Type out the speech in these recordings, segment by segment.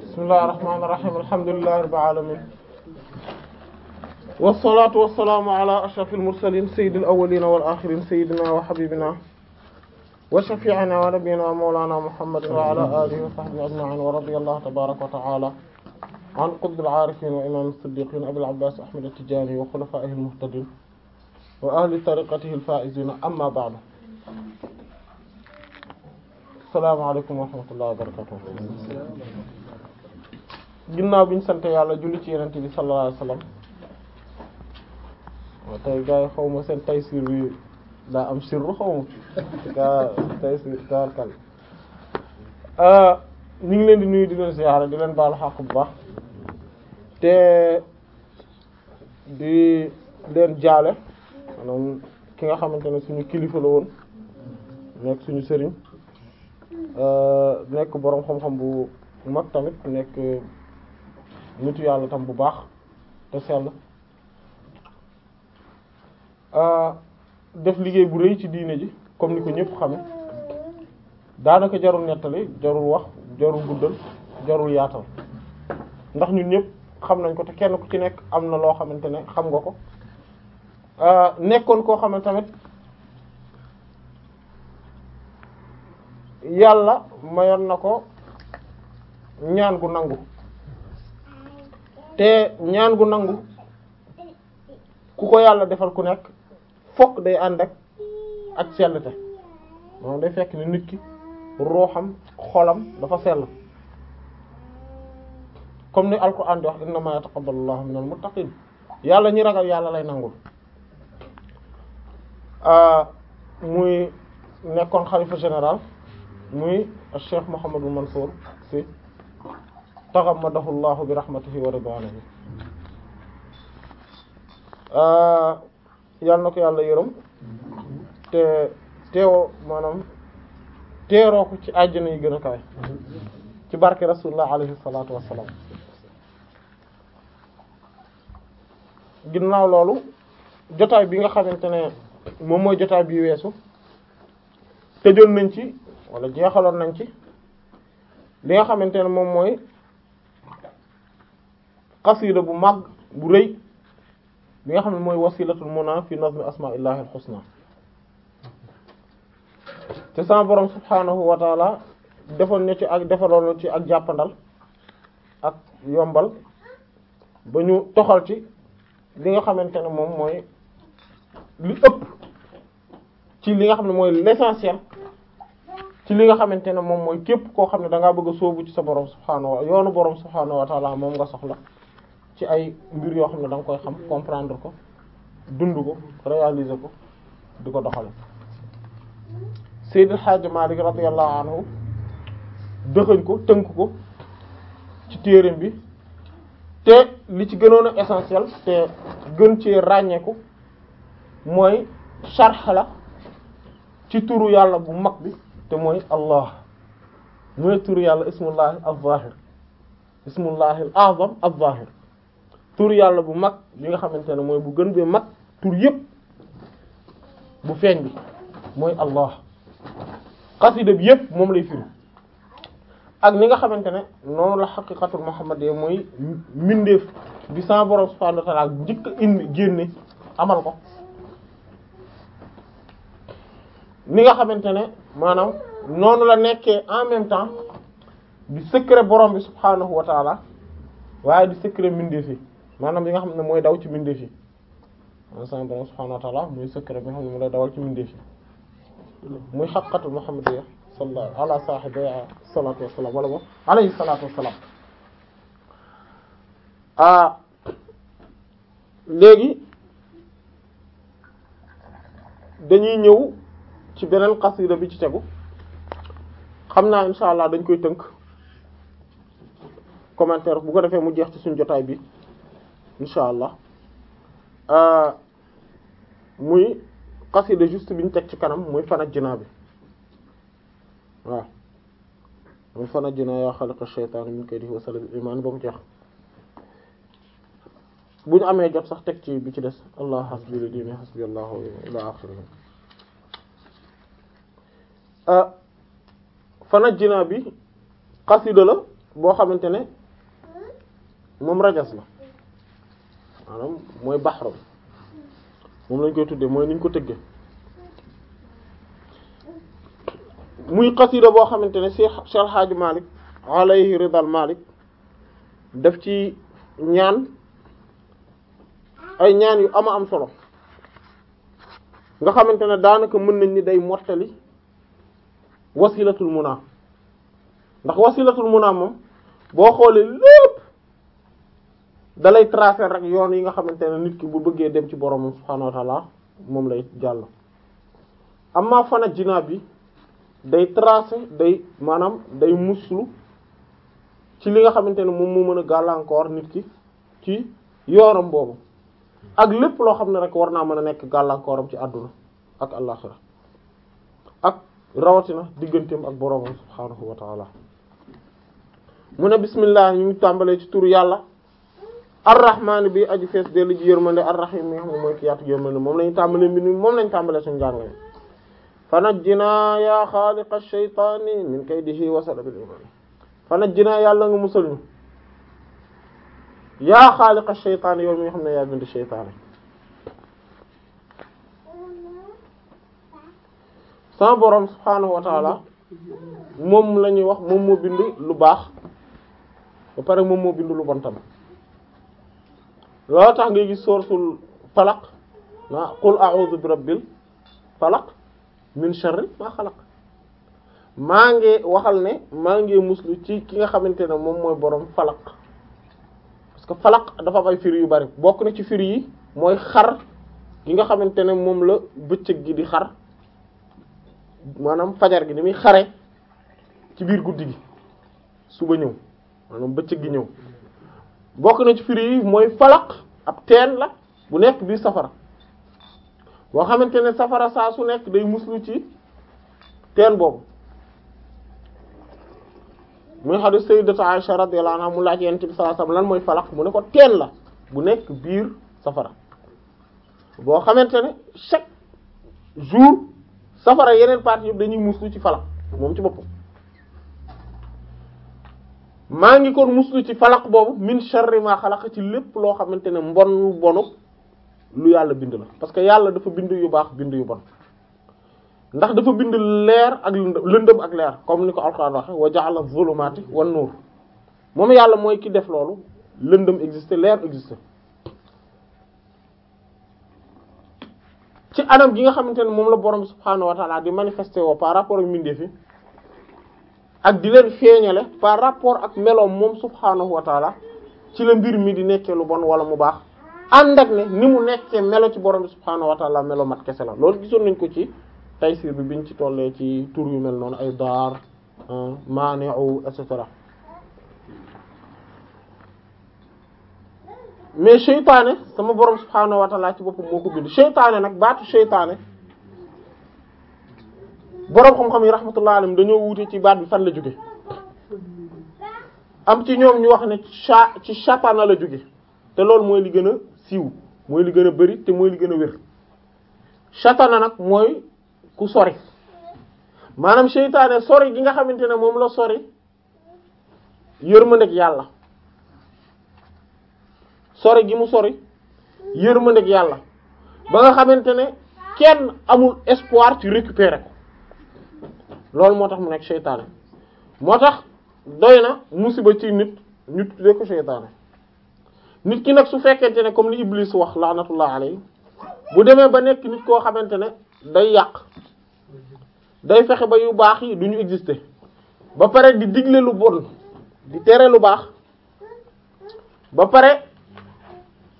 bismillahir rahmanir rahim alhamdulillahi rabbil alamin wassalaatu wassalaamu ala ashrafil mursalin sayyidil awwalina wal akhirin sayyidina wa habibina wa shafi'ina wa nabiyyina wa mawlana muhammadin wa ala alihi wa sahbihi ajma'in wa radiyallahu tabaaraka wa ta'ala an qutbil aarifin wa imaam siddiqin abil abbaas ahmad at-tijaani wa khulafaa'ihil muhtadin wa ahli tariqatihi al-faa'izina amma ba'du asalaamaaleykum wa rahmatullahi wa barakatuh ginnaaw bi ñu sant yàlla julli ci yenente bi sallallahu alayhi wa sallam wa tey gars yi xaw seen taysiir bi daa am sirru xaw ma gaa taysiir taarkal euh, ñu leen di nuyu di leen siyaara di leen baal xaq bu baax te di leen jaale ki nga xamante ne suñu kilifa la woon nekk suñu sëriñ Euh, nekk boroom xam-xam bu mag tamit nekk nitu yàlla tam bu baax te sell euh, def liggéey bu rëy ci diine ji comme ni ko ñépp xame daanaka jarul nettali jarul wax jarul guddal jarul yaatal ndax ñu ñépp xam nañ ko te kenn ku ci nekk am na loo xamante ne xam nga ko euh, nekkoon koo xam tamit yàlla mayoon na ko ñaan gu nangu te ñaan gu nangu ku ko yàlla defal ku nekk fokk day ànd ak ak sellte moom day fekk ni nit ki ruuxam xolam dafa sell comme ni alquran di wax innama yataqabbalu llahu minal muttaqin yàlla ñi ragal yàlla lay nangul ah, muy nekkoon xalifa général muy Cheikh Mouhamadou Mansour taxam taxammadahu llahu bi rahmatihi wa ridwanihi yàlla na ko yàlla yërëm te teewoo maanaam teeroo ko ci àjjana yi gën a kawe ci barke rasulullah alayhi salatu wassalam ginnaaw loolu jotaay bi nga xamante ne moom mooy jotaay bi weesu tëjoon nañ ci wala jeexaloon nañ ci li nga xamante ne moom mooy xasida bu mag bu rëy bi nga xam ne mooy wasilatul muna fi nazmi asma'illahi al-husna te sama borom subhanahu wa taala defoon na ci ak defaloon ci ak jàppandal ak yombal ba ñu toxal ci li nga xamante ne moom mooy li ëpp ci li nga xam ne mooy l'essentiel ci li nga xamante ne moom mooy képp koo xam ne da ngaa bëgg a sóobu ci sa borom subhaanahu wa yoonu borom subhaanahu wa taala moom nga soxla ci ay mbir yoo xam ne danga koy xam comprendre ko dund ko réaliser ko di ko doxal doxale Seydil Hadji Malick radiyallahu anhu dëxëñ ko tënk ko ci téereem bi te li ci gënoon a essentiel te gën ci ràññeeku mooy sharx la ci turu yàlla bu mag bi te mooy allah mooy tur yàlla ismullahi az-zahir ismullahi al-azam yàlla bu mag li nga xamante ne mooy bu gën bee mag tur yëpp bu feeñ bi mooy allah xasida bi yëpp moom lay firi ak ni nga xamante ne noonu la xaqiqatul muhammad ye mooy mbindeef bi sa borom subhanahu wa ta'ala njëkk a génne amal ko ni nga xamante ne maanaam noonu la nekkee en même temps di secret borom bi subhaanahu wa taala waaye di secret mbindeef yi maanaam bi nga xam ne mooy daw ci mbindeef yi maanaam sama borom subhaanahu wa taala muy secret bi nga mu lay dawal ci mbindeef yi muy xaqatu muhammadiyya sallallahu ala saahibi salaatu wassalaam wala bo alayhi salaatu wassalaam ah, léegi dañuy ñëw ci beneen xasida bi ci tegu xam naa insha allah dañ koy tënk commentaire bu ko defee mu jeex ci suñu jotaay bi insha allah euh, muy xasida juste bi ñu teg ci kanam muy fanaj jinaa bi waaw muy fanaj jinaa yaa xalaqa shaytaana min kaydihi wa salab iman ba mu jeex bu ñu amee jot sax teg ci bi ci des allah hasbi li diini hasbi allah ila axirihi Euh, fanajjinaa bi xasida la boo xamante ne moom rajas la maanaam mooy baxaram moom lañ koy tuddee mooy niñ ko tëggee muy xasida boo xamante ne Cheikh Cheikh Hadji Malick alayhi ridal Malick daf ci ñaan ay ñaan yu ama am solo nga xamante ne daanaka mën nañ ni day mottali wasilatul munaa ndax wasilatul munaa moom boo xoolee lépp dalay tracer rek yoon yi nga xamante ne nit ki bu bëggee dem ci boroomam subhaanahu moom lay jàll amma fana jinaa bi day tracer day maanaam day muslu ci li nga xamante ne moom moo mën a gàllankoor nit ki ci yoonam boobu ak lépp loo xam ne rek war naa mën a nekk gàllankooram ci àdduna ak àllaxira rawatina digganteem ak boroomam subhaanahu wa taala mu ne bismillah ñu tàmbalee ci turu yàlla arrahmaan bi aju fees dellu ji yërmande arrahim mi nga xam ne mooy ki yaatu yërmande moom lañu tàmbalee mbir moom lañu tàmbalee suñu jàngale fa najjinaa yaa xaaliqa shaytaani min kaydihi wa sarbil iman fa najjinaa yàlla nga musal ñu yaa xaaliqa shaytaani yow mi nga xam ne yaa bind shaytaani sama borom subhaanahu wa taala moom la wax moom moo bind lu baax ba pare moom moo bind lu bon tam loolu tax ngay gis sourate Falaq na qul a'udhu bi rabbil falaq min sharri ma maa ngi waxal ne maa ngi muslu ci ki nga xamante ne moom mooy borom falaq parce que falaq dafa am ay firi yu bari bokk na ci firi yi mooy xar gi nga xamante ne moom la bëccëg gi di xar maanaam fajar gi ni muy xare ci biir guddi gi suba ñëw maanaam bëccëg gi ñëw bokk na ci firi yi mooy falaq ab teen la bu nekk biir safara boo xamante ne safara saa su nekk day muslu ci teen boobu muy hadith sayyidatu de radiyallahu anha mu laaj yonent bi sallallahu alayhi wasallam lan mooy falaq mu ne ko teen la bu nekk biir safara boo xamante ne chaque jour safara yeneen parti yëpp dañuy muslu ci falak moom ci boppam maa ngi kon muslu ci falak boobu min sharri ma xalaq ci lépp loo xamante ne mbon bonu lu yàlla bind la parce que yàlla dafa bind yu baax bind yu bon ndax dafa bind leer ak lëndëm ak leer comme ni ko alxuraan waxe wa ja'ala zulumati wan nuur moom yàlla mooy ki def loolu lëndëm existe leer existe ci anam gi nga xamante ne moom la borom bi subhaanahu wa di manifesté woo par rapport ak mbindeef yi ak di leen feeñale par rapport ak melo moom subhaanahu wa ta'ala ci la mbir mi di nekkee lu bon wala mu baax ànd ak ne ni mu nekkee melo ci borom bi subhaanahu melo mat kese la loolu gisoon nañ ko ci taysir bi biñ ci tollee ci tur yu mel noonu ay daar ah, maani'u et cetera mais seytaane sama borom subhaanahu wa ta'ala ci boppam moo ko bind seytaane nag baatu seytaane borom xam-xam yi rahmatullahi alayhim dañoo wuute ci baat bi fan la jóge am ci ñoom ñu wax ne cha ci shatana la jóge te loolu mooy li gën a siiw mooy li gën a bari te mooy li gën a wér shatana nag mooy ku sori maanaam seytaane sori gi nga xamante ne moom la sori yërmandeeg yàlla sori gi mu sori ma nekk yàlla ba nga xamante ne kenn amul espoir ci récupérer ko loolu moo tax mu nekk seytaane moo tax doy na musiba ci nit ñu tuddee ko seytaane nit ki nag su fekkente ne comme li Iblis wax laanatullah alayhi bu demee ba nekk nit koo xamante ne day yàq day fexe ba yu baax yi du ñu exister ba pare di digle lu bon di tere lu baax ba pare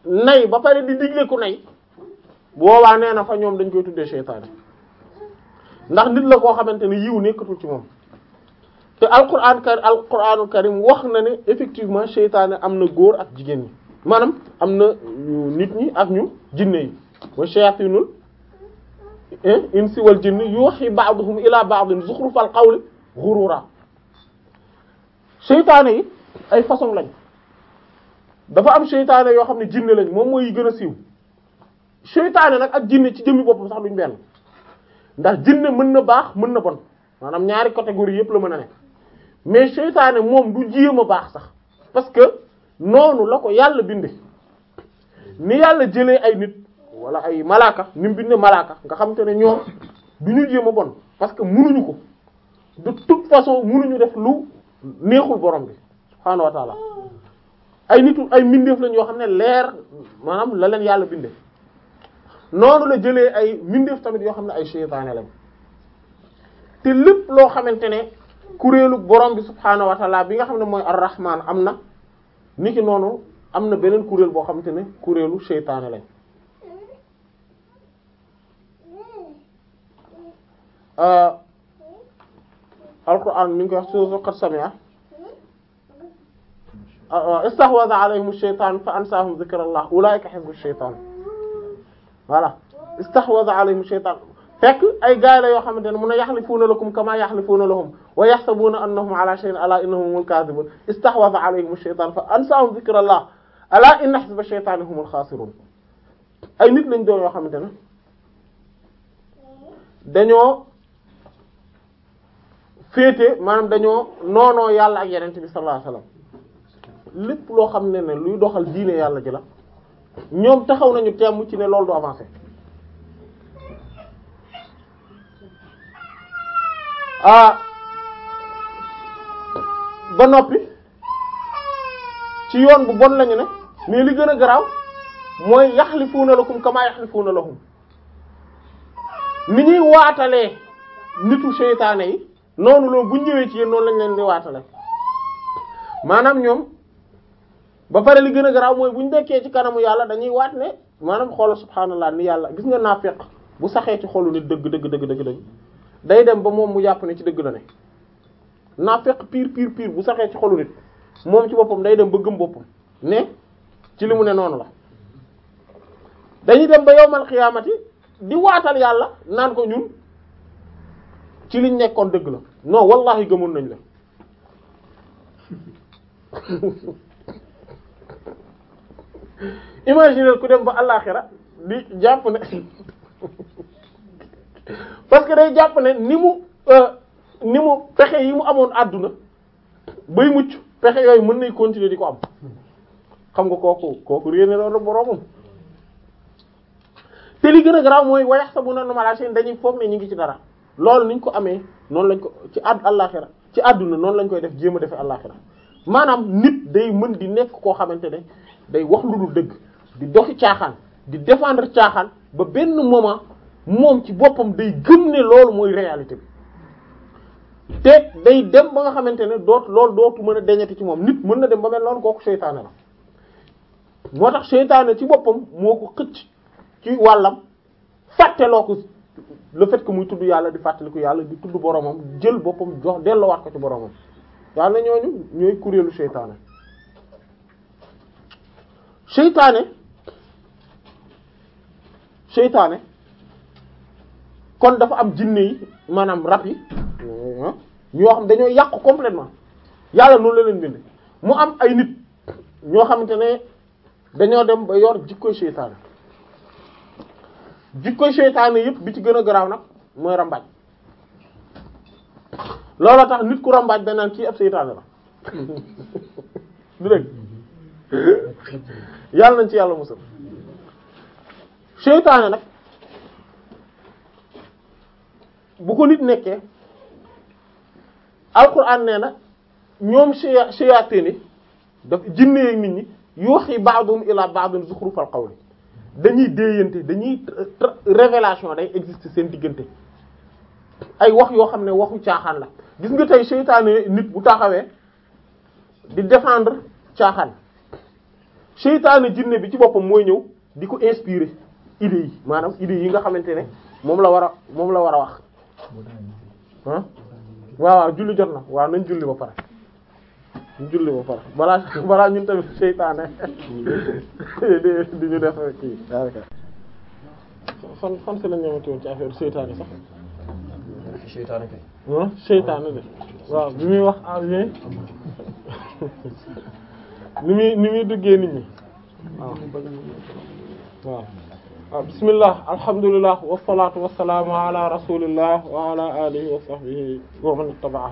nay ba pare di digle ku nay boobaa nee na fa ñoom dañ koy tuddee seytaane ndax nit la koo xamante ne yiw nekkatul ci moom te alquran kar alquranu karim wax na ne effectivement seytaane am na góor ak jigéen ñi maanaam am na nit ñi ak ñu jinne yi wa shayatinul insi wal jinni yuhi ba'duhum ila ba'din zukhrufal qawli ghurura seytaane yi ay façon lañ dafa am seytaane yoo xam ne jinne lañ moom mooy yi gën a siiw seytaane nag ak jinne ci jëmmi boppam sax duñ benn ndax jinne mën na baax mën na bon maanaam ñaari catégorie yépp la mën a nekk mais seytaane moom du jéem a baax sax parce que noonu la ko yàlla binde ni yàlla jële ay nit wala ay malaaka ni mu malaaka nga xam te ne ñoom du ñu jéem a bon parce que munuñu ko de toute façon mënuñu def lu neexul borom bi subhaanahu ay nitu ay mbindeef lañ yoo xam ne leer maanaam la leen yàlla bindee noonu la jëlee ay mbindeef tamit yoo xam ne ay seytaane lañ te lépp loo xamante ne kuréelu borom bi subhaanahu bi nga xam ne mooy arrahman am na niki noonu am na beneen kuréel boo xamante ne kuréelu seytaane lañ euh, alquran mi ngi koy wax su qad sami'a istahwaza alayhim ash-shaytan fa ansaahum dhikrallah ulaika hizbu ash-shaytan voilà istahwaza alayhim ash-shaytan fekk ay gaay la yoo xamante ne mun a yaxlifuuna lakum kama yaxlifuuna lahum wa yaxsabuuna annahum ala shay'in ala innahum humul kaadibun istahwaza alayhim ash-shaytan fa ansaahum dhikrallah ala inna hizba ash-shaytani humul xaasirun ay nit lañ doon yoo xamante ne dañoo féete maanaam dañoo noonoo yàlla ak yenente bi sallallahu alayhi wasallam lépp loo xam ne ne luy doxal diine yàlla ji la ñoom taxaw nañu temm ci ne loolu du avancer ah ba noppi ci yoon bu bon lañu ne mais li gën a garaaw mooy yaxlifuuna lakum kamaa yaxlifuuna lahum ni ñuy waatalee nitu seytaane yi noonu loo bu ñëwee ci yéen noonu lañ leen di waatale maanaam ñoom ba pare li gën a garaaw mooy bu ñu dekkee ci kanamu yàlla dañuy waat ne maanaam xoolal subhaanallaa ni yàlla gis nga naafeq bu saxee ci xolu nit dëgg dëgg dëgg dëgg day dem ba moom mu jàpp ne ci dëgg la ne naafeq pire pire pire bu saxee ci xolu nit moom ci day dem ba gëm boppam ci li mu ne noonu la dañuy dem ba yowmal xiyaamati di waatal yàlla naan ko ñun ci liñ nekkoon dëgg la non wallahi gëmoon nañ la imaginer ku dem ba àllaaxira di jàpp ne parce que day jàpp ne ni mu euh, ni mu pexe yi mu amoon àdduna bay mucc pexe yooyu mën na continuer di ko am xam nga kooku kooku réer na loolu boroomam te li gën a garaaw mooy wayax sa bu na numala seen dañuy foog ne ñu ngi ci dara loolu niñ ko amee noonu lañ ko ci àdd àllaaxira ci àdduna noonu lañ koy def jéem a defee àllaaxira maanaam nit day mën di nekk koo xamante ne day wax lu dul dëgg di doxi caaxaan di défendre caaxaan ba benn moment moom ci boppam day gëm ne loolu mooy réalité bi te day dem ba nga xamante ne doot loolu dootu mën a deñati ci moom nit mën na dem ba mel noonu kooku seytaane la moo tax seytaane ci boppam moo ko xëcc ci wàllam fàtteloo ko le fait que muy tudd yàlla di ko yàlla di tudd boromam jël boppam jox delloowaat ko ci boromam yàlla ñooñu ñooy kuréelu seytaane seytaane seytaane kon dafa am jinne yi maanaam rab yi ah, ñoo xam dañoo yàqu complètement yàlla noonu la leen bind mu am ay nit ñoo xamante ne dañoo dem ba yor jikkoy seytaane jikkoy seytaane yëpp bi ci gën a garaaw nag mooy rambaaj looloo tax nit ku rambaaj danaan ci ab seytaane la du dëgg yàlla nañ ci yàlla musal seytaane nag bu ko nit nekkee alquran nee na ñoom shaya shayatin yi daf jinne ak nit ñi yuhi ba'dhum ila ba'dhin zukhrufal qawli dañuy déeyante dañuy révélation day existe seen diggante ay wax yoo xam ne waxu caaxaan la gis nga tey seytaane nit bu taxawee di defendre caaxaan seytaane jinne bi ci boppam mooy ñëw di ko inspirer idées yi maanaam idées yi nga xamante ne moom la war a moom la war a wax ah waaw waaw julli jot na waaw nañ julli ba pare ñu julli ba pare balaa balaa ñun tamit seytaane di ñu def kii daanaka fan fan si la ñëwati woon ci affaire seytaane sax seytaane kay waaw bi muy wax en ah, ni muy ni muy duggee nit ñi waaw bismillah alhamdulillah wasalatu wasalaamu ala rasulillah wa ala alihi wa sahbihi wa man ittaba'a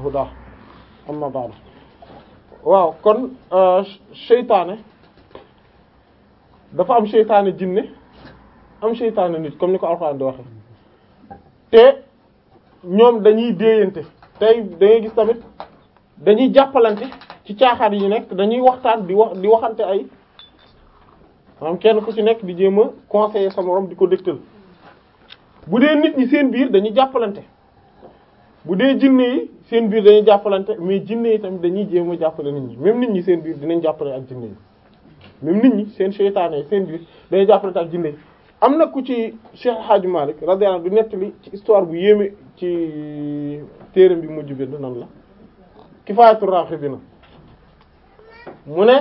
waaw kon euh, seytaane dafa am seytaane jinne am seytaane nit comme ni ko alxuraan di te ñoom dañuy déeyante tey da gis tamit dañuy jàppalante ci caaxaar yi nekk dañuy waxtaan di wax di waxante ay maanaam kenn ku ci nekk di jéem a conseiller sa morom di ko dëgtal bu dee nit ñi seen biir dañuy jàppalante bu dee jinne yi seen biir dañuy jàppalante mais jinne yi dañuy jéem a jàppale nit ñi même nit ñi seen biir dinañ jàppale ak jinne yi même nit ñi seen seytaane seen biir dañuy jàppalante ak jinne yi am na ku ci Cheikh Hadj Malick radiyallahu anhu du nettali ci histoire bu yéeme ci téeram bi mujj bind nan la Kifayatur Raghibin mu ne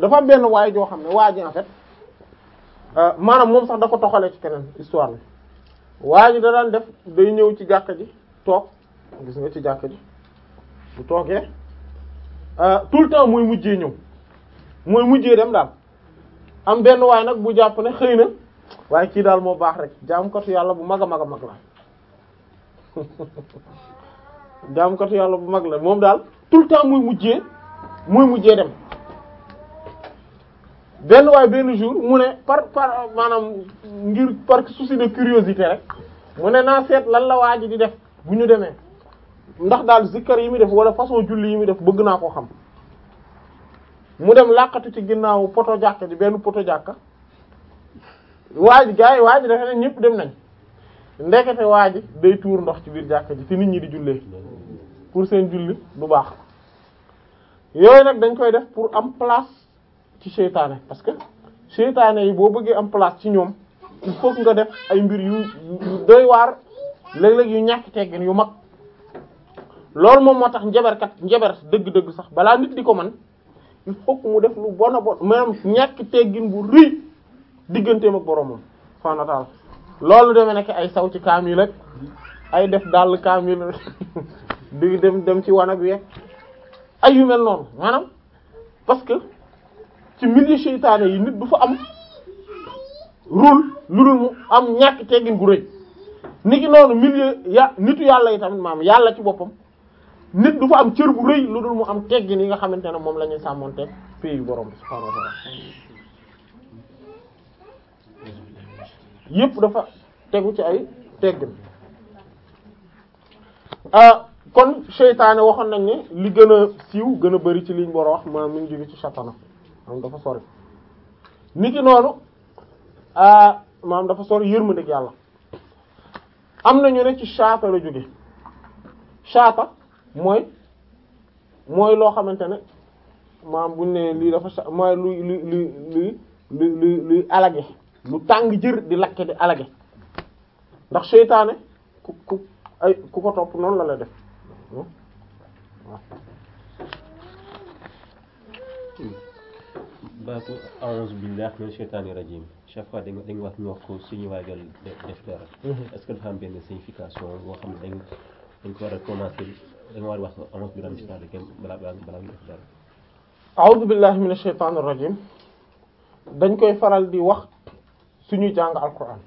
dafa am benn waay joo xam ne waa ji en fait euh, maanaam moom sax da ko toxalee ci keneen histoire bi waa ji da daan def day ñëw ci jàkka ji toog gis nga ci jàkka ji bu toogee euh, tout le temps mooy mujjee ñëw mooy mujjee dem daal am benn waay nag bu jàpp ne xëy na waaye kii daal moo baax rek jaamukatu yàlla bu mag a mag a mag la jaamukatu yàlla bu mag la moom daal tout temps muy mujjee mooy mujjee dem benn waaye benn jour mu ne par par maanaam ngir par souci de curiosité rek mu ne naa seet lan la waa ji di def bu ñu demee ndax daal zikkar yi muy def wala façon julli yi muy def bëgg naa ko xam mu dem làqatu ci ginnaaw poto jàkka ji benn poto jàkka waa ji gars yi waa ji dafa ne ñëpp dem nañ ndekete waa ji day tuur ndox ci biir jàkka ji fi nit ñi di jullee pour seen julli bu baax yooyu nag dañ koy def pour am place ci seytaane parce que seytaane yi boo bëggee am place ci ñoom il faut nga def ay mbir yu yu doy waar léeg-léeg yu ñàkk teggin yu mag loolu moom moo tax njaberkat njaber dëgg-dëgg sax balaa nit di ko man il faut mu def lu bon a bon maanaam ñàkk teggin bu rëy digganteem ak boromam subhaanahu loolu deme nekk ay saw ci kaamil ak ay def dàll kaamil di dem dem ci wanag wi ay yu mel noonu maanaam parce que ci milieu seytaane yi nit du fa am rôle lu dul mu am ñàkk teggin gu rëy nit ki noonu milieu ya yàlla yi tamit maam yàlla ci boppam nit du fa am cër bu rëy lu dul mu am teggin yi nga xamante ne moom la ñuy sàmmonteeg pays borom bi yépp dafa tegu ci ay teggin ah, kon seytaane waxoon nañ ne li gën a siiw gën a bari ci liñ war a wax maanaam mu ngi jóge ci satana maanaam dafa sori niki noonu ah, maanaam dafa sori yërmandeeg yàlla am nañu ne ci shaata la jóge shaata mooy mooy loo xamante ne maanaam buñ ne lii dafa sa mooy luy luy luy luy luy alage lu tàng jër di lakke di alage ndax seytaane ku ku ay ku ko topp noonu la la def Bon. baatu a'uuzu billaahi mina sheytaani rajiim chaque fois dañ wax ñu wax ko suñu waajal def dara mm-hmm. est-ce benn signification boo xam ne dañ war a commencé dañ a sheytaani rajiim balaa koy faral di wax suñuy jàng alquran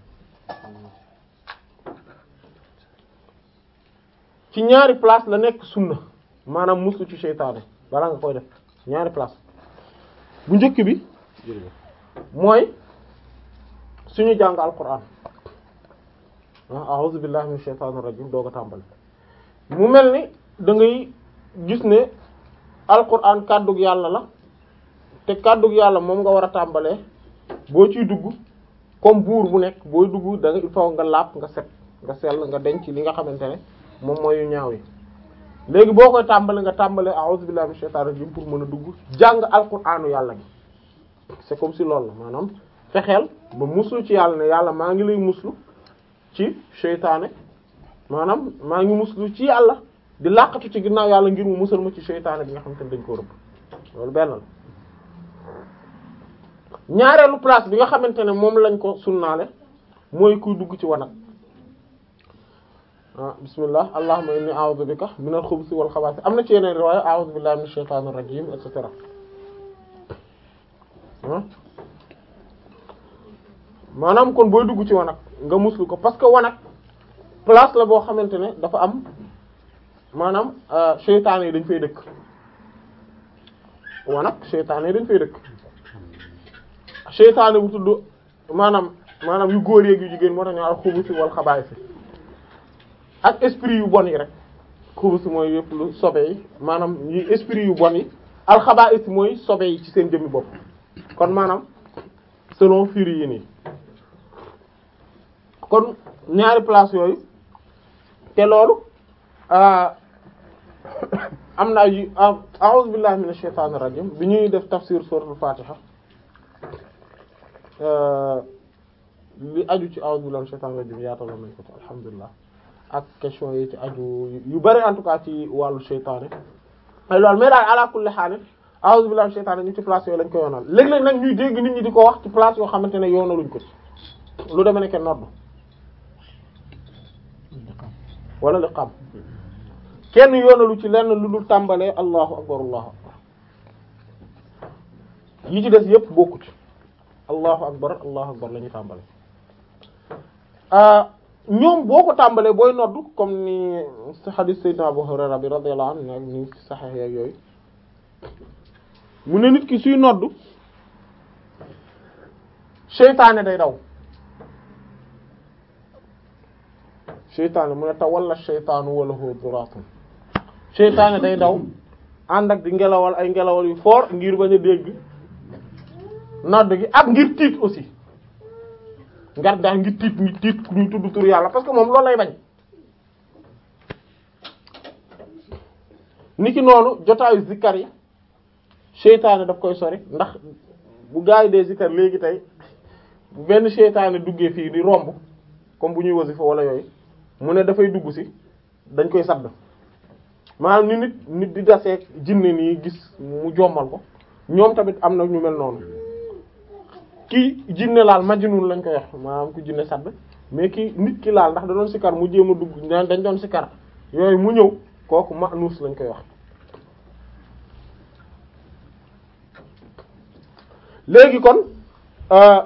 ci ñaari place la nekk sunna maanaam muslu ci seytaane balaa nga koy def ñaari place bu njëkk bi mooy suñu jàng alquran waaw ah, a'udhu billahi minash shaytanir rajim doog tàmbali mu mel ni dangay gis ne alquran kàddug yàlla la te kàddug yàlla moom nga war a tàmbalee boo ciy dugg comme buur bu nekk booy dugg da nga il faut nga lapp nga set nga sell nga denc li nga xamante ne moom mooy yu ñaaw yi léegi boo koy tàmbalee nga tàmbalee a'udhu billahi minash shaitanir rajim pour mën a dugg jàng alquranu yàlla gi c'est comme si lool la maanaam fexeel ba muslu ci yàlla ne yàlla maa ngi lay muslu ci seytaane maanaam maa ngi muslu ci yàlla di làqatu ci ginnaaw yàlla ngir mu musal ma ci seytaane bi nga xamante te ne dañ koo rëbb loolu benn la ñaareelu place bi nga xamante ne moom lañ ko sunnaale mooy kuy dugg ci wanag ah bismillah allahumma inni a'udhu bika minal xubusi wal am na ci yeneen riwaaya a'udhu billahi minash shaytaanir rajiim et cetera ah. maanaam kon booy dugg ci wanag nga muslu ko parce que wanag place la boo xamante ne dafa am maanaam ah, seytaane yi dañ fay dëkk wanag seytaane dañ fay dëkk seytaane bu tudd maanaam maanaam yu góor yeeg yu jigéen moo tax a al xubusi wal ak esprit yu bon yi rek xubus mooy yëpp lu sobe yi maanaam yi esprit yu bon yi alxabaa'is mooy sobe yi ci seen jëmmi bopp kon maanaam selon firi yi nii kon ñaari place yooyu te loolu ah, am na ay ah, a'uuzu billahi minash shaytaanir rajiim bi ñuy def tafsir suuratul faatiha ah, li aju ci a'uuzu billahi minash shaytaanir rajiim yaataloon nañ ak question yi ci aju yu bari en tout cas ci wàllu seytaane ay loolu mais daal ala kulli haal a'uuzu billahi seytaane ñu ci place yooyu lañ ko yoonal léeg-léeg nag ñuy dégg nit ñi di ko wax ci yoo xamante ne yoonaluñ ko ci lu demee nekk nodd wala liqaam kenn yoonalu ci lenn lu lu tàmbalee allahu akbar allahu akbar yi ci des yépp bokku ci allahu akbar allahu akbar la ñuy tàmbalee ah, ñoom boo ko tàmbalee booy noddu comme ni hadith sayyidina Abu Hurayra bi radiyallahu anhu ak ni saxeex yak yooyu mu ne nit ki suy noddu seytaane day daw seytaane mu ne tawalla seytaanu wala hu duratun seytaane day daw ànd ak di ngelawal ay ngelawal yu fort ngir bañ a dégg nodd gi ak ngir tiit aussi ngardaay ngir tiit ñu tiit ñu tudd tur yàlla parce moom loolu lay bañ ni ki noonu jotaayu zikkar yi seytaane daf koy sori ndax bu gaa yi dee zikkar léegi tey bu benn seytaane duggee fii di romb comme bu ñuy wasifa wala yooyu mu ne dafay dugg si dañ koy sadd maanaam ni nit nit di daseeg jinne nii gis mu jommal ko ñoom tamit am na ñu mel noonu ki jinne laal majnun lañ koy wax maanaam ko jinne sàdd mais ki nit ki laal ndax da si sikar mu jéem a dugg dañ doon sikar yooyu mu ñëw kooku manuus lañ koy wax léegi kon euh,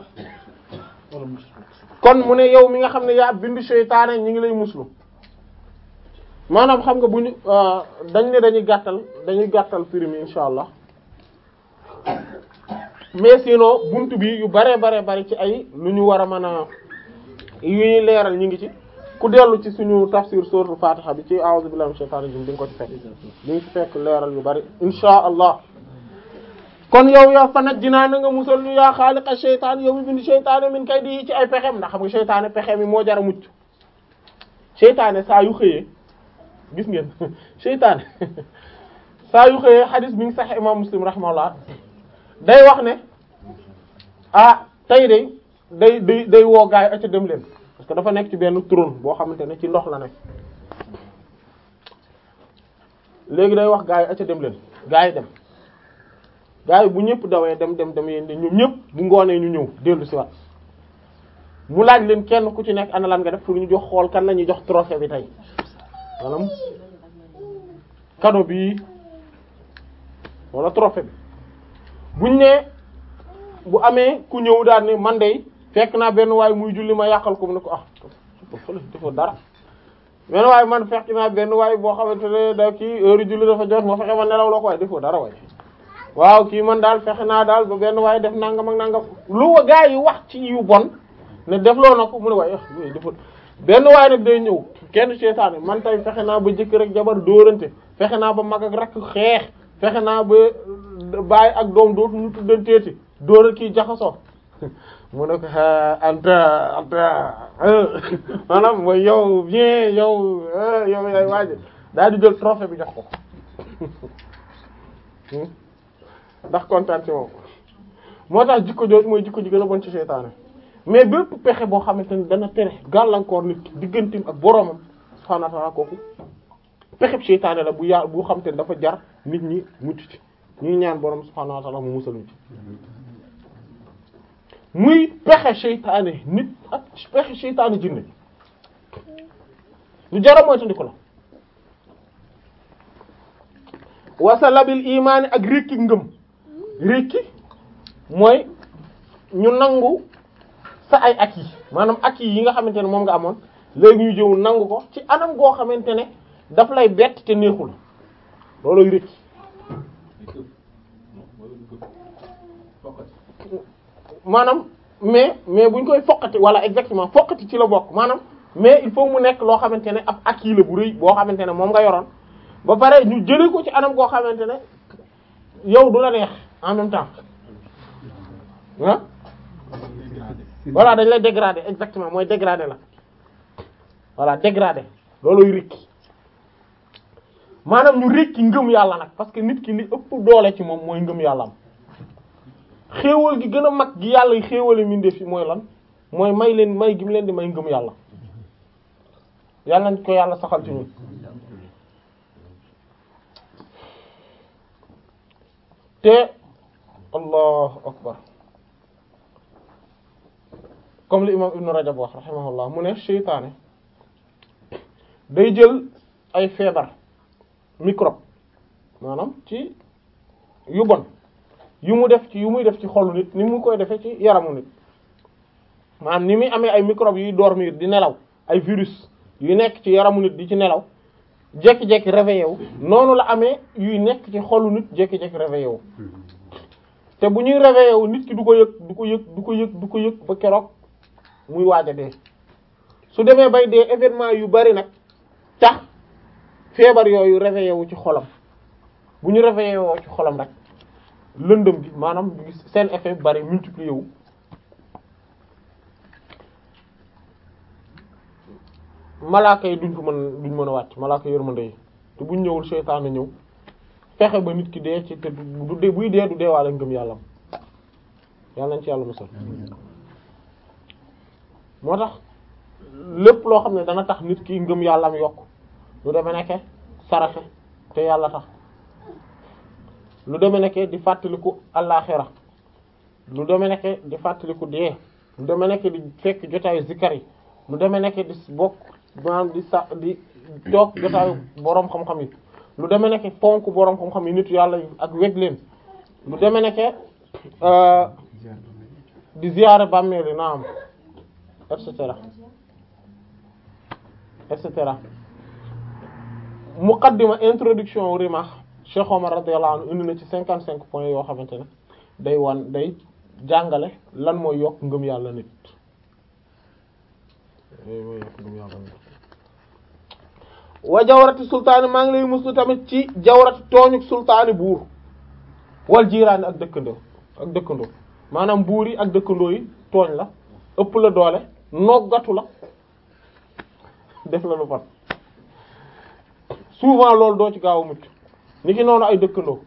kon mu ne yow mi nga xam ne yaa bindu seytaane ñi ngi lay muslu maanaam xam nga bu ñu euh, dañ ne dañuy gàttal dañuy gàttal prime insha allah mais sinon buntu bi yu bare bare bari ci ay lu ñu war a mën a yu leeral ñu ngi ci ku dellu ci suñu tafsir suratul fatiha bi ci a'udhu billahi minash shaitanir di nga ko ci fekk di leeral yu bari insha allah kon yow yaa fanat dinaa na nga musal ñu yaa xaaliqa shaytaan yow mi bind shaytaane min kay di ci ay pexem ndax xam nga shaytaane pexem yi moo jara a mucc shaytaane saa yu xëyee gis ngeen shaytaane saa yu xëyee xadis bi ngi sax imam muslim rahimahullah day wax ne ah tey day day day day woo gaay acca dem leen parce que dafa nekk ci benn trône boo xamante ne ci ndox la nekk léegi day wax gaay acca dem leen gaay yi dem gaay bu ñëpp dawee dem dem dem yéen ñoom ñëpp bu ngoonee ñu ñëw dellu si waat mu laaj leen kenn ku ci nekk ana lan nga def pour ñu jox xool kan la jox trophée bi tey maanaam bi wala trophée bi buñ ne bu amee ku ñëw daal ni man de fekk naa benn waaye muy julli ma yàqal ko mu ne ko ah dafa dara man fekk naa benn waaye boo xamante ne da kii heure dafa jot ma fexe ma nelaw loo ko defoo dara waaye waaw kii man daal fexe naa daal ba benn waaye def nangam ak nangam lu wa gaa yi wax ci yu bon ne defloo na ko mu ne waaye ah, benn waaye nag day ñëw kenn seetaane man tey fexe naa ba jëkk rek jabar dóorante fexe naa ba mag ak rakk xeex pexe naa ba bàyyi ak doom dootu ñu tuddanteeti dóor a kii jaxasoo mu ne ko anta anta maanaam mooy yow bien yow yow yaay waaji daal di jël trophée bi jox ko hmm? ndax kontaan ci moom moo tax jikko jooju mooy jikko ji gën a bon ci seytaane mais bépp pexe boo xamante ni dana tere gàllankoor nit diggantim ak boroomam subhaanahu wa ta'aala kooku pexeb seytaane la bu yaa bu xam te dafa jar nit ñi mu ci ñuy ñaan borom subhaanahu mu musal muy pexe seytaane nit ak pexe seytaane jinne lu jara moytandiku la wasalabil imaani ak rékki ngëm rékki mooy ñu nangu sa ay ak yi maanaam ak yi nga xamante ne moom nga amoon léegi ñu jëw nangu ko ci anam goo xamante ne daf lay bett te neexul loolooy rëcc maanaam mais mais buñ koy foqati wala exactement foqati ci la bokk maanaam mais il faut mu nekk loo xamante ne ab acquis bu rëy boo xamante ne moom nga yoroon ba pare ñu jëlee ko ci anam goo xamante ne yow du la neex en même temps ah dañ lay dégradé exactement mooy dégradé la voilà dégradé loolooy rikki maanaam ñu récci ngëm yàlla nag parce que nit ki li ëpp doole ci moom mooy ngëm yàlla am xéewal gi gën a mag gi yàlla xéewale mindee fi mooy lan mooy may leen may gi mu leen di may ngëm yàlla yàlla nañ ko yàlla saxal ci ñun te allahu akbar comme li imam ibn Rajab wax rahimahullah mu ne seytaane day jël ay feebar microbe maanaam ci yu bon yu mu def ci yu muy def ci xolu nit ni mu koy defee ci yaramu nit maanaam ni muy amee ay microbe yuy dormir di nelaw ay virus yu nekk ci yaramu nit di ci nelaw jékki-jékki réveillé noonu la amee yuy nekk ci xolu nit jékki-jékki réveillé te bu ñuy réveillé wu nit ki du ko yëg du ko yëg du ko yëg du ko yëg ba keroog muy waaj dee su demee bay dee événement yu bari nag tax feebar yooyu réveillé wu ci xolam bu ñu réveillé ci xolam rek lëndëm gi maanaam seen effet bari multiplier wu malaaka yi duñ ko mën duñ mën a wàcc malaaka yërmande yi te buñ ñëwul seytaane ñëw fexe ba nit ki dee ci te du dee buy dee du deewaale ngëm yàllam yàlla ci yàlla musal moo tax lépp loo xam ne dana tax nit ki ngëm yàllam yokk lu deme nekke saraxe te yàlla tax lu deme nekke di fàttaliku allaaxira lu deme nekke di fàttaliku dee lu deme nekke di fekk jotaayu zikkar yi lu deme nekke di bokk di sa di toog jotaayu boroom xam-xam yi lu deme nekke fonk boroom xam-xam yi nitu yàlla yi ak weg leen lu deme nekke euh, di ziyaare bàmmeeli naam et cetera et cetera muqaddima introduction wu Rimah Cheikh Omar radiyallahu indi na ci cinquante cinq points yoo xamante ne day wan day jàngale lan mooy yokk ngëm yàlla nit waa jawrati sultaani maa ngi lay muslu tamit ci jawrati tooñu sultaani buur wal jiiraani ak dëkkandoo ak dëkkandoo maanaam buur yi ak dëkkandoo yi tooñ la ëpp la doole noggatu la def la lu bon souvent loolu doo ci gaaw a mucc ni ki noonu ay dëkkandoo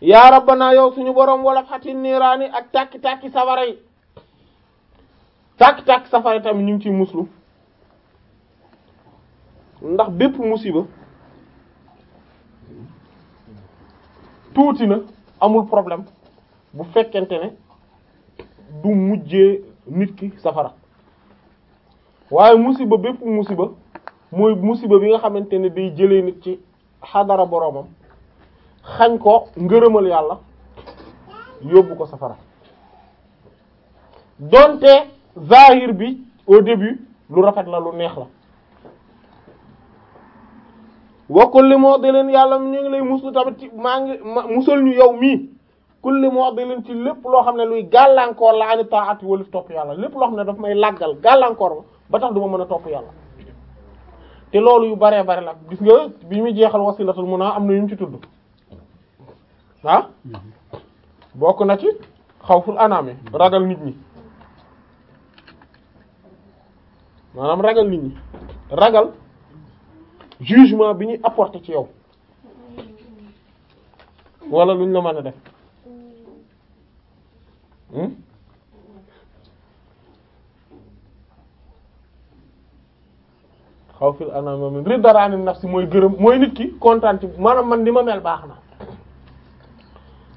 yaa rabbana yow suñu boroom wala xati niiraani ak tàkki-tàkki safara yi tàkki-tàkki safara yi tamit ñu ngi ciy muslu ndax bépp musiba tuuti na amul problème bu fekkente ne du mujjee nit ki safara waaye musiba bépp musiba mooy musiba bi nga xamante ne day jëlee nit ci xadara boroomam xañ ko ngërëmal yàlla yóbbu ko safara donte zahir bi au début lu rafet la lu neex la wa kulli mu'dilin yàlla ñu ngi lay muslu tamit ci maa ngi musal ñu yow mii kulli mu'dilin ci lépp loo xam ne luy gàllankoor la at taati wala topp yàlla lépp loo xam ne dafa may làggal gàllankoor ba tax du ma mën a topp yàlla te loolu yu baree bare la gis nga bi muy jeexal wasilatul mun a am na yu mu ci tudd ah bokk na ci xawful anaami ragal nit ñi maanaam ragal nit ñi ragal jugement bi ñuy apporter ci yow wala luñ la mën a def hmm? xaw fil anam min riddaraani nafsi mooy gërëm mooy nit ki kontaan ci maanaam man li ma mel baax na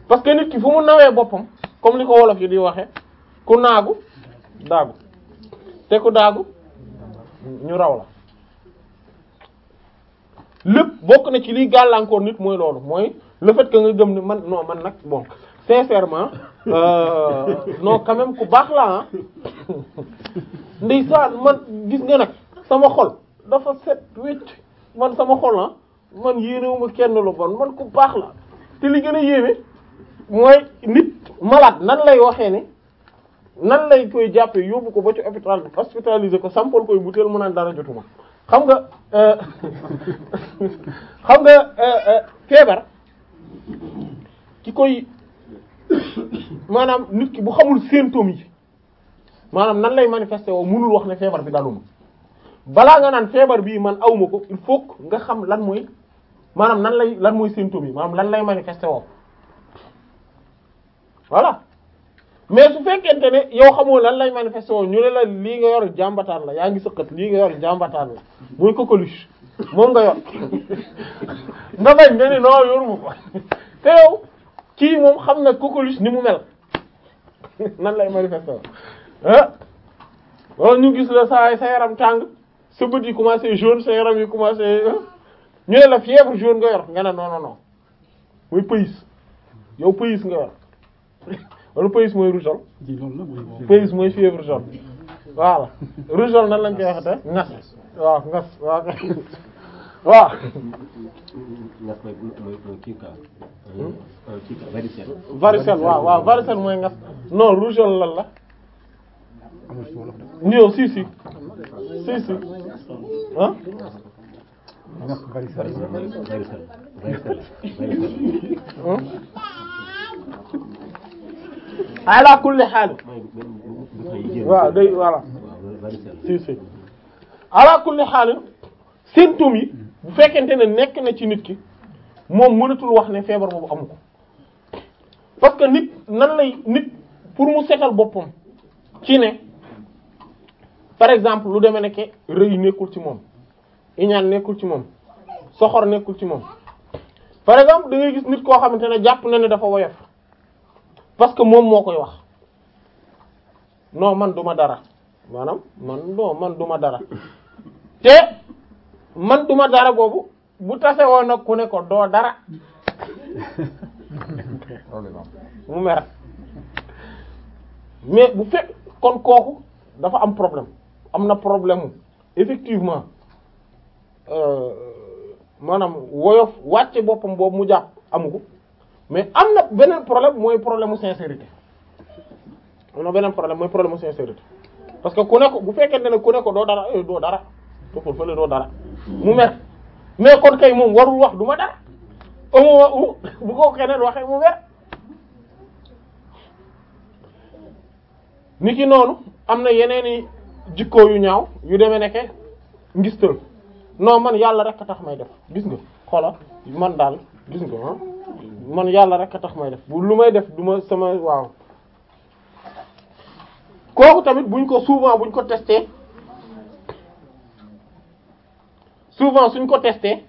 parce que nit ki fu mu nawee boppam comme li ko wolof yi di waxe ku naagu daagu te ku daagu ñu raw la lépp bokk na ci liy gàllankoor nit mooy loolu mooy le fait que nga gëm ni man non man nag bon sincèrement euh, non ku baax la ah ndeysaan man gis nga nag sama xol dafa set wécc man sama xol la ah, man yéenewuma kenn lu bon man ku baax la te li gën a yéeme mooy nit malaat nan lay waxee ne nan lay koy jàppee yóbbu ko ba ci hôpital hospitalisé ko sampal koy butéel mu naan dara jotuma xam nga euh, xam nga euh, euh, feebar ki koy maanaam nit ki bu xamul symptômes yi maanaam nan lay manifester woo mënul wax ne feebar bi daluma balaa nga naan feebar bii man awma ko il faut nga xam lan mooy maanaam nan lay lan mooy symptôme yi maanaam lan lay manifester woo mais su fekkente ne yow xamoo lan lay manifester woo ñu ne la lii nga yor jàmbataan la yaa ngi sëqat lii nga yor jàmbataan la mooy coqueluche moom nga yor nga bañ nga ne non ni mu mel lay manifester woo ah. ñu gis la saa sa yaram tàng. sa bët yi commencé jaune sa yaram yi commencé ñu ne la fièvre jaune nga yor nga ne non mooy pays yow pays nga yor wala pays mooy rougeole. pays mooy fièvre jaune voilà rougeole nan lañ koy waxatee ngas waaw ngas waaw waaw. ngas waa mooy kii quoi. Hmm? Euh, kii quoi varicelle. varicelle mooy ngas non rougeole lan la. ñëw si si si si ah. ala kulli xaal. waaw day voilà si si ala kulli xaal symptômes yi bu fekkente ne nekk na ci nit ki moom mënatul wax ne feebar boobu amu ko parce que nit nan lay nit pour mu setal boppam ci ne. par exemple lu demee nekke rëy nekkul ci moom iñaan nekkul ci moom soxor nekkul ci moom par exemple da gis nit koo xamante ne jàpp na ne dafa woyof parce que moom moo koy wax noo man duma dara maanaam man non man duma dara te man duma dara boobu bu tase woon nag ku ne ko doo dara mu mer mais bu fekk kon kooku dafa am problème am na problème effectivement euh, maanaam woyof wàcce boppam boobu mu jàpp amu ko mais am na beneen problème mooy problème sinsérité sincérité beneen problème mooy problème mu sincérité parce que ku ne ko bu fekkente ne ku ne ko doo dara eh, doo dara toppul fële doo dara mu mer mais kon kay moom warul wax du ma dara amoo bu ko keneen waxee mu mer niki noonu am na yeneen jikkoo yu ñaaw yu demee nekke ngistal non man yàlla rek a tax may def gis nga xoola man daal gis nga ah, man yàlla rek a tax may def bu lu may def du ma sama waaw kooku tamit buñ ko souvent buñ ko testé souvent suñ ko testé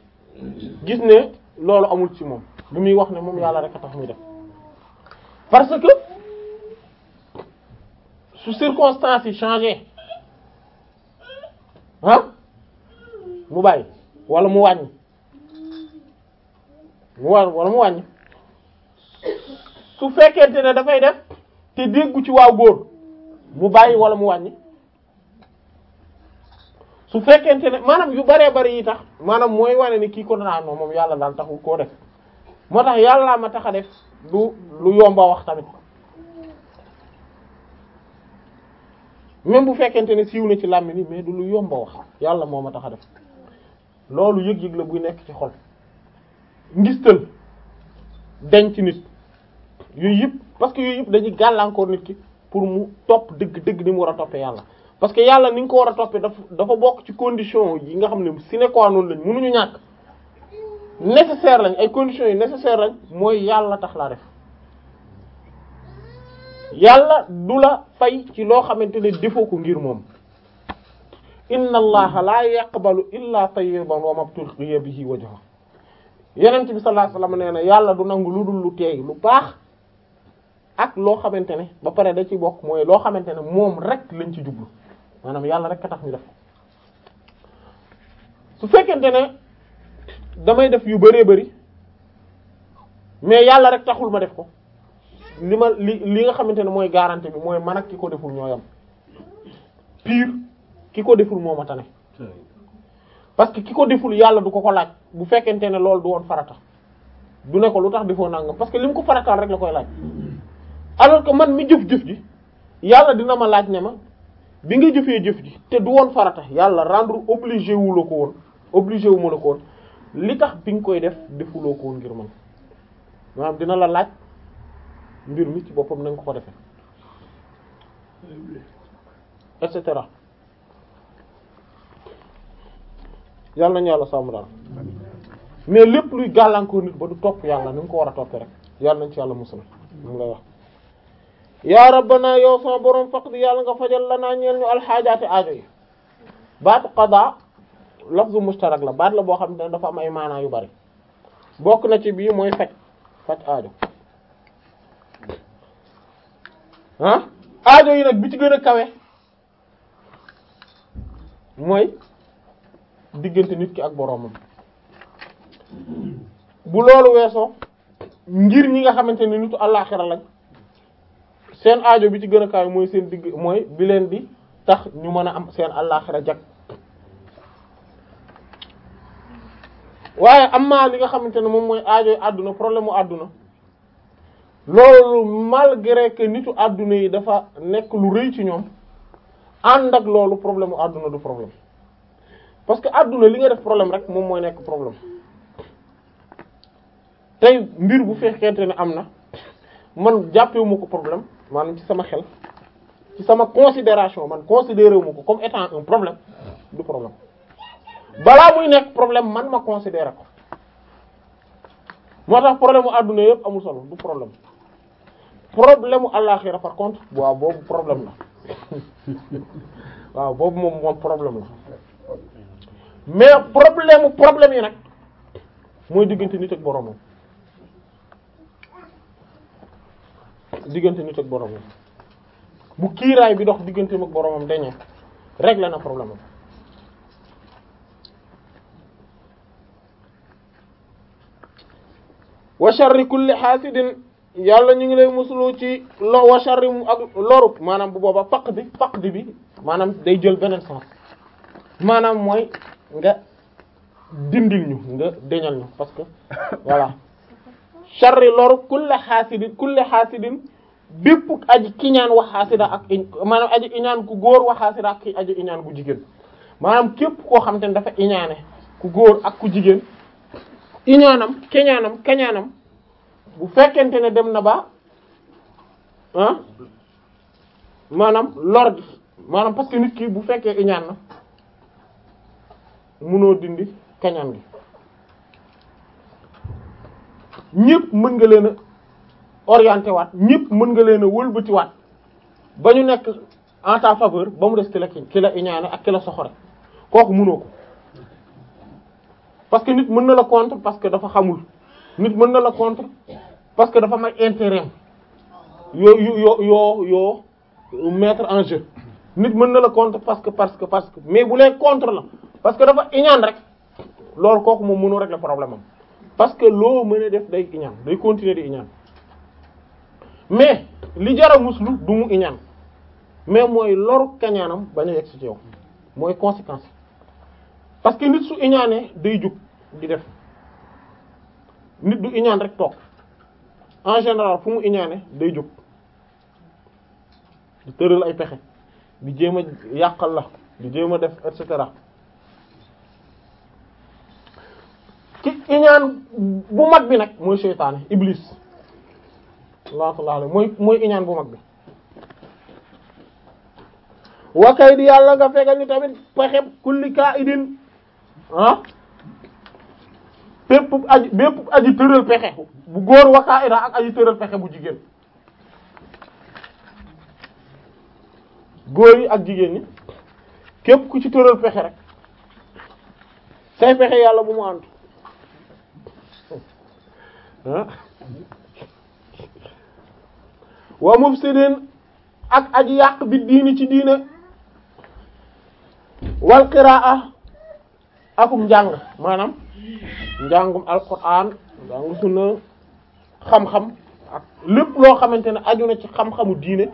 gis ne loolu amul ci moom lu muy wax ne moom yàlla rek a tax muy def parce que su circonstances yi changé ah mu bàyyi wala mu wàññi mu wa wala mu wàññi su fekkente ne dafay def te déggu ci waaw góor mu bàyyi wala mu wàññi su fekkente ne maanaam yu baree bari yi tax maanaam mooy wane ni kii ko naan ah moom yàlla daal taxu koo def moo tax yàlla ma tax a def lu lu yomba wax tamit même bu fekkente ne siiw na ci làmmiñ yi mais du lu yomba wax yàlla moo ma tax a def loolu yëg-yëg la buy nekk ci xol ngistal denc nit yooyu yëpp parce que yooyu yëpp dañuy gàllankoor nit ki pour mu topp dëgg dëgg ni mu war a toppee yàlla parce que yàlla ni nga ko war a toppee dafa dafa bokk ci condition yi nga xam ne sine qua non lañ mënuñu ñàkk nécessaire lañ ay conditions yi nécessaire lañ mooy yàlla tax laa def yàlla du la fay ci loo xamante ne defoo ko ngir moom inna allaha la yaqbalu illa tayyiban wa mabtughiya bihi wajha yenent bi sallallahu alayhi wasallam nee na yàlla du nangu lu dul lu teey lu baax ak loo xamante ne ba pare da ci bokk mooy loo xamante ne moom rek lañ ci jublu maanaam yàlla rek a tax ñu def su fekkente ne damay def yu bëree bëri mais yàlla rek taxul ma def ko li ma li li nga xamante ne mooy garantie bi mooy man ak ki ko deful ñooyam pire ki ko deful moo ma tane parce que ki ko deful yàlla du ko ko laaj bu fekkente ne loolu du woon farata du ne ko lu tax defoo nangam parce que li mu ko farataal rek la koy laaj alors que man mi jëf-jëf ji yàlla dina ma laaj ne ma bi nga jëfee jëf ji te du woon farata yàlla rendre obligé wu la ko woon obligé wu ma la ko woon li tax bi nga koy def defuloo ko woon ngir man maanaam dina la laaj mbir mi ci boppam na nga ko defee et cetera yàlla nañu yàlla sàmm daal mais lépp luy gàllankoor nit ba du topp yàlla ni nga ko war a toppee rek yàlla nañ ci yàlla musal mu yow sama borom faqdi yàlla nga fajal lanaa ñeel ñu alxaajaati aajo yi baatu qada lafzu mustarak la baat la boo xam ne dafa am ay maanaa yu bari bokk na ci bii mooy faj faj aajo ah aajo yi nag bi ci gën a kawe mooy diggante nit ki ak boroomam bu loolu weesoo ngir ñi nga xamante ne nitu àllaaxira lañ seen ajo bi ci gën a kawe mooy seen digg mooy bi tax ñu mën a am seen àllaaxira jag waaye am na li nga xamante ne moom mooy aajo yi àdduna problème mu àdduna loolu malgré que nitu àdduna yi dafa nekk lu rëy ci ñoom ànd ak loolu problème mu àdduna du problème parce que àdduna li nga def problème rek moom mooy nekk problème tey mbir bu fekkente ne am na man jàppewu ko problème maanaam ci sama xel ci sama consideration man considéré wu ma ko comme étant un problème du problème balaa muy nekk problème man ma considéré ko moo tax problème mu àdduna yépp amul solo du problème problème mu àllaaxira par contre waaw boobu problème la waaw boobu moom moom problème la mais problème problème yi nag mooy diggante nit ak boromam diggante nit ak boromam bu kiiraay bi ndox diggante ak boromam dañee régler na problème am wa sharri kulli yàlla ñu ngi lay muslu ci lo wa sharri loru maanaam bu booba faq bi faq bi maanaam day jël beneen sens maanaam mooy nga dindil ñu nga deñal ñu parce que voilà sharri loru kulle xaasidin kulle xaasidin bépp aji kiñaan wa xaasida ak maanaam aji iñaan ku góor wa xaasida ak ki aji iñaan ku jigéen maanaam képp koo xam te dafa iñaane ku góor ak ku jigéen iñaanam keñaanam kañaanam bu fekkente ne dem na ba ah maanaam lor gi maanaam parce nit ki bu fekkee iñaan na munoo dindi kañam gi ñépp mën nga leen a orienté waat ñépp mën nga leen a wëlbati waat ba ñu nekk en ta faveur ba mu des ki la kila la iñaane ak ki la soxore kooku mënoo ko parce nit mën na la contre parce que dafa xamul nit mën na la contre parce que dafa may intérêt yoo yoo yoo yoo mettre en nit mën na la contre parce que parce que parce que mais bu lay contre la parce que dafa iñaan rek loolu kooku moom mënoo régler problème am parce que loo mën def day iñaan day continuer di iñaan mais li jara muslu du mu iñaan mais mooy loru kañaanam ba a yegg ci mooy conséquence parce que nit su iñaanee day jug di def nit du iñaan rek toog en général fu mu iñaane day jóg di tëral ay pexe di jéem a yàqal la du jéem a def et cetera iñaan bu mag bi nag mooy seytaane iblis laatulaale mooy mooy iñaan bu mag bi wakay di yàlla nga fegal ñu tamit pexe kulli kaa idin ah bépp aji bépp aji tëral pexe bu góor wakaa ira ak aji tëral pexe bu jigéen góor yi ak jigéen ñi képp ku ci tëral pexe rek say pexe yàlla bu mu àntu ah. wa mufsidin ak aji yàq bi diini ci diine wal qiraa akum njàng maanam njàngum alquran njàngu sunna xam-xam ak lépp loo xamante ne aju na ci xam-xamu diine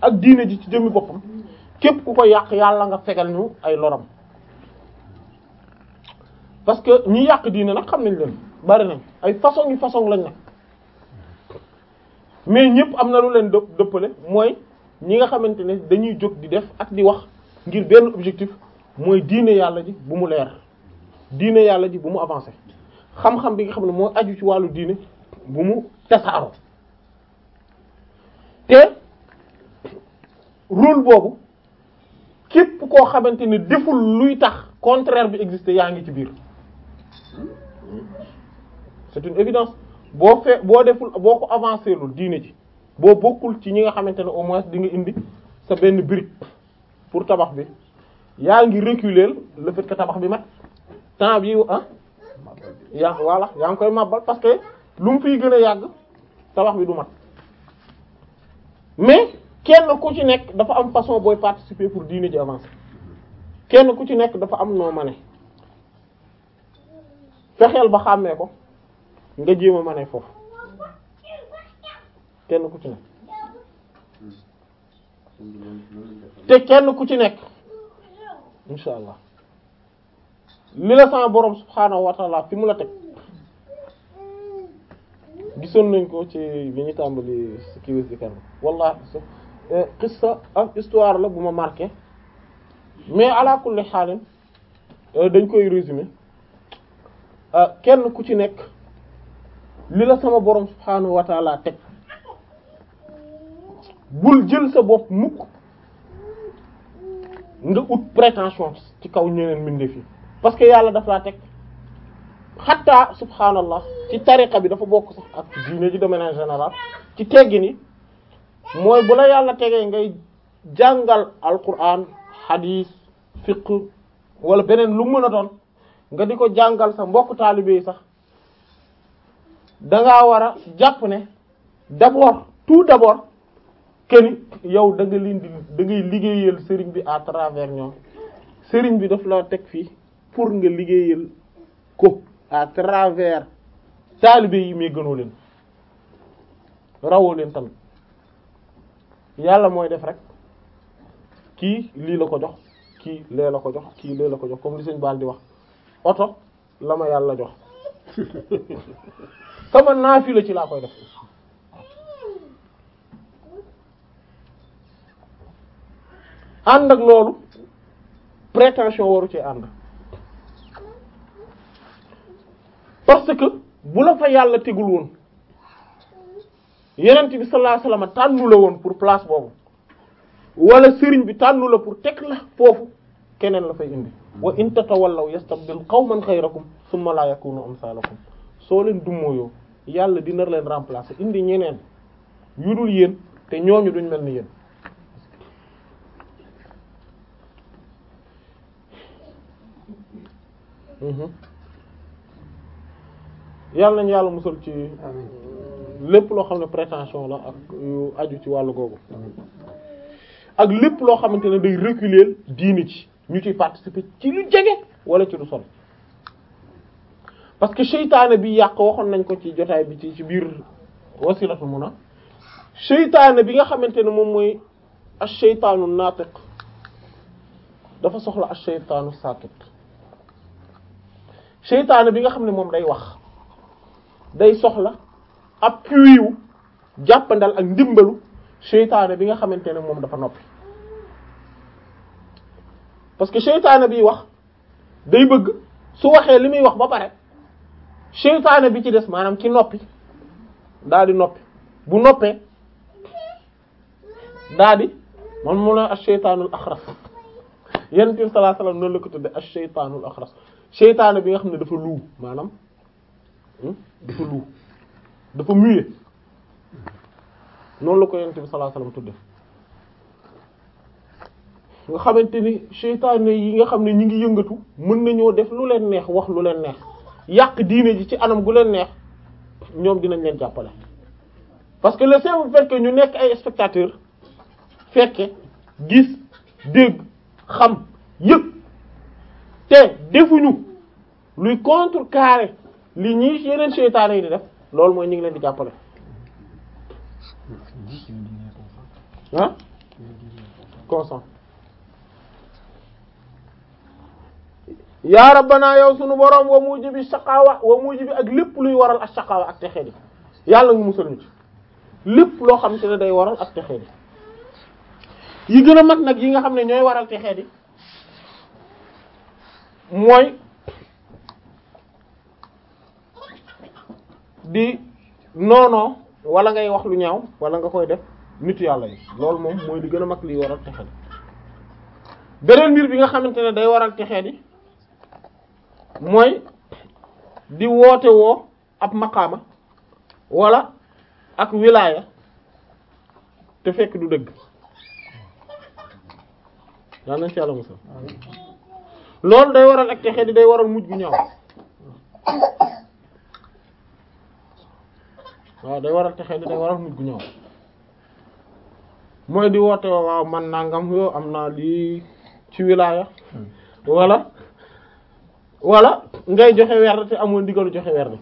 ak diine ji ci jëmmi boppam képp ku ko yàq yàlla nga fegal ñu ay loram parce que ñi yàq diine nag xam nañ leen bari nañ ay façon yu façon lañ nag mais ñëpp am na lu leen dëppale mooy ñi nga xamante ne dañuy jóg di def ak di wax ngir benn objectif mooy diine yàlla ji bu mu leer diine yàlla ji bu mu avancer xam-xam bi nga xam ne mooy aju ci wàllu diine bu mu tasaaroo te rôle boobu képp koo xamante ne deful luy tax contraire bi existe yaa ngi ci biir c'est une évidence boo fee boo deful boo ko avancé lul diine ci boo bokkul ci ñi nga xamante ne au moins di nga indi sa benn brique pour tabax bi yaa ngi reculer le fait tabax bi mat temps yi ah yaa voilà yaa ngi koy màbbal parce que lu mu fiy gën a yàgg tabax bi du mat mais kenn ku ci nekk dafa am façon booy participer pour diine ji avancer kenn ku ci nekk dafa am noo mane ne fexeel ba xàmmee ko nga jéem a ma foofu kenn ku ci nekk te kenn ku ci nekk insha li la sama borom subhaanahu wa taala fi mu la teg gisoon nañ ko ci bi ñu tàmbali si kiwis di kar wallahi so eh, histoire la bu ma marqué mais ala kulli xaalin eh, dañ koy résumer eh, kenn ku ci nekk li la sama borom subhaanahu wa taala teg bul jël sa bopp mukk nga ut prétention ci kaw ñeneen mbindeef yi parce que yàlla daf laa teg xatta subhaanallah ci tariqa bi dafa bokk sax ak diine ji de manière générale ci teggi ni mooy bu la yàlla tegee ngay jàngal alquran hadith fiqh wala beneen lu mën a doon nga di ko jàngal sa mbokk taalibe yi sax dangaa war a jàpp ne d'abord tout d'abord keni yow da nga leen di sëriñ bi à travers ñoom sëriñ bi daf la teg fii pour nga liggéeyal ko à travers taalibe yi mais gënoo leen rawoo leen tamit yàlla mooy def rek kii lii la ko jox kii lee la ko jox kii lee la ko jox comme li sëñ Baal di wax oto la yàlla jox fii la ci laa koy def ànd loolu prétention waru ci ànd parce que bu la fa yàlla tegul woon yenent bi sallallahu alayhi wasallam tànnu la woon pour place boobu wala sëriñ bi tànnu la pour teg la foofu keneen la fay indi wa in tatawallaw yastabdil qawman xayrakum summa la yakunu amsalakum soo leen dummóoyoo yàlla dina leen remplacer indi ñeneen yu dul yéen te ñooñu duñ mel ni yéen mhm. yàlla nañ yàlla musal ci lépp loo xam ne prétention la ak yu aju ci wàllu googu ak lépp loo xamante ne day reculer diini ci ñu ci participer ci lu jege wala ci lu sol parce que seytaane bi yàq waxoon nañ ko ci jotaay bi ci ci biir wasilatu mun a seytaane bi nga xamante ne moom mooy ash-shaytaanu naatiq dafa soxla ash-shaytaanu saakit seytaane bi nga xam ne moom day wax day soxla ab puiwu jàppandal ak ndimbalu seytaane bi nga xamante ne moom dafa noppi parce que seytaane bi wax day bëgg su waxee li muy wax ba pare seytaane bi ci des maanaam ki noppi daa di noppi bu noppee daa di man mu ne ash-shaytaanul axras yonent bi sallallahu alayhi wasallam noonu la ko tudde ash-shaytaanul axras seytaane bi nga xam ne dafa luu maanaam Hmm? dafa lu dafa muet noonu la ko yonent bi sallallahu alayhi wasallam nga xamante ni seytaane yi nga xam ne ñu ngi yëngatu mën nañoo def lu leen neex wax lu leen neex yàq diine ji ci anam gu leen neex ñoom dinañ leen jàppale parce que la simple fait ñu nekk ay spectateur fekke gis dégg xam yëg te defuñu luy contrecarrer li ñii yeneen seytaane yi di def loolu mooy ñu ngi leen di jàppale ah consent yaa yow sunu boroom wa mujibi shaqawa wa mujibi ak lépp luy waral ak shaqawa ak texe di yàlla nga musal lépp loo xam te ne day waral ak texe di yi gën a mag nag yi nga xam ne ñooy waral texee di mooy di noonoo walla ngay wax lu ñaaw wala nga koy def nit yàlla yi loolu moom mooy li gën a mag liy waral texe di beneen mbir bi nga xamante ne day waral texe di mooy di woote woo ab maqaama wala ak wilaaya te fekk du dëgg yaa nañ ci yàlla musal loolu day waral ak texe di day waral mujj gu ñaaw waaw day waral texe di day waral mujj gu ñëw mooy di woote waaw man nangam yoo am na lii ci wilaaya wala wala ngay joxe werd te amul ndigalu joxe werd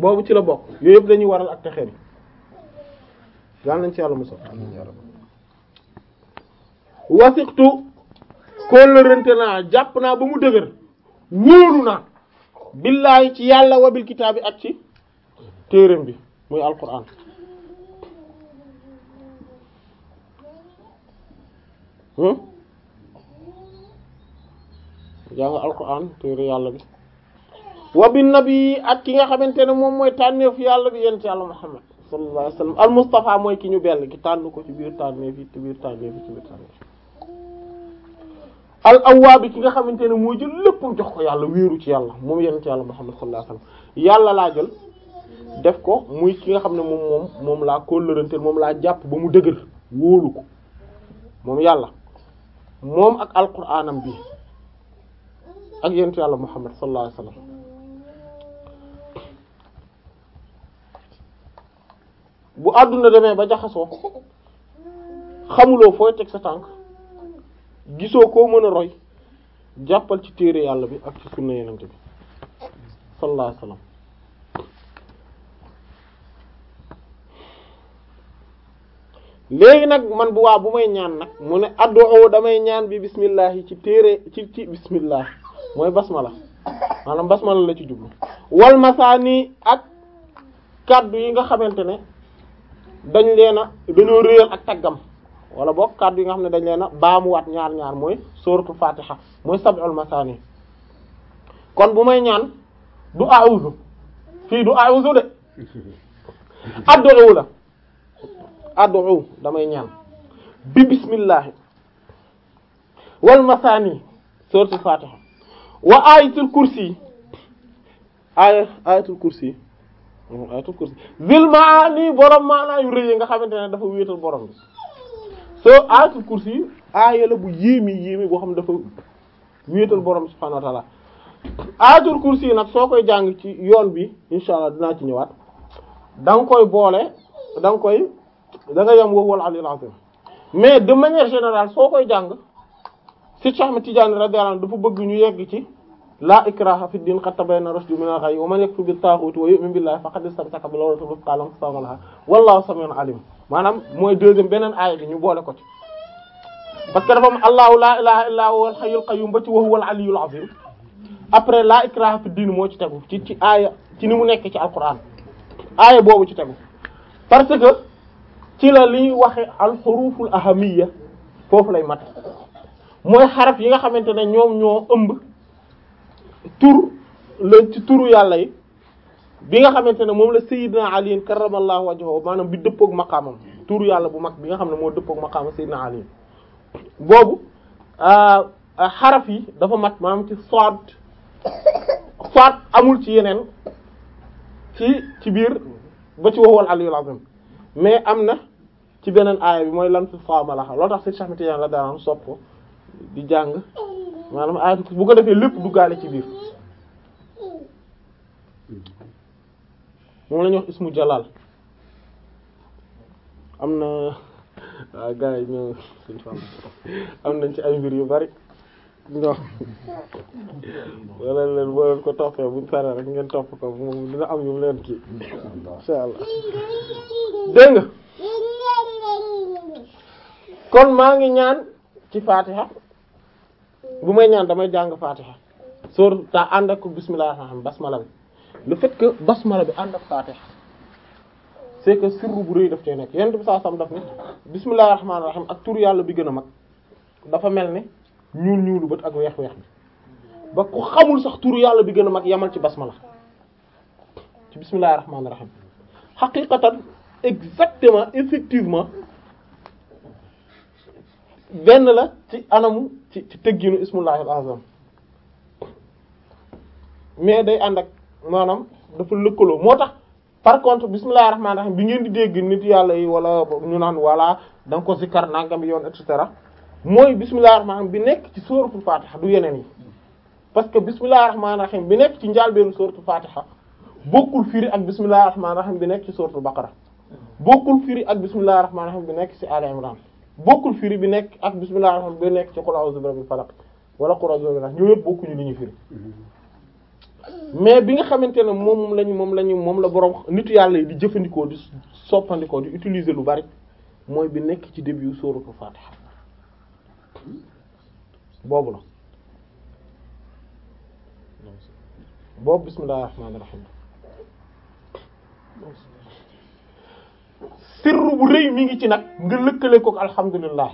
boobu ci la bokk yooyu yëpp dañuy waral ak texe di yal nañ ci yàlla musal wasiqtu kóllërante naa jàpp naa ba mu dëgër wóolu naa billaahi ci yàlla wabil kitaabi ak ci téereem bi muy alquran hmm? jàng alquran téere yàlla bi wa bin nabi ak ki nga xamante ne moom mooy tànneef yàlla bi yéen ci yàlla muhammad sallallahu alayhi wasallam al mustafa mooy ki ñu bell ki tànn ko ci biir tànneef yi ci biir tànneef yi ci biir tànneef al awwaab bi ki nga xamante ne mooy jël léppam jox ko yàlla wéeru ci yàlla moom yéen ci yàlla muhammad sallallahu alayhi wasallam yàlla laa jël def ko muy ki nga xam ne moom moom moom laa kóllëranteel moom laa jàpp ba mu dëgër wóolu ko moom yàlla moom ak alquraanam bi ak yentu yàlla muhammad sallallahu alayhi wasallam bu àdduna demee ba jaxasoo xamuloo fooy teg sa tànk gisoo koo mën a roy jàppal ci téere yàlla bi ak ci sunna yenente bi sallallahu alayhi wasallam léegi nag man bu waa bu may ñaan nag mu ne addu'u damay ñaan bi bismillah ci téere ci ci bismillah mooy basmala maanaam basmala la ci jublu wal masaani ak kaddu yi nga xamante ne dañ leen a dañoo réyal ak taggam wala boog kaddu yi nga xam ne dañ leen a baamuwaat ñaar ñaar mooy sóoratu fatiha mooy sab'ul masaani kon bu may ñaan du a'udhu fii du a'udhu de addu'u la. ad'u damay ñaan bi bismillahi wal masani suratul fatiha wa ayatul kursi aya ayatul kursi ayatul kursi borom maanaa yu rëy nga xamante ne dafa wéetal borom bi soo ayatul kursi aaya la bu yéemi yéemi boo xam ne dafa wéetal borom subhanahu wa ta'ala ayatul kursi yi nag soo koy jàng ci yoon bi incha allah dinaa ci ñëwaat da koy boole da koy da nga yem wowal alil azim mais de manière générale soo koy jàng si Cheikh Ahmed Tidiane radiyallahu anhu dafa bëgg ñu yegg ci laa ikraha fi din qad tabayyana rushdu minal ghayy wa man yakfur bit taghuti wa yu'min billahi faqad istamsaka bil urwatil wuthqa la infisama laha wallahu samiun alim maanaam mooy deuxième beneen aaya bi ñu boole ko ci parce que dafa am allahu laa ilaha illa huwa al hayyul qayyum ba ci wa huwal aliyyul azim après laa ikraha fi din moo ci tegu ci ci aaya ci ni mu nekk ci alquran aaya boobu ci tegu parce que ci la liy waxe alxuruful ahamiya foofu lay mat mooy xaraf yi nga xamante ne ñoom ñoo ëmb tur la ci turu yàlla yi bi nga xamante ne moom la Seydina Ali karramallahu wajhahu maanaam bi dëppook maqaamam turu yàlla bu mag bi nga xam ne moo dëppook maqaamam Seydina Ali boobu euh, xaraf yi dafa mat maanaam ci soit soit amul ci yeneen ci ci biir ba ci waxwal aliyul azim mais am na ci beneen aaya bi mooy lan fi faamalaxa loo tax si Cheikh Tidiane la daan sopp di jàng maanaam aaya bu ko defee lépp gaale ci biir moom la wax ismu jalal am na waaw ah, gars yi ñoo suñ fam am nañ ci ay mbir yu bari non leen boo leen ko toppee buñ paree rek ngeen topp ko moom dina am yu mu leen kii insha kon maa ngi ñaan ci fatiha bu may ñaan damay jàng fatiha sóor ta ànd ak bismillahir rahmanir basmala bi le fait basmala bi ànd ak fatiha c'est que sirru bu rëy daf cee nekk yenn bi saa sam daf ne bismillahir rahmanir ak tur yàlla bi gën a mag dafa mel ne ñuul ñuulu bët ak weex weex bi ba ku xamul sax tur yàlla bi gën a mag yamal ci basmala ci bismillahir rahmanir rahim xaqiqatan exactement effectivement benn la ci anamu ci ci tëgginu ismullahil azam mais day ànd ak maanaam dafa lëkkaloo moo tax par contre bismillahir rahmanir rahim bi ngeen di dégg nit yàlla yi wala ñu naan wala da nga ko sikkar nangam yoon et mooy bismillahir rahmanir bi nekk ci sóoratul fatiha du yeneen yi parce que bismillahir rahmanir rahim bi nekk ci njaalbeenu sóoratul fatiha bokkul fiir ak bismillahir rahmanir rahim bi nekk ci sóoratul baqara bokkul firi ak bismillahir rahmanir rahim bi nekk ci Al Imran bokkul firi bi nekk ak bismillahir rahmanir bi nekk ci qul a'udhu bi rabbil falaq wala qul a'udhu bi rabbil nas ñoo yëpp bokkuñu li ñu firi mais bi nga xamante ne moom lañuy moom lañu moom la boroom nitu yàlla yi di jëfandikoo di soppandikoo di utiliser lu bari mooy bi nekk ci début sóoratu Fatiha boobu la boobu bismillahir rahmanir rahim sirru bu rëy mi ngi ci nag nga lëkkale kook alhamdulilah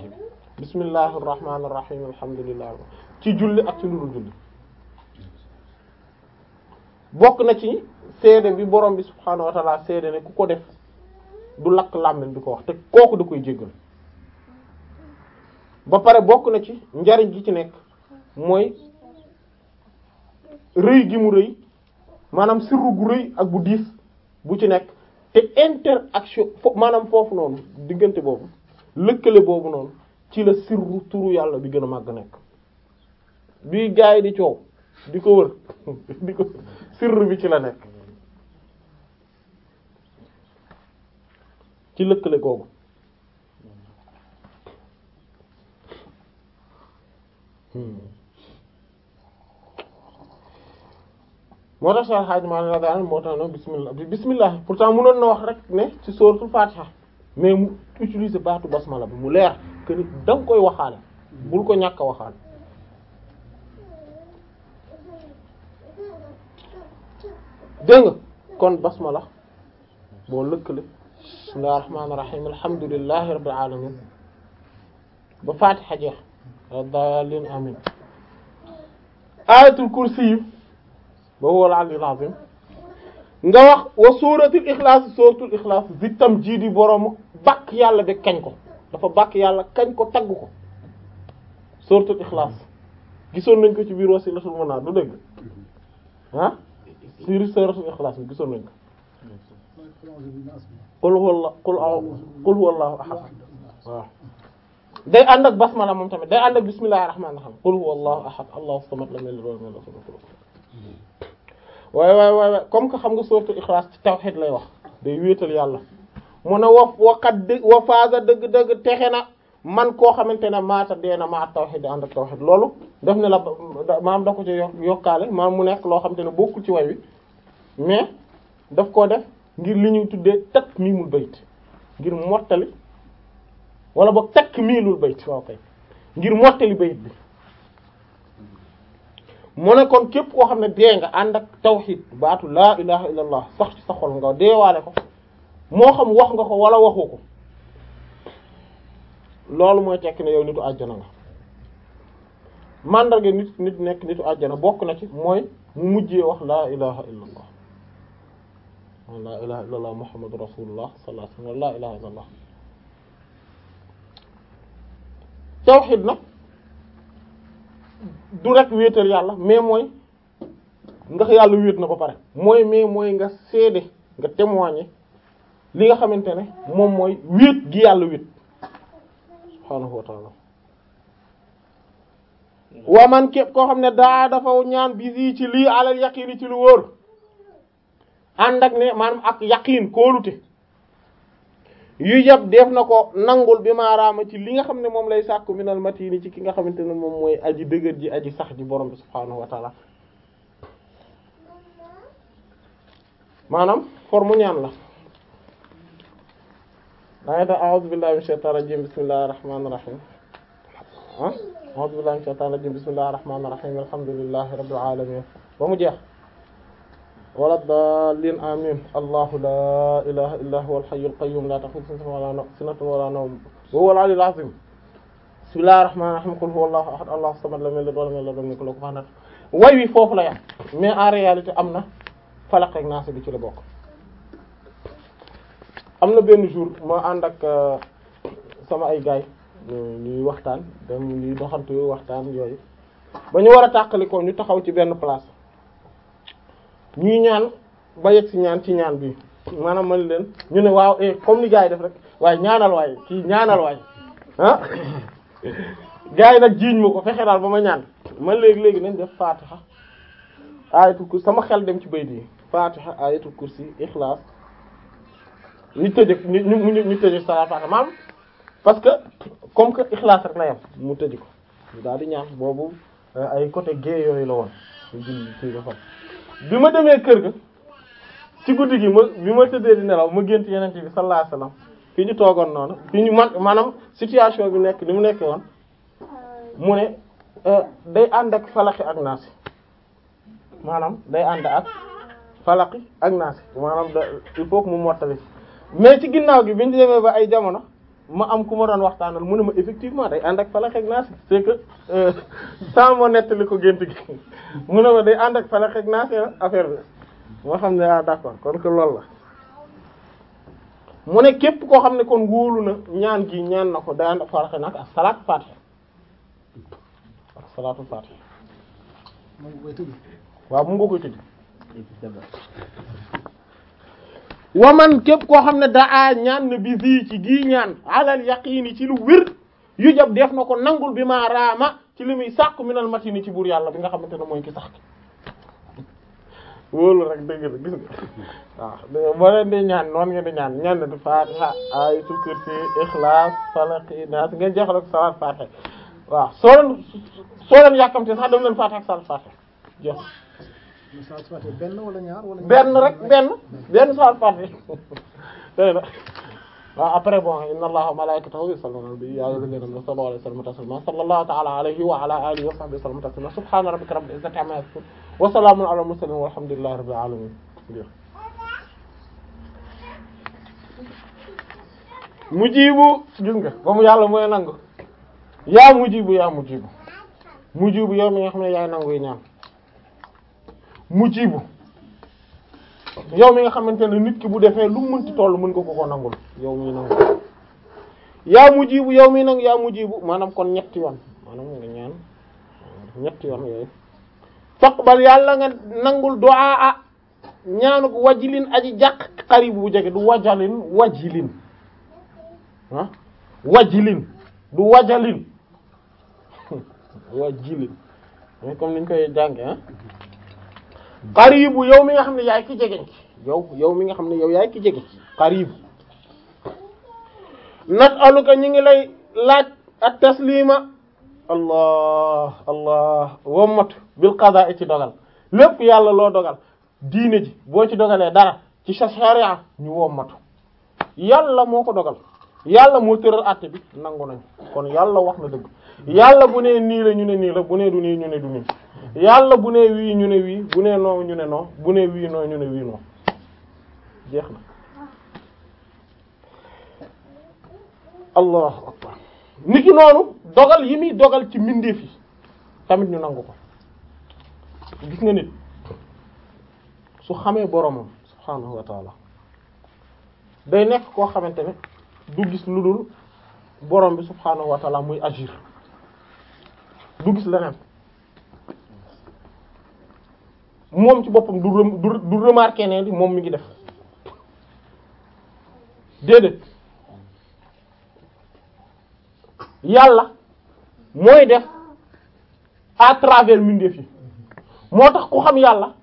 bismillahi rahmaani rahim alhamdulilah ci julli ak ci lu dul julli bokk na ci seede bi borom bi subhaanahu wa taala seede ne ku ko def du lakk làmmiñ bi ko wax te kooku du koy jéggal ba pare bokk na ci njariñ gi ci nekk mooy rëy gi mu rëy maanaam sirru gu rëy ak bu diis bu ci nekk te interaction maanaam foofu noonu diggante boobu lëkkale boobu noonu ci la sirru turu yàlla bi gën a màgg nekk bii gaa yi di coow di ko wër di ko sirru bi ci la nekk ci lëkkale kooku hmm. moo tax Cheikh Hadj Malick radiyallahu anhu moo tax na bismillah bismillah pourtant mënoon na wax rek ne ci sóoratul Fatiha mais mu utiliser baatu basmala bi mu leer que ni koy waxaale bul ko ñàkk a waxaale dégg nga kon basmala boo lëkkale bismillahir rahmanir rahim alhamdulillahi rabbil alamin ba Fatiha jeex radiyallahu amin ayatul kursi ba huwa al-aliyyul azim nga wax wa suuratul ikhlaas suuratul ikhlaas bi tam jii di boroomu yàlla ba kañ ko dafa bàkk yàlla kañ ko taggu ko suuratul ikhlaas gisoon nañ ko ci biir wasilatul munaa du dëgg ah siri ikhlaas gisoon nañ ko qul huwa qul qul huwa allahu ahad waaw day ànd ak basmala moom tamit day ànd ak bismillahir rahmanir rahim qul huwa allahu ahad allahu samad lam yalid walam yulad waaye waaye waaye comme que xam nga sourate Ikhlas ci tawhid lay wax day wéetal yàlla moo ne wa waqat dëgg wa faasa dëgg-dëgg texe na man koo xamante ne maata dee na maa tawhid ànd ak tawhid loolu def ne la maam da ko ci yokkaale maam mu nekk loo xamante ne bokkul ci way wi mais daf koo def ngir li ñuy tuddee takmiimul bayt ngir mottali wala takk takmiilul bayt waaw kay ngir mottali bayt bi mu ne kon képp koo xam ne dee nga ànd ak tawxiid baatu laa ilaha illallah sax ci sa xol nga deewaale ko moo xam wax nga ko wala waxu ko loolu mooy tekki ne yow nitu àjjana nga màndarga nit nit nekk nitu àjjana bokk na ci mooy mu mujjee wax laa ilaha illallah laa ilaha illallah muhammadu rasulullah sallallahu alayhi wa sallam laa ilaha illallah tawxiid nag du rek wéetal yàlla mais mooy ndax yàlla wéet na ba pare mooy mais mooy nga seede nga témoigner li nga xamante ne moom mooy wéet gi yàlla wéet subhaanahu wa ta'ala man képp koo xam ne daa dafa ñaan bisi ci lii alal yaqiin ci lu wóor ànd ak ne maanaam ak yaqiin kóolute yu yab def na ko nangul bi maaraama ci li nga xam ne moom lay sàkku minal matini ci ki nga xamante ne moom mooy aji dëgër ji aji sax ji borom bi subhaanahu wa taala maanaam mu ñaan la dangay tax a'udhu billahi minash shaitanir rajim bismillahir rahmanir rahim a'udhu billahi minash shaitanir rajim bismillahir rahmanir rahim alhamdulillahi rabbil alamin ba mu jeex wala daalliin amiin allahu laa ilaha illa huwa al-hayyul qayyum laa ta'khudhuhu sinatun wa huwa al-'aliyyul 'azim bismillahir rahmanir rahim qul huwallahu ahad allahu samad lam yalid wa lam yulad wa lam yakul way wi foofu la mais en réalité am na falaq ak bi ci la bokk am na benn jour ma ànd ak euh, sama ay gaay ñuy waxtaan dem ñuy doxantu waxtaan yooyu ba ñu war a tàqali ko ñu taxaw ci benn place ñuy ñaan ba yegg ci ñaan ci ñaan bi maanaam man leen ñu ne waaw eh, comme ni gars yi def rek waaye ñaanal waay kii ñaanal waay ah gars yi nag jiiñ ma ko fexe ba ma ñaan ma léegi léegi nañ def xa ayatul kursi sama xel dem ci bayt yi fatiha ayatul kursi ikhlas ñu tëjee ñu ñu ñu tëjee salaa fatiha maam parce que comme que rek la yam mu tëj ko daal di ñaan boobu ay côté gée yooyu la woon. bi ma demee kër gi ci guddi gi ma bi ma tëddee di nelaw ma gént yeneen bi sallallahu alayhi wasallam fii ñu toogoon noonu fii ñu man maanaam situation bi nekk li mu nekk woon mu ne euh, day ànd ak falaxi ak naasi maanaam day ànd ak falaxi ak naasi maanaam da il faut mu mottali mais ci ginnaaw gi bi ñu demee ba ay jamono ma am ku ma doon waxtaanal mu ne ma effectivement day ànd ak falax ak naas c'est que euh, sans ma nettali ko gént gi mu ne ma day ànd ak falax ak naas affaire bi moo xam ne ah d'accord kon que loolu la mu ne képp koo xam ne kon wóolu na ñaan gi ñaan na ko day ànd ak falax ak ak salaatu faatiha ak salaatu faatiha waaw mu nga koy tëj wa man képp koo xam ne daa ñaan na bi sii ci gii ñaan alal yaqiini ci lu wér yu jab def na ko nangul bi maa raama ci li muy sàkku minal matini ci buur yàlla bi nga xamante ne mooy ki sax wóolu rek dëgg la gis nga waaw boo leen di ñaan noon ngeen di ñaan ñaan na di fatiha ayatul kursi ikhlas falaqi naas ngeen jeexal ak salaat fatiha waaw soo leen soo leen yàkkamte sax dam leen fatiha ak salaat fatiha jeex benn rek benn benn salat fatiha dégg nga waaw après bon inna allaha wa malaikatahu yusalluna ala nabi ya ayyuhalladhina amanu sallu alayhi wa sallimu taslima sallallahu ta'ala alayhi wa ala alihi wa sahbihi wa sallam taslima subhana rabbika rabbil izzati amma yasifun wa salamun ala al-mursalin walhamdulillahi rabbil alamin mujibu gis nga ba mu yàlla mooy nangu yaa mujibu yaa mujibu mujibu yow mi nga xam ne yaay nangu yi ñaan mujibu yow mi nga xamante ne nit ki bu defee lu mu mënti toll mën nga ko ko nangul yow mi nangu yaa mujibu yow mi nangu yaa mujibu maanaam kon ñetti yoon maanaam nga ñaan ñetti yoon yooyu faqbal yàlla nga nangul du'a a ñaanuk wajilin aji jàq xaribu bu jege du wajalin wajilin ah wajilin du wajalin wajilin mais comme niñ koy jànge ah qaribu yow mi nga xam ne yaay ki jegeñ ki yow yow mi nga xam ne yow yaay ki jege qaribu nas'aluka ñi ngi lay laaj at taslima allah allah wommat bil qada'i ci dogal lépp yàlla loo dogal diine ji boo ci dogalee dara ci sa sharia ñu wommatu yàlla moo ko dogal yàlla moo tëral àtte bi nangu nañ kon yàlla wax na dëgg yàlla bu ne nii la ñu ne nii la bu ne du nii ñu ne du nii yàlla bu ne wii ñu ne wii bu nee non ñu ne non bu nee wii non ñu ne wii jeex na allahu nit niki noonu dogal yi muy dogal ci mbindeef yi tamit ñu nangu ko gis nga nit su xamee boromam subhaanahu wa taala day nekk koo xamante ne du gis lu dul borom bi subhaanahu wa muy agir du gis leneen moom ci boppam du du remarquer ne moom mu ngi def déedéet yàlla mooy def à travers mbindeef yi moo tax ku xam yàlla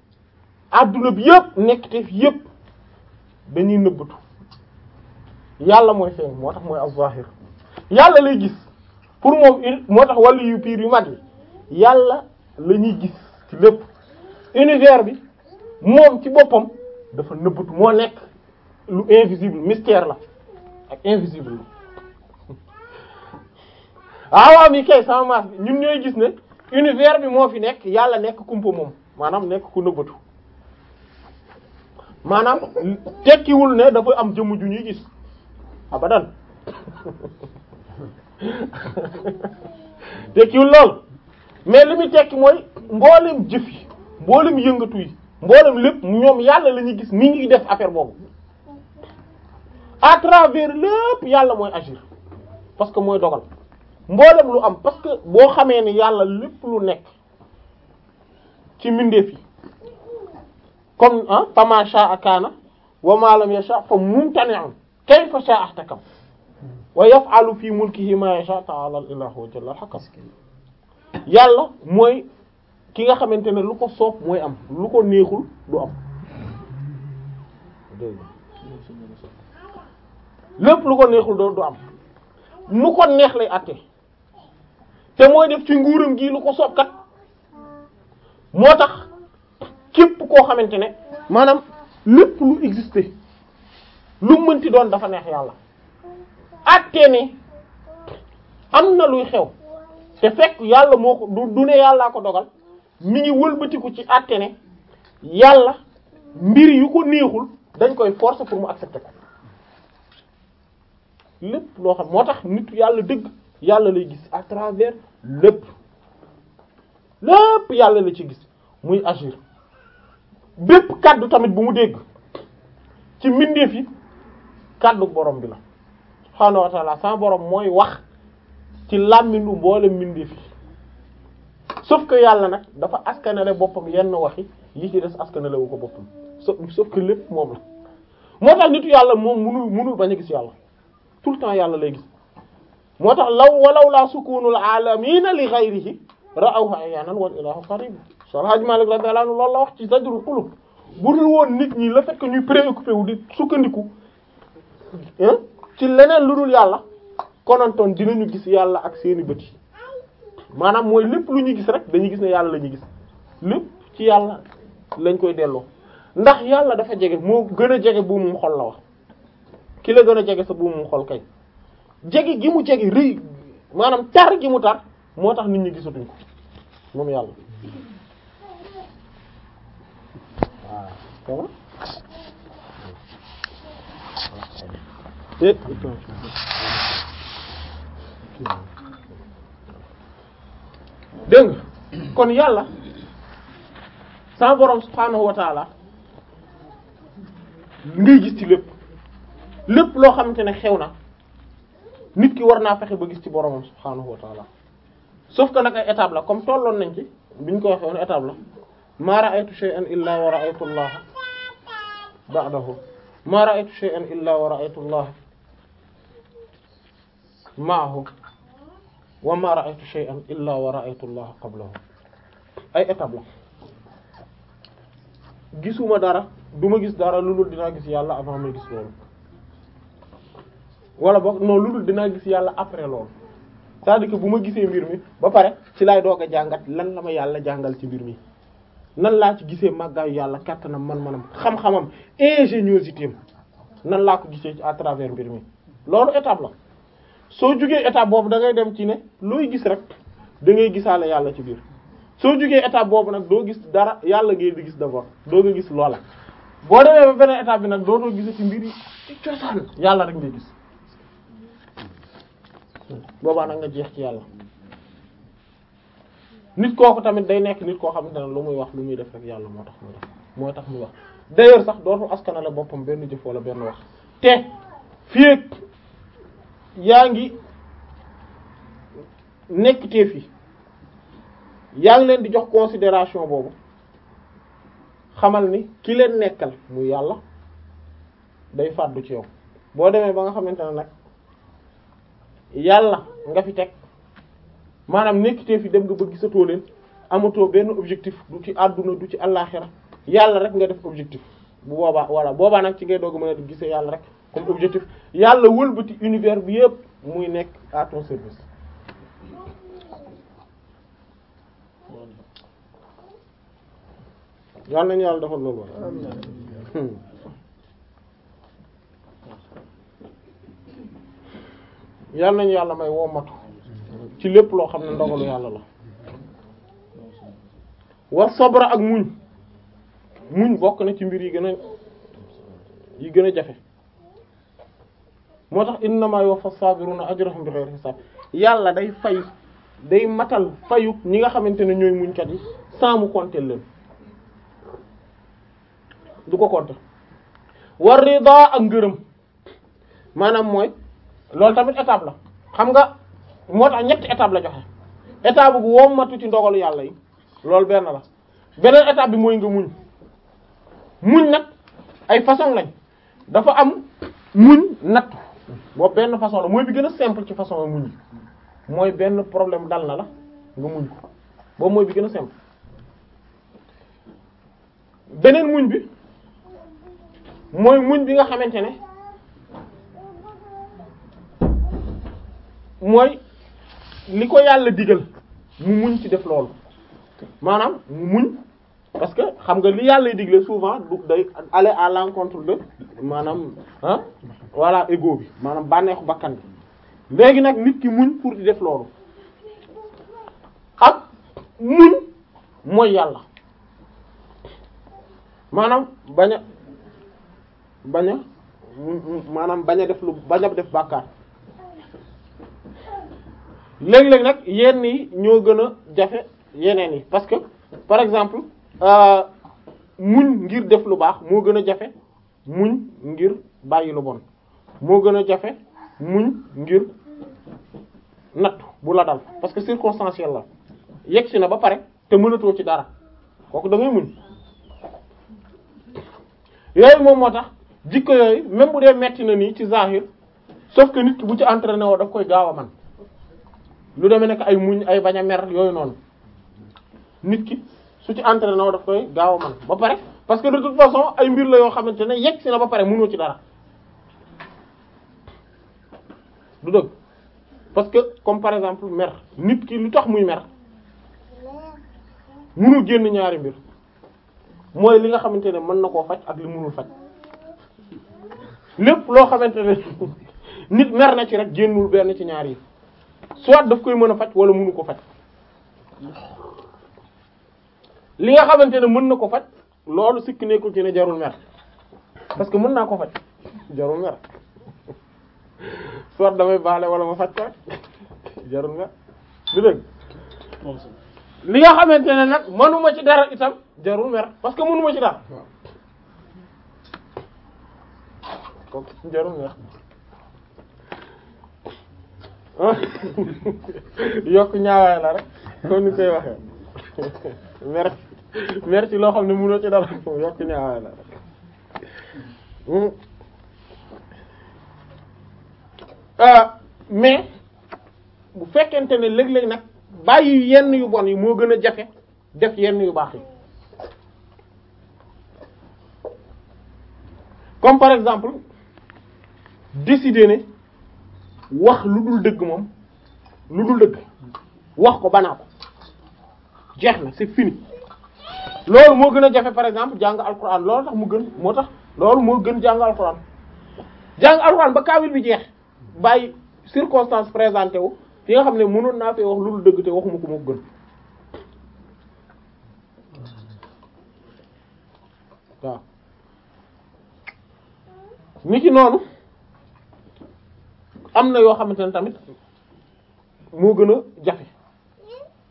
adduna bi yëpp nekkteef yëpp dañuy nëbbatu yàlla mooy feeñ moo tax mooy az yàlla lay gis pour moom moo tax wàllu yu piir yu mag yàlla la ñuy gis ci lépp univers bi moom ci boppam dafa nëbbatu moo nekk lu invisible mystère la ak invisible la awaam ah yi kay sama maas bi ñooy gis ne univers bi moo fi nekk yàlla nekk kumpa moom maanaam nekk ku nëbbatu maanaam tekkiwul ne dafa am jëmm ju ñuy gis abadan tekkiwul lool mais li muy tekki mooy mboolem jëf yi mboolem yëngatu yi mboolem lépp ñoom yàlla la ñuy gis ni ngi def affaire boobu à travers yàlla mooy agir parce que mooy dogal mboolem lu am parce que boo xamee ni yàlla lépp lu nekk ci mbindeef yi comme ah fama sha'a kaana wa ma lam yasha fa mumtani'un kayfa sha'a ihtakam wa yaf'alu fi mulkihi ma yasha ta'ala al ilahu jalla al yàlla mooy ki nga xamante ne lu ko soob mooy am lu ko neexul du am lépp lu ko neexul doo du am mu ko neex lay àtte te mooy def ci nguuram gi lu ko soob moo tax képp koo xamante ne maanaam lépp lu exister lu mënti doon dafa neex yàlla àtte ne am na luy xew te fekk yàlla moo ko du ne yàllaa ko dogal mu ngi wëlbatiku ci àtte yàlla mbir yu ko neexul dañ koy forcer pour mu accepter ko lépp loo xam moo tax nit yàlla dëgg yàlla lay gis à travers lépp lépp yàlla la ci gis muy agir bépp kàddu tamit bu mu dégg ci mbindeef yi kàddu borom bi la xaw na ta'ala sa borom mooy wax ci làmmiñu mboole mbindeef yi sauf que yàlla nag dafa askanale boppam yenn waxi yi ci des askanale wu ko boppam sauf que lépp moom la moo tax nitu yàlla moom munul munul bañ a gis yàlla tout temps yàlla lay gis moo tax law walaw laa sukunul alamina li ghayrihi ra'awhu ayanan wal ilahu qarib Seydi Hadji Malick radiyallahu anhu loolu la wax ci Zadrul Qulub bu dul woon nit ñi la fekk que ñuy préoccupé wu di sukkandiku ci leneen lu dul yàlla konantoon dinañu gis yàlla ak seeni bët maanaam mooy lépp lu ñu gis rek dañuy gis ne yàlla la ñuy gis lépp ci yàlla lañ koy delloo ndax yàlla dafa jege moo gën a jege buumum xol la wax ki la gën a jege sa buumum xol kay jege gi mu jege rëy maanaam tar gi mu tar moo tax nit ñi gisatuñ ko moom yàlla dégg nga kon yàlla saa borom subhaanahu wa taala ngay lépp lépp loo xamante ne xew na nit ki war naa fexe ba gis ci boromam subhaanahu wa taala sauf que nag ay comme tolloon nañ ci biñ ko waxee woon étape la maa ra'aytu shay'an illaa wa ra'aytu Allah ba'dahu maa ra'aytu shay'an illaa wa ra'aytu Allah ma'ahu wa ma ra'aytu shay'an illa wa ra'aytu Allah qablahu ay étape la gisuma dara du ma gis dara lu dul dinaa gis yàlla avant may gis loolu wala boog non lu dul dinaa gis yàlla après loolu c'est-à-dire bu ma gisee mbir mi ba pare si laay doog a jàngat lan la ma yàlla jàngal ci mbir mi nan laa ci gisee màggaayu yàlla kàttanam man-manam xam-xamam ingéniosité nan laa ko gisee ci à travers mbir mi loolu étape la soo jugee état boobu da ngay dem ci ne looy gis rek dangay ngay gisaale yàlla ci biir soo jugee état boobu nag doo gis dara yàlla ngay di gis d'abord doo nga gis loola boo demee beneen état bi nag dootoo gise ci mbir yi yàlla rek ngay gis boobaa nag nga jeex ci yàlla nit kooku tamit day nekk nit koo xamante ne lu muy wax lu muy def rek yàlla moo tax muy def moo tax muy wax d'ailleurs sax dootul la boppam benn jëf wala benn wax te fii yaa ngi nekk tee fi yaa ngi leen di jox considération boobu xamal ni ki leen nekkal mu yàlla day fàddu ci yow boo demee ba nga xamante ne nag yàlla nga fi teg maanaam nekkitee fi dem nga ba gisatoo leen amatoo benn objectif du ci àdduna du ci àllaaxira yàlla rek nga def objectif bu boobaa voilà boobaa nag ci ngay doog mën a gisee yàlla rek comme objectif yàlla wëlbati univers bi yépp muy nekk à ton service yàlla nañu yàlla defal loolu woon yàlla nañu yàlla may woo ci lépp loo xam ne ndogalu yàlla la war sobra ak muñ muñ bokk na ci mbir yi gën a yi gën a jafe moo tax innamaa yuwaffa saabiruna ajrahum bi ghayri hisaab yàlla day fay day matal fayu ñi nga xamante ne ñooy muñkat yi sans mu compter leen du ko compter war rida ak ngërëm maanaam mooy loolu tamit étape la xam nga moo tax ñetti étape la joxe étape bu wommatu ci ndogalu yàlla yi loolu benn la beneen étape bi mooy nga muñ muñ nag ay façon lañ dafa am muñ nag boobu benn façon la mooy bi gën a simple ci façon muñ mooy benn problème dal na la nga muñ ko boobu mooy bi gën a simple beneen muñ bi mooy muñ bi nga xamante ne mooy ni ko yàlla digal mu muñ ci def loolu maanaam mu muñ parce que xam nga li yàlla digle souvent du de aller à l'encontre de maanaam ah voilà égo bi maanaam bànneexu bàkkan bi léegi nag nit ki muñ pour di def loolu ak muñ mooy yàlla maanaam bañ a bañ maanaam bañ a def lu bañ a def bàkkaar léeg-léeg nag yenn yi ñoo gën a jafe yeneen yi parce que par exemple Euh, muñ ngir def lu baax moo gën a jafe muñ ngir bàyyi lu bon moo gën a jafe muñ ngir natt bu la dal parce que circonstanciel la yegg si na ba pare te mënatoo ci dara kooku da ngay muñ yooyu moom moo tax jikko yooyu même bu dee metti na nii ci zahir sauf que nit ki bu ci entraîné woo daf koy gaaw a man lu demee nekk ay muñ ay bañ yooyu noonu nit ki su ci entraîné woo daf koy gaaw a man ba pare parce que de toute façon ay mbir la yoo xamante ne yegg si na ba pare mënoo ci dara du dëgg parce que comme par exemple mer nit kii lu tax muy mer mënu génn ñaari mbir mooy li nga xamante ne mën na koo faj ak li mënul faj lépp loo xamante ne nit mer na ci rek génnul benn ci ñaar yi soit daf koy mën a faj wala mënu ko faj li nga xamante ne mën na ko faj loolu sikk ko ci ne jarul mer parce que mën naa ko faj jarul mer soit damay baale wala ma faj ko jarul mer du dëgg li nga xamante ne nag mënuma ci dara itam jarul mer parce que mënuma ci dara kooku jarul mer yokk ñaawaay la rek comme ni koy waxee mer mer ci loo xam ne mënoo ci dara yokk ñaawal la hmm. ah, mais bu fekkente ne léeg-léeg nag bàyyi yenn yu bon yi moo gën a jafe def yenn yu baax yi comme par exemple décider ne wax lu dul dëgg moom lu dul dëgg wax ko banaa ko jeex na c'est fini loolu moo gën a jafe par exemple jàng alquran loolu tax mu gën moo tax loolu moo gën jàng alquran jàng alquran ba kaamil bi jeex bàyyi circonstance présenté wu fi nga xam ne mënoon naa fee wax lu dul dëgg te waxuma ko moo gën waaw ni ki noonu am na yoo xamante ne tamit moo gën a jafe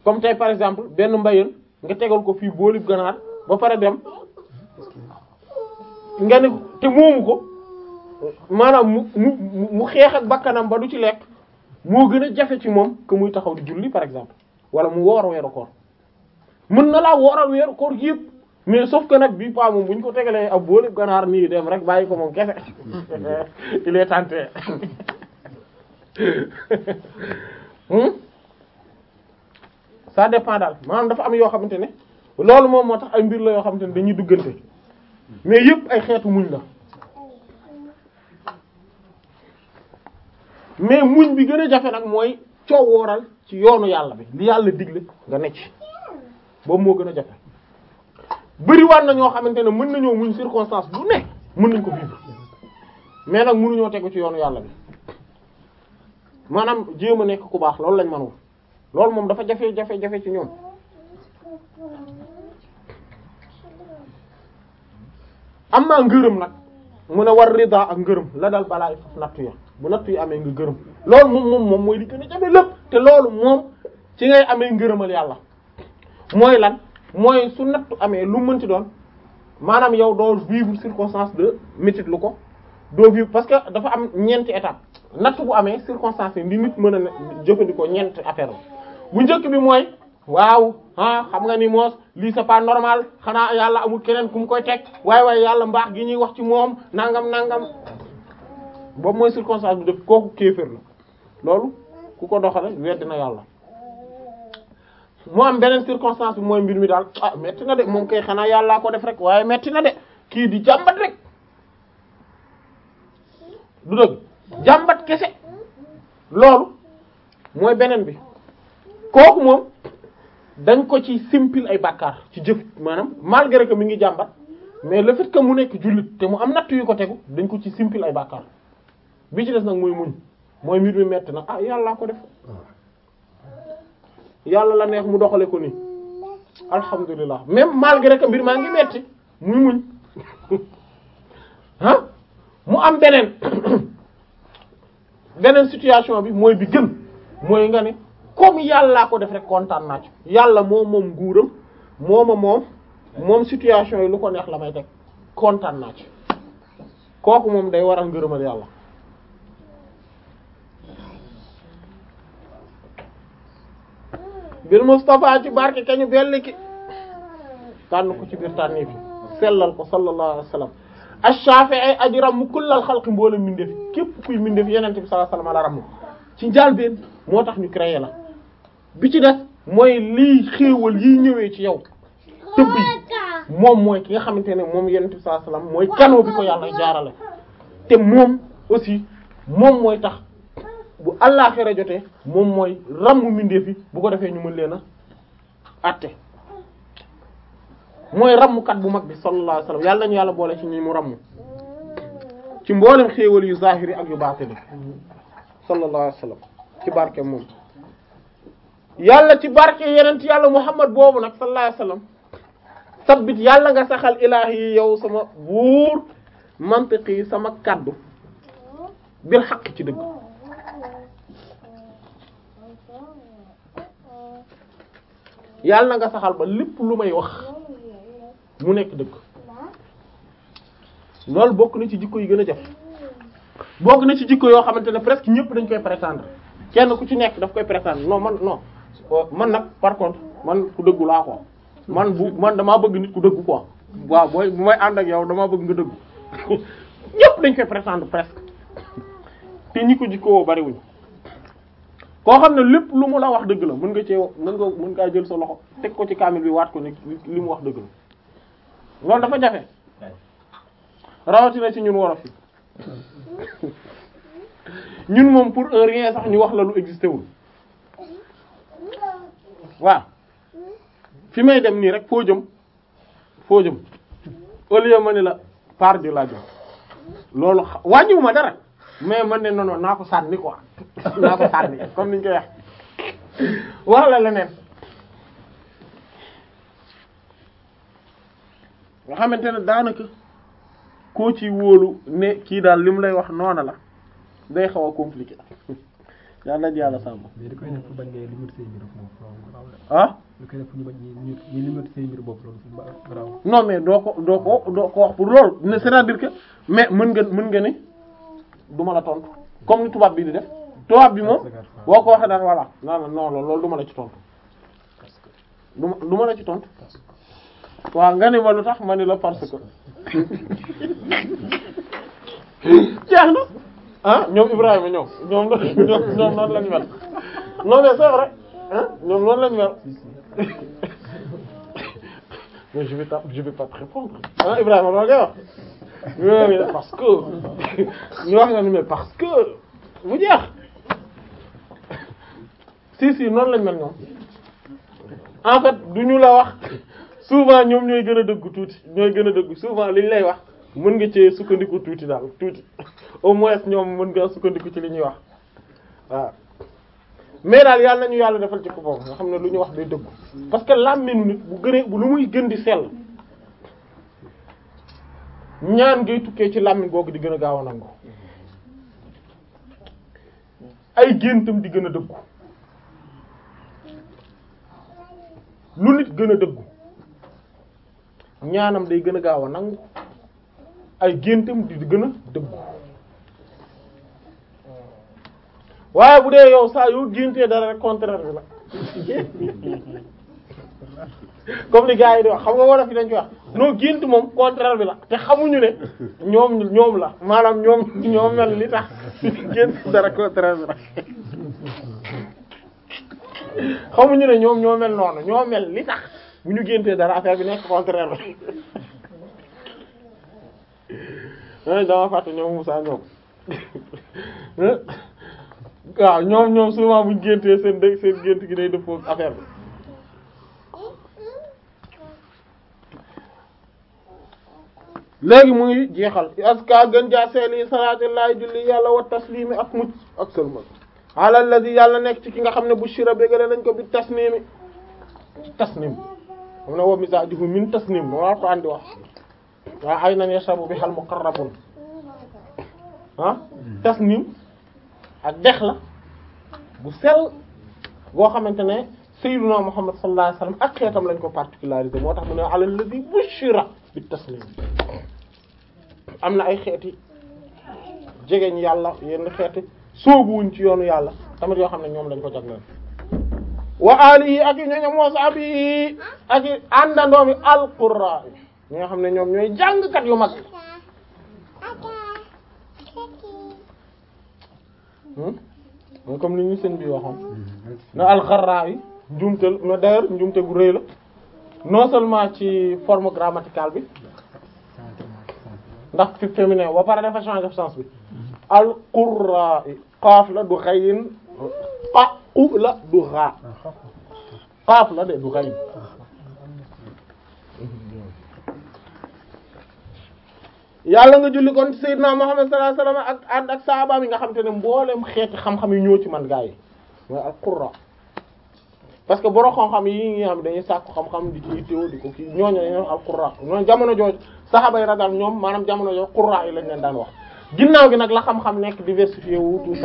comme tey par exemple benn mbayeen nga tegal ko fii boolib ganaar ba pare dem nga ne te moomu ko maanaam mu mu mu xeex ak bakkanam ba du ci lekk moo gën a jafe ci moom que muy taxaw di julli par exemple wala mu woor weeru koor mën na laa wooral weeru koor gi yëpp mais sauf que nag bii paa moom bu ñu ko tegalee ab boolib ganaar nii dem rek bàyyi ko moom kese il est tenté hmm? ça dépend daal maanaam dafa am yoo xamante ne loolu moom moo tax ay mbir la yoo xamante ne dañuy duggante mais yëpp ay xeetu muñ la mais muñ bi gën a jafe nag mooy coowooral ci yoonu yàlla bi li yàlla digle nga necc boobu moo gën a jafe bëriwaat na ñoo xamante ne mën nañoo muñ circonstance bu ne mën nañ ko vivre mais nag mënuñoo tegu ci yoonu yàlla bi maanaam jéem a nekk ku baax loolu lañ mën loolu moom dafa jafe-jafe-jafe ci ñoom am naa ngërëm nag mun a war rida ak ngërëm la dal balaay faf nattu bu nattu yi amee nga gërëm loolu moom moom moom mooy li gën a jafe lépp te loolu moom ci ngay amee ngërëmal yàlla mooy lan mooy su nattu amee lu mënti doon maanaam yow doo vivre circonstance de métit lu ko doo vivre parce que dafa am ñeenti étape natt bu amee circonstance yi li nit mën a jëfandikoo ñeenti affaire la bu njëkk bi mooy waaw ah xam nga ni moos lii c'est pas normal xanaa yàlla amul keneen ku mu koy tek waaye waaye yàlla mbaax gi ñuy wax ci moom nangam nangam boobu mooy circonstance bi def kooku kéefër la loolu ku ko doxale weddi na yàlla beneen circonstance bi mooy mbir ah, metti na de moom kay xanaa yàllaa ko def rek waaye metti na de kii di jàmbat rek du dëgg jàmbat kese loolu mooy beneen bi kooku moom dañ ko ci simpil ay bàkkaar ci jëf maanaam malgré que mi ngi jàmbat mais le fait que mu nekk jullit te mu am natt yu ko tegu dañ ko ci simpil ay bàkkaar bi ci des nag mooy muñ mooy mbir mi metti nag ah yàlla ko def yàlla la neex mu doxale ko nii alhamdulilah même malgré que mbir maa ngi metti muy muñ ah mu am beneen beneen situation bi mooy bi gën mooy nga ne comme yàllaa ko def rek kontaan naa ci yàlla moom moom nguuram mooma moom moom situation yi lu ko neex la may teg kontaan naa ci kooku moom day waral ngërëmal yàlla bil Mustafa ci barke kañu belli ki tànn ko ci biir tànni bi sellal ko sallallahu alayhi wa sallam ash-Shafi'i aji ramm kullal xalqi mboolem mbindeef képp kuy mbindeef yenente bi sallallahu alayhi wa sallam la ramm ci njàlbeen moo tax ñu créé la bi ci des mooy liy xéewal yiy ñëwee ci yow tëbb moom mooy ki nga xamante ne moom yonent bi sallallahu alayhi wasallam mooy canal bi ko yàlla jaarale te moom aussi moom mooy tax bu àllaaxira jotee moom mooy ràmm mbindeef yi bu ko defee ñu mu leen a àtte mooy ràmmkat bu mag bi sallallahu alayhi yàlla nañu yàlla boole ci ñi mu ràmm ci mboolem xéewal yu zahiri ak yu baatini sallallahu alayhi wasallam ci barke moom yàlla ci barke ci yàlla muhammad boobu nag sallallahu alayhi wasallam sabbit yàlla nga saxal ilaahi yi yow sama buur mantiqi yi sama kaddu bil xaq ci dëgg yàlla nga saxal ba lépp lu may wax mu nekk dëgg loolu bokk na ci jikko yi gën a jaf bokk na ci jikko yoo xamante ne presque ñëpp dañ koy prétendre kenn ku ci nekk daf koy prétendre non man non man nag par contre man ku dëggu laa ko man bu man damaa bëgg nit ku dëggu ko waaw booy bu may ànd ak yow damaa bëgg nga dëggu ñëpp dañ koy prétendre presque te ñi ko jikkoo bariwuñ koo xam ne lépp lu mu la wax dëgg la mën nga cee mën nga mën ngaa jël sa loxo teg ko ci kaamil bi waat ko ne li mu wax dëgg la loolu dafa jafe rawatina ci ñun wolof yi ñun moom pour un rien sax ñu wax la lu existé wul waaw fi may dem nii rek foo jëm foo jëm au lieu ma ne la par de la jëm loolu wàññiwu ma dara mais man ne non non naa ko sànni quoi naa ko sànni comme niñ koy wax wax la leneen nga xamante ne daanaka koo ci wóolu ne kii daal li mu lay wax noona la day xaw a compliqué yàlla na yàlla sàmm. mais li koy def bañ ngay limite say ah? mais doo ko doo ko doo ko wax pour loolu ne c'est-à-dire que mais mën nga mën nga ne du ma la tontu comme ni tubaab bi di def tubaab bi moom boo ko waxee daan voilà non non loolu du ma la ci tontu. du ma du la ci tontu. waaw nga ne ma lu tax ma ne la parce que. jeex na. ah ñoom Ibrahima ñoom ñoom la ñoom noonu lañu mel non mais c'est vrai ñoom noonu lañu mel mais je vais pas je vais pas te répondre Ibrahima loo koy que ñu wax nga ni mais parce que mu jeex si si noonu lañ mel ñoom en fait du ñu la wax souvent ñoom ñooy gën a dëggu tuuti ñooy gën a dëggu souvent liñ lay wax. mën nga cee sukkandiku tuuti daal tuuti au moins ñoom mën nga sukkandiku ci li ñuy wax waaw mais daal yàlla ñu yàlla defal ci boppam nga xam ne lu ñu wax day dëggu parce que làmmiñu nit bu gënee bu gën di sell ñaan ngay tukkee ci làmmiñ googu di gën a gaaw a nangu ay géntam di gën a dëggu lu nit gën a dëggu ñaanam day gën a gaaw a nangu ay géntam di gën a waaye bu dee yow saa yoo géntee dara contraire bi la comme li yi di wax xam nga war a wax noo gént moom contraire bi la te xamuñu ne ñoom ñoom la maanaam ñoom ñoom mel li tax gént dara contraire bi la xamuñu ne ñoom ñoo mel noonu ñoo mel li bu ñu géntee dara affaire bi nekk contraire la dama fàtte ñoom Moussa ñoom waaw ñoom ñoom souvent buñ géntee seen dëkk seen gént gi day dëppoo affaire bi léegi mu ngi jeexal aska gën jaa seeni salaatullahi julli yàlla wa taslimi ak mucc ak sëlmal ala allazi yàlla nekk ci ki nga xam ne bu shira bégale nañ ko bi tasnimi tasnim xam ne wa misaajuhu min tasnim moo la ko andi wax waaw ay nan yashrabu bi muqarrabun ah tasnim ak dex la bu sell boo xamante ne sayyiduna Muhammad sallallahu alayhi wasallam ak xeetam lañ ko particularisé moo tax mu ne ala ladhi bushira bit tasnim am na ay xeeti jegeñ yàlla yenn xeeti soobuwuñ ci yoonu yàlla tamit yoo xam ne ñoom lañ ko jagleel wa alihi ak yi ñoñom wa sahbi ak yi àndandoom yi alqurra ñi nga xam ne ñoom ñooy jàngkat yu mag hmm? yi comme ni ñu seen bi waxoon na alxaraawi njuumte na d'ailleurs njuumte gu rëy la non seulement ci forme grammaticale bi ndax fi féminin ba pare dafa changer sens bi alqurraa xaaf la du xayin xaqu la du xaa xaaf la de du xayin yàlla nga julli kon sayyidna Muhammad sallallahu alayhi wasallam ak ànd ak sahabaam yi nga xam te ne mbooleem xeet xam-xam yi ñoo ci man gaa yi mooy ak qurra parce que borom xam-xam yi ngi xam dañuy sàkku xam-xam di ci itteewu di ko jamono jooju saxaaba yi radal ñoom maanaam jamono jooju qurra yi lañ leen daan wax ginnaaw nag la xam-xam nekk diversifié wu tout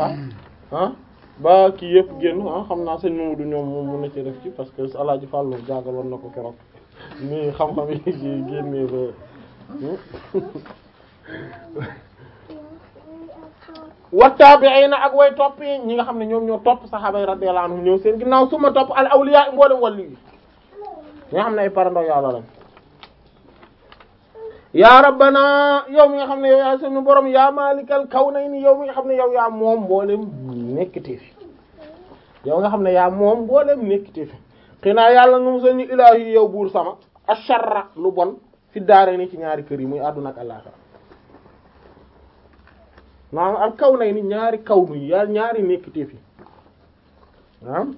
ah, ba kii yëpp génn ah xam naa sëñ Mamadou ñoom moom mën na ci def ci parce que Alaaji Fàllu jàngaloon na ko keroog nii xam-xam yi génnee ba hmm? wa na ak way topp ñi nga xam ne ñoom ñoo topp saxaaba yi radiyallahu anhum ñëw seen ginnaaw suma topp al awliya i mboolem wàllu yi nga xam ne ay parando yàlla yaa rabbana yow mi nga xam ne yow yaa sunu borom yaa maalikal yow mi nga xam ne yow yaa moom mboolem nekkite fi yow nga xam ne yaa moom mboolem nekkite fi xinaa yàlla nu mu sañu ilaahi yow buur sama asharra lu bon fi daara ni ci ñaari kër yi muy àdduna ak maanaam al kaw nay ni ñaari kaw nu yi ñaari nekkiteef yi maanaam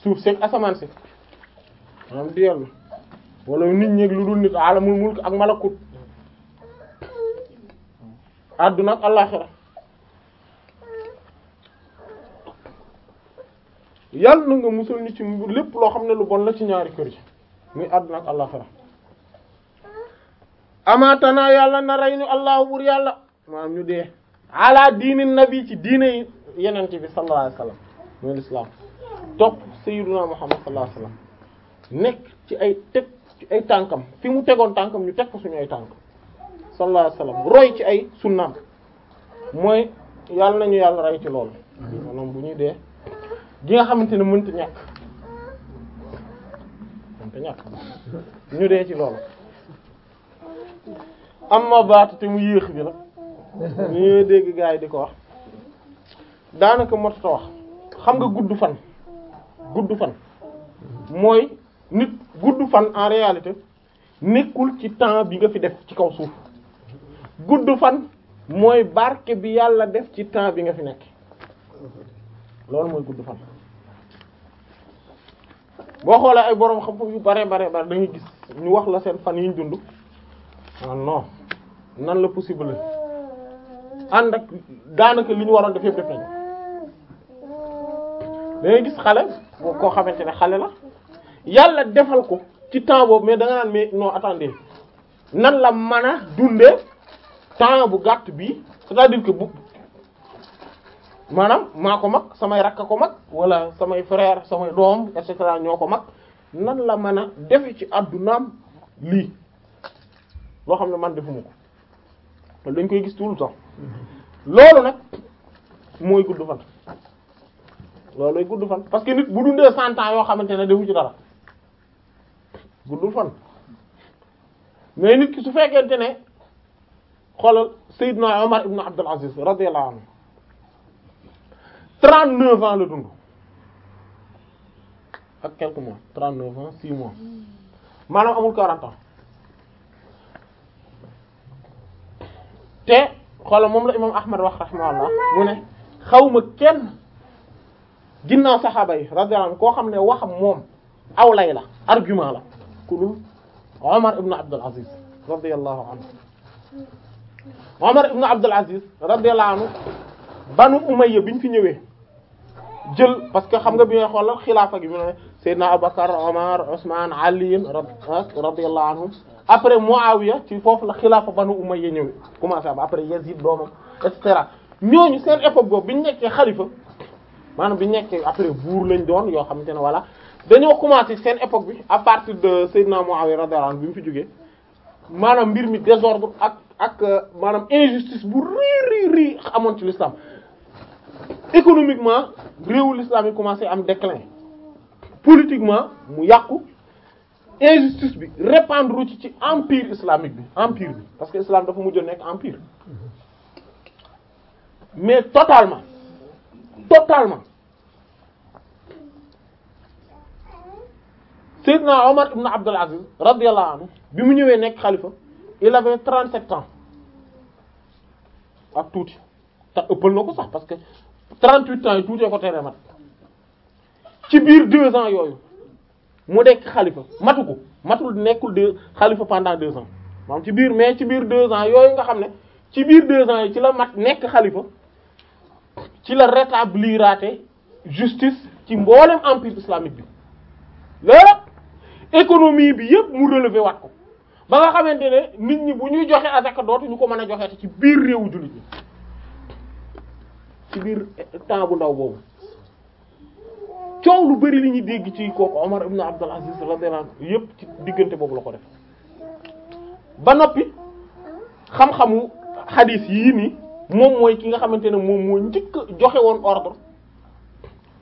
suuf seeg asamaan si maanaam di yàlla wala nit ñeeg lu dul nit alamul ak malakut àdduna ak àllaxira yàlla na nga musal ñu ci lépp loo xam ne lu bon la ci ñaari kër yi muy àdduna ak àllaxira amaatana yàlla na rey ñu allah buur yàlla maanaam ñu dee ala diini nabi ci diine yenente bi sallallahu alayhi wasallam mooy lislaam topp sayyiduna muhammad sallallahu alayhi wasallam nekk ci ay teg ci ay tànkam fi mu tegoon tànkam ñu teg ko suñu ay tànk sallallahu alayhi wasallam roy ci ay sunnaam mooy yàlla nañu yàlla rey ci loolu maanaam bu ñuy dee gi nga xamante ne mënta ñàkk mënta ñàkk ñu dee ci loolu amma baat te mu yéex bi la ñu ñooy dégg gars yi di ko wax daanaka motut wax xam nga gudd fan gudd fan mooy nit gudd fan en réalité nekkul ci temps bi nga fi def ci kaw suuf gudd fan mooy barke bi yàlla def ci temps bi nga fi nekk loolu mooy gudd fan boo xoolee ay boroom xam-xam yu bare bare bare dañuy gis ñu wax la seen fan yu ñu dund ah non nan la possible ànd ak daanaka li ñu waroon def yëpp def nañu dangay gis xale boo koo xamante ne xale la yàlla defal ko ci temps boobu mais da nga naan mais non attendez nan la mën a dundee temps bu gàtt bi c'est-à-dire que bu maanaam maa ko mag samay rakk ko mag wala samay frère samay doom et cetera ñoo ko mag nan la mën a defe ci àddunaam lii loo xam ne man defuma ko dañ koy gis tout le loolu nag mooy gudd fan loolooy gudd fan parce que nit bu dundee cent ans yoo xamante ne defu ci dara guddul fan mais nit ki su fekkente ne xoolal Seydina Omar ibn Abdul Aziz radiyallahu anhu trente neuf ans la dund ak quelques mois trente neuf ans six mois maanaam amul quarante te xoola moom la imam ahmad wax rahimahullah mu ne xawma kenn ginnaaw saxaaba yi radiyallahu anhu koo xam ne waxam moom aw lay la argument la ku dul omar ibn abdul aziz radiyallahu anhu omar ibn abdul aziz radiyallahu anhu banu umayya biñ fi ñëwee jël parce que xam nga bi ngay xoolal xilaafa gi mu ne seydina abubakar omar usman ali ah, radiyallahu anhum après Muawiya ci foofu la xilaafa Banu Umayya ñëwee commencé am après Yazid doomam et cetera ñooñu seen époque boobu bi ñu nekkee xalifa maanaam bi ñu nekkee après buur lañ doon yoo xamante ne voilà dañoo commencé seen époque bi à partir de Seydina Muawiya radiyallahu anhu bi mu fi jógee maanaam mbir mi désordre ak ak euh, maanaam injustice bu rii amoon ci l'islam économiquement réewu l'islam yi commencé am déclin politiquement mu yàqu injustice bi répandre ci ci empire islamique bi empire bi parce que islam dafa mujj nekk empire mais totalement totalement Seydina Omar ibn Abdul Aziz radiyallahu anhu bi mu ñëwee nekk xalifa il avait trente-sept ans ak tuuti te ëppal na ko sax parce que trente-huit ans yi tuutee ko teree mat ci biir deux ans yooyu mu nekk xalifa matu ko matul nekkul deux xalifa pendant deux ans maanaam ci biir mais ci biir deux ans yooyu nga xam ne ci biir deux ans yi ci la mat nekk xalifa ci la rétabliraate justice ci mboolem empire islamique bi lépp économie bi yëpp mu relever waat ko ba nga xamante ne nit ñi bu ñuy joxe azaka dootuñu ko mën a joxe ci biir réewu jullit ci biir temps bu ndaw boobu coow lu bari li ñuy dégg ci kooku Omar ibn Abdul Aziz radiyallahu yépp ci diggante boobu la ko def ba noppi xam-xamu xadiis yii moom mooy ki nga xamante ne moom moo njëkk joxe woon ordre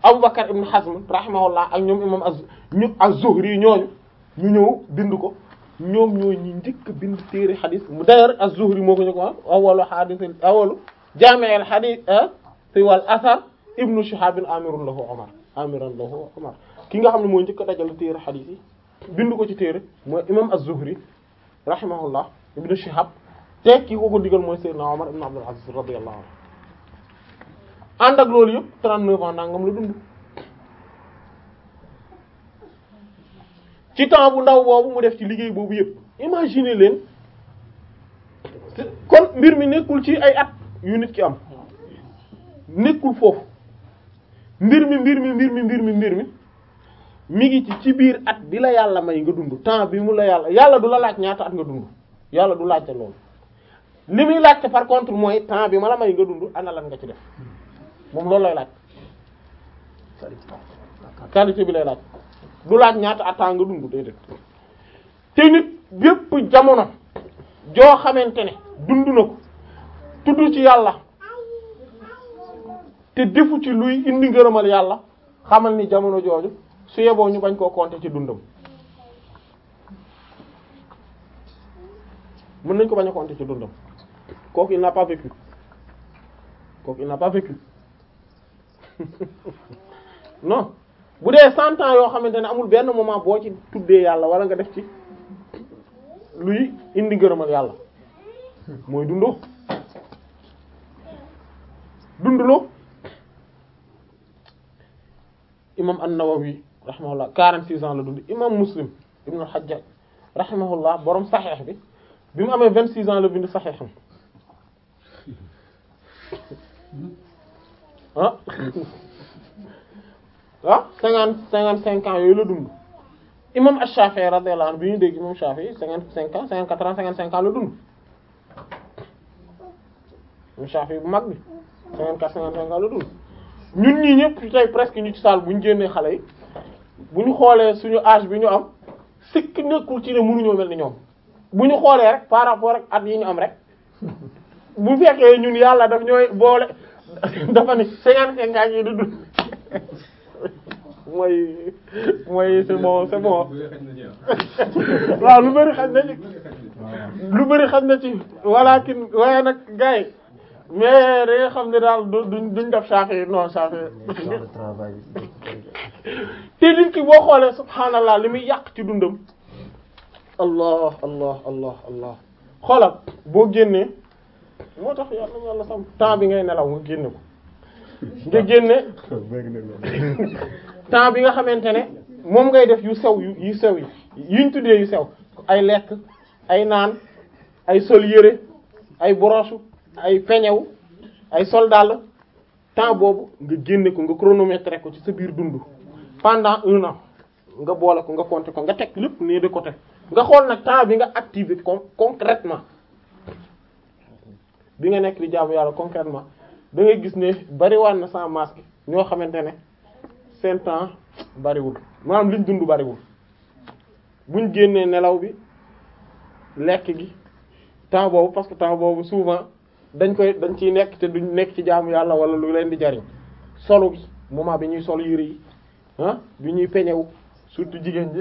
Aboubacar ibn Hazm rahimahullah ak ñoom imam ñu az-Zuhri ñooñu ñu ñëw bind ko ñoom ñoo ñu njëkk bind téere xadiis mu d'ailleurs az-Zuhri moo ko ñu ko awalu xadiis awalu jaami' al-xadiis fi ah, wal asar ibnu Shihab amirun lahu Omar amiran lahu Umar ki nga xam ne mooy njëkk a dajale téere xadiis yi bind ko ci téere mooy imam az-Zuhri rahimahullah ibn Shihab te ki ko ko digal mooy Seydina Umar ibn Abdul Aziz radiyallahu anhu ànd ak loolu yëpp 39 ans nangam la dund ci temps bu ndaw boobu mu def ci liggéey boobu yëpp imagine leen kon mbir mi nekkul ci ay at yu nit ki am nekkul foofu mbir mi mbir mi mbir mi mbir mi mbir mi mi ngi ci ci biir at bi la yàlla may nga dund temps bi mu la yàlla yàlla du la laaj ñaata at nga dund yàlla du laajte loolu li muy laajte par contre mooy temps bi ma la may nga dund ana nga ci def moom loolu lay laaj qualité bi lay laaj du laaj ñaata at nga dund déedéet te nit bépp jamono joo xamante ne dund na ko tudd ci yàlla te defu ci luy indi ngërëmal yàlla xamal ni jamono jooju su yeboo ñu bañ koo compter ci dundam mën nañ ko bañ a compter ci dundam kooku il n'a pas vécu kooku il n'a pas vécu non bu dee cent ans yoo xamante ne amul benn moment boo ci tuddee yàlla wala nga def ci luy indi ngërëmal yàlla mooy dundu dunduloo imam an-Nawawi rahimahullah 46 ans la dund imam Muslim ibn al-Hajjaj borom saxeex bi bi mu amee 26 ans la bind saxeexam ah ah 50 55 ans yooyu la dund imam Ash-Shafi'i radiyallahu anhu bi ñu dégg imam Shafi'i 55 ans 54 ans 55 ans la dund imam Shafi'i bu mag bi 54 55 ans la dund. ñun ñii ñëpp tey presque ñu ci saal bu ñu génnee xale yi bu ñu xoolee suñu âge bi ñu am sikk nekkul ci ne mënuñoo mel ni ñoom bu ñu xoolee rek par rapport ak at yi ñu am rek bu fekkee ñun yàlla daf ñooy boole dafa ni cinquante cinq ans yi du dund mooy mooy c'est bon waaw lu bari xaj na ci lu bari xam na ci walakin waaye nag gars mais da nga xam ne daal duñ duñ def Shafi'i non Shafi'i te nit ki boo xoolee subhaanallah li muy yàq ci dundam allah allah allah allah xoolal boo génnee moo tax yàlla yàlla sam temps bi ngay nelaw nga génne ko nga génne temps bi nga xamante ne moom ngay def yu sew yu yu sew yi yuñ tuddee yu sew ay lekk ay naan ay sol yére ay broche ay peñew ay soldats la temps boobu nga génne ko nga chronométrer ko ci sa biir dund pendant un an nga boole ko nga compter ko nga teg lépp nii de côté nga xool nag temps bi nga activé con concrètement bi nga nekk di jaamu yàlla concrètement da ngay gis ne bariwaan na sans masque ñoo xamante ne seen temps bariwul maanaam liñ dund bariwul buñ génnee nelaw bi lekk gi temps boobu parce temps boobu souvent dañ koy dañ ciy nekk te duñ nekk ci jaamu yàlla wala lu leen di jariñ solu bi moment bi ñuy sol yëre yi ah bi ñuy peñew surtout jigéen ji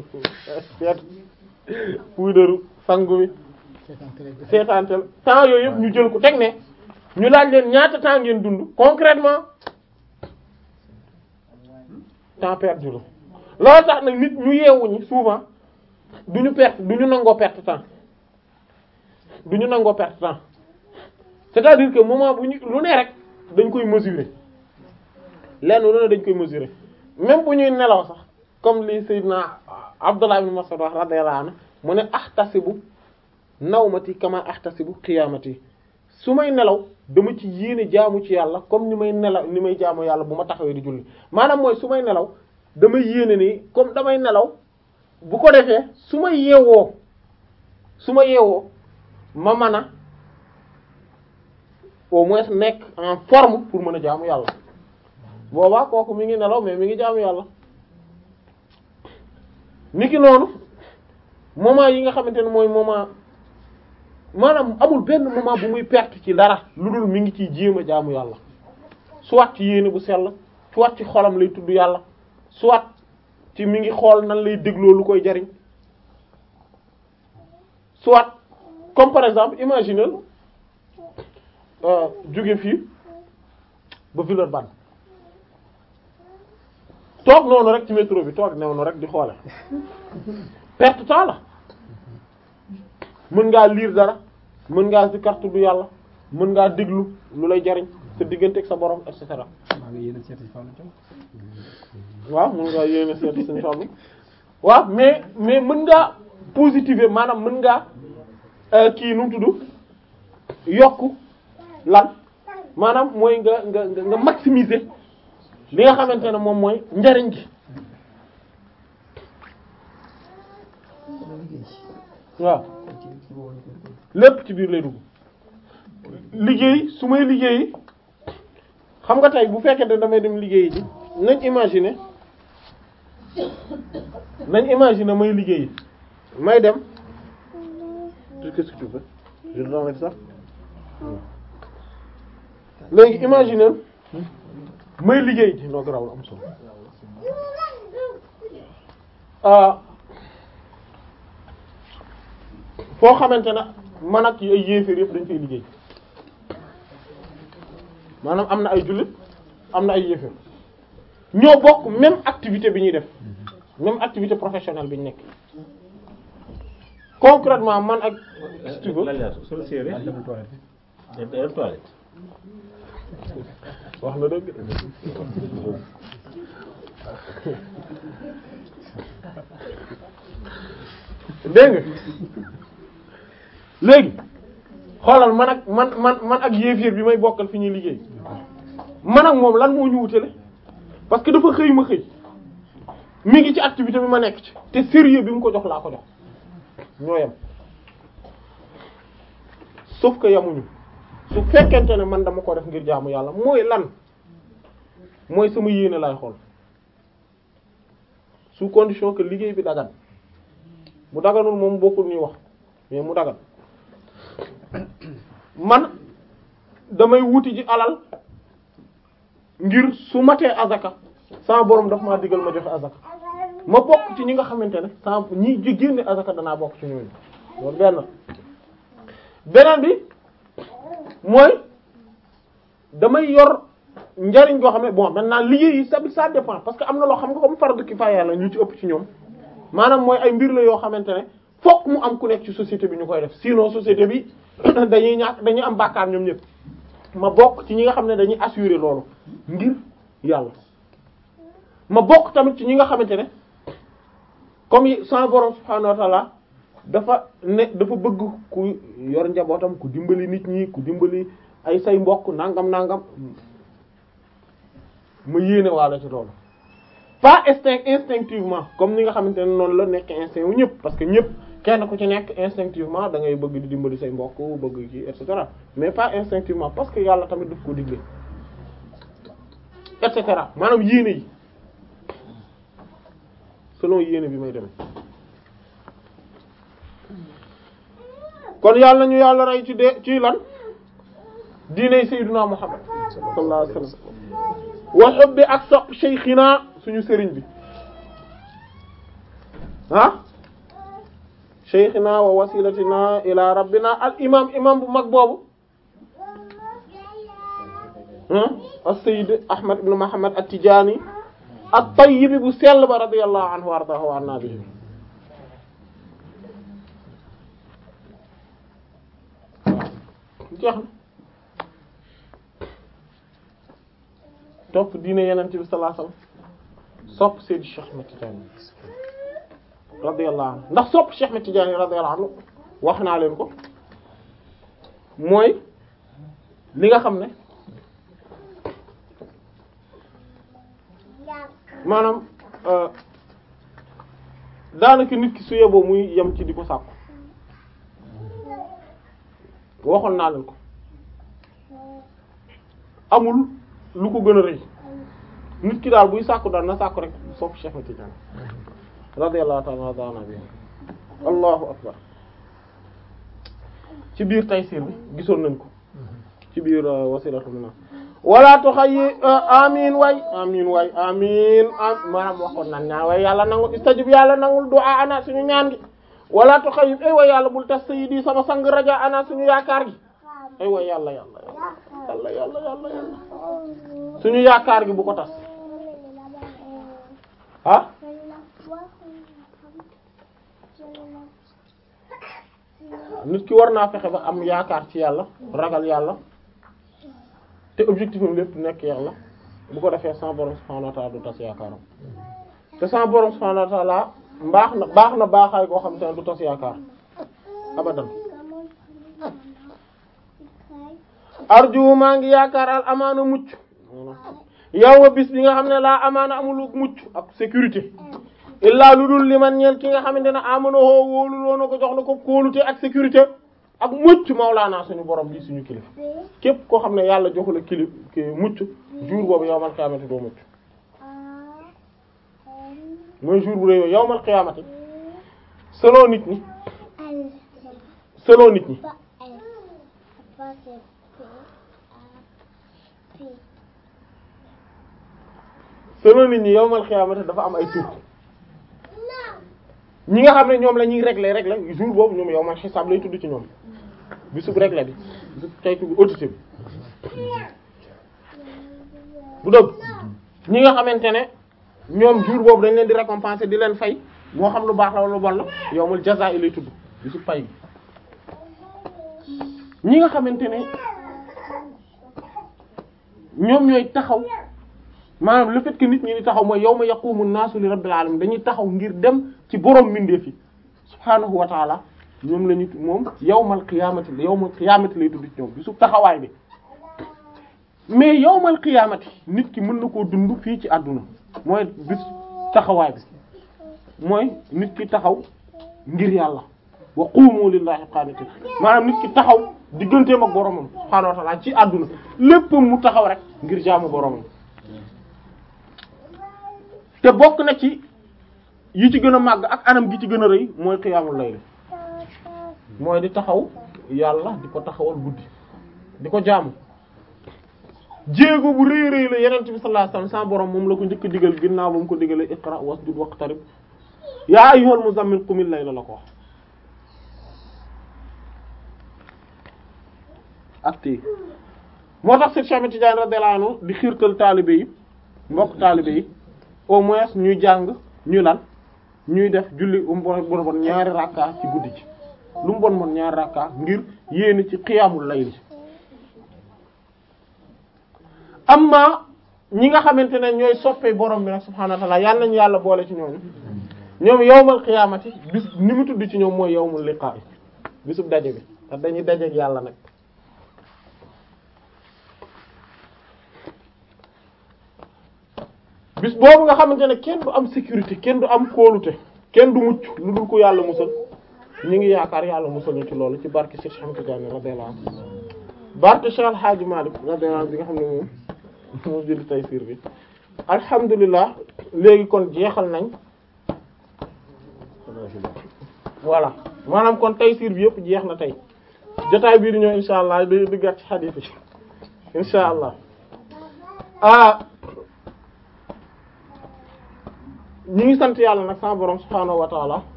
seet puudaru sangu mi seetantel temps yooyu yëpp ñu jël ko teg ne ñu laaj leen ñaata temps ngeen dund concrètement temps perdu la loolu tax nag nit ñu yeewuñu souvent duñu perte duñu perte temps duñu nangoo perte temps c'est-à-dire que moment bu ñu lu ne rek dañ koy mesurer lenn lu ne dañ koy mesurer même bu ñuy nelaw sax comme li Seydina Abdullah ibn Mas'ud radiyallahu anhu mu ne ahtasibu nawmati kama ahtasibu qiyamati su may nelaw dama ci yéene jaamu ci yàlla comme ni may nelaw ni may jaamu yàlla bu ma taxawee di julli maanaam mooy su may nelaw dama yéene ni comme damay nelaw bu ko defee su ma yeewoo su ma yeewoo ma mana au moins nekk en forme pour mën a jaamu yàlla boobaa kooku mi ngi nelaw mais mi ngi jaamu yàlla niki noonu moment yi nga xamante ne mooy moment maanaam amul benn moment bu muy perte ci dara lu dul mi ngi ciy jéem a jaamu yàlla soit ci yéene bu sell soit ci xolam lay tudd yàlla soit ci mi ngi xool nan lay dégloo lu koy jariñ soit comme par exemple imaginez Euh, jóge fii ba Villeurbanne toog noonu rek ci métro bi toog noonu rek di xoole perte temps mun ngaa liir dara mën ngaa si carte du yàlla mën ngaa déglu lu lay jariñ sa diggante ak sa borom et cetera. waaw mën ngaa yéene seeti suñu faamu waaw mais mais mën ngaa positiver maanaam mën ngaa euh, kii nu mu yokku. lan maanaam mooy nga nga nga maximiser li nga xamante ne moom mooy njariñ gi waaw lépp ci biir lay dugg liggéey su may liggéey xam nga tey bu fekkente damay dem liggéey ji nañ imaginer nañ imaginer may liggéey may dem léegi imaginer may liggéey ci noo garaw la am solo ah foo xamante ne man ak ay yéeféer yëpp dañ fay liggéey maanaam am na ay jullit am na ay yéeféer ñoo bokk même activité bi ñuy def même activité professionnelle bi ñu nekk concrètement man ak. si tu veux. wax na dëgg dégg nga léegi xoolal man ak man man man ak yéeféer bi may bokkal fi ñuy liggéey man ak moom lan moo ñu wutale parce que dafa xëy ma xëy mi ngi ci activité bi ma nekk ci te sérieux bi mu ko jox laa ko jox ñoo yam sauf que yamuñu su fekkente ne man dama ko def ngir jaamu yàlla mooy lan mooy sama yéene laay xool su condition que liggéey bi dagan mu daganul moom bokkul ñuy wax mais mu dagan man damay wuti ji alal ngir su matee azaka saa borom daf maa digal ma joxe azaka ma bokk ci ñi nga xamante ne sama ñi génne azaka danaa bokk ci ñooñu loolu benn beneen bi mooy damay yor njariñ goo xam ne bon maintenant liggéey yi ça ça dépend parce que am na loo xam nga comme fardu kifaaya la ñu ci ëpp ci ñoom maanaam mooy ay mbir la yoo xamante ne fokk mu am ku nekk ci société bi ñu koy def sinon société bi dañuy ñàkk dañuy am bàkkaar ñoom ñëpp ma bokk ci ñi nga xam ne dañuy assurer loolu ngir yàlla ma bokk tamit ci ñi nga xamante ne comme sama borom subhaanahu wa dafa ne dafa bëgg ku yor njabootam ku dimbali nit ñi ku dimbali ay say mbokk nangam nangam ma yéene waala ci loolu pas instinct instinctivement comme ni nga xamante ne noonu la nekk instinct wu ñëpp parce que ñëpp kenn ku ci nekk instinctivement da ngay bëgg di dimbali say mbokk bëgg ci et cetera mais pas instinctivement parce que yàlla tamit daf ko digle et cetera maanaam yéene yi selon yéene bi may demee kon yàlla ñu yàlla rey ci dee ci lan diiney sayyiduna Muhammad sallallahu alayhi wasallam wa hubbi ak sopp sheykhina suñu sëriñ bi ah sheykhina wa wasilatina ila rabbina al imam imam bu mag boobu as-sayyid Ahmad ibn Muhammad at-Tijani at-tayyib bu sell ba radiyallahu anhu wa ardaahu wa anna bihi jeex na topp diine yeneen bi sallallahu alayhi sopp Seydi Cheikh Ahmed Tidiane radiyallahu anhu ndax sopp Cheikh Ahmed Tidiane radiyallahu wax naa leen ko mooy li nga xam ne maanaam euh, daanaka nit ki su yeboo muy yem ci di ko waxoon naa leen ko amul lu ko gën a rëy nit ki daal buy sàkku daal na sàkku rek sopp Cheikh Ahmed Tidiane radiyallahu ta'ala anhu bi allahu akbar ci biir Taysiir bi gisoon nañ ko ci biir uh, wasilatu minna wala tuxayi uh, amin waay amin waay amin maanaam waxoon nan naa waay yàlla nangul istajib yàlla nangul du'a ana suñu ñaan gi wala tuxayyib ay wa yàlla bul tas sayyidi sama sang raja ana suñu yaakaar gi ay yàlla yàlla yàlla yàlla yàlla yàlla suñu yaakaar gi bu ko tas nit ki war naa fexe ba am yaakaar ci yàlla ragal yàlla te objectif am lépp nekk yàlla bu ko defee sans borom subhanahu wa du tas yaakaaram te sans borom subhanahu wa mbaax na baax na baaxaay goo xam te ne du tas yaakaar abadan arju maa ngi yaakaar al amaana mucc yawma bis bi nga xam ne laa amaana amulu mucc ak sécurité illaa lu dul li man ñeel ki nga xamante ne amana hoo wóolu loona ko jox na ko kóolute ak sécurité ak mucc mawlaana suñu borom bi suñu kilifa képp koo xam ne yàlla joxu la kilif mucc jour boobu yow man xamante doo mucc mooy jour bu réy yawmal qiyaamati selon nit ñi selon nit ñi selon nit ñi yawmal qiyaamati dafa am ay tur ñi nga xam ne ñoom la ñuy régler régler jour boobu ñoom yawmal xisaab lay tudd ci ñoom bisub régler bi bisub tey tudd audité bi bu dëgg ñi nga xamante ne ñoom jur boobu dañ leen di récompenser di leen fay moo xam lu baax la wala lu bon la yowmul jazaa lay tudd bi su pay bi ñi nga xamante ne ñoom ñooy taxaw maanaam le fait que nit ñi di taxaw mooy yawma yaqumu naasu li rabbil alamin dañuy taxaw ngir dem ci borom mbindeef yi subhaanahu wa taala ñoom la ñu moom yawmal qiyaamati yawmal qiyaamati lay tudd ci ñoom bisu taxawaay bi mais yawmal qiyaamati nit ki mën na koo dund fii ci àdduna mooy bis taxawaay bi mooy nit ki taxaw ngir yàlla wa qumu lillahi maanaam nit ki taxaw digganteem ak boromam subhaanahu wa ci àdduna lépp mu taxaw rek ngir jaamu boromam te bokk na ci yi ci gën a màgg ak anam gi ci gën a rëy mooy xiyaamul layl mooy di taxaw yàlla di ko taxawal guddi di ko jaamu jéego bu rëy rëy la yenent bi sa borom moom la ko njëkk digal ginnaaw ba mu ko digalee iqra wasjud waqtarib yaa ayyuhal muzammil qumil layla la ko wax atti moo tax Cheikh Ahmed Tidiane radiyallahu anhu di xiirtal taalibe yi mbokk taalibe yi au moins ñuy jàng ñu lan ñuy def julli um bon bon ñaari rakka ci guddi ci lu mu bon bon ñaari rakka ngir yéene ci xiyaamul layli am amma ñi nga xamante ne ñooy soppee borom bi nag subhaanahu wa ta'ala yal nañu yàlla boole ci ñooñu ñoom yawmal qiyaamati bis ni mu tudd ci ñoom mooy yawmul liqaa bisub daje bi ndax dañuy daje yàlla nag bis boobu nga xamante ne kenn du am sécurité kenn du am kóolute kenn du mucc lu dul ko yàlla musal ñu ngi yaakaar yàlla musal ñu ci loolu ci barke Cheikh Ahmed Tidiane radiyallahu anhu barke Cheikh El Hadji Malick bi nga xam ne moom moo jël Tayssîr bi alhamdulilah léegi kon jeexal nañ voilà maanaam kon Tayssîr bi yëpp jeex na tey jotaay bii di ñëw insha allah di diggaat ci xadiis insha allah ah ñu ngi sant yàlla nag sa borom subhaanahu wa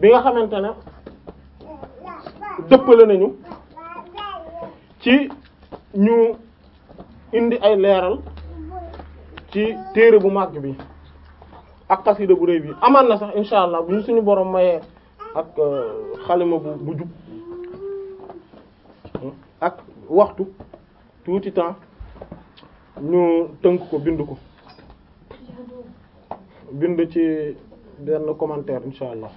bi nga xamante ne dëppale nañu ci ñu indi ay leeral ci téere bu màgg bi ak xasida bu réy bi amaan na sax insha allah bu suñu borom mayee ak euh, xalima bu bu jub ak waxtu tuuti temps ñu tënk ko bind ko bind ci benn commentaire insha allah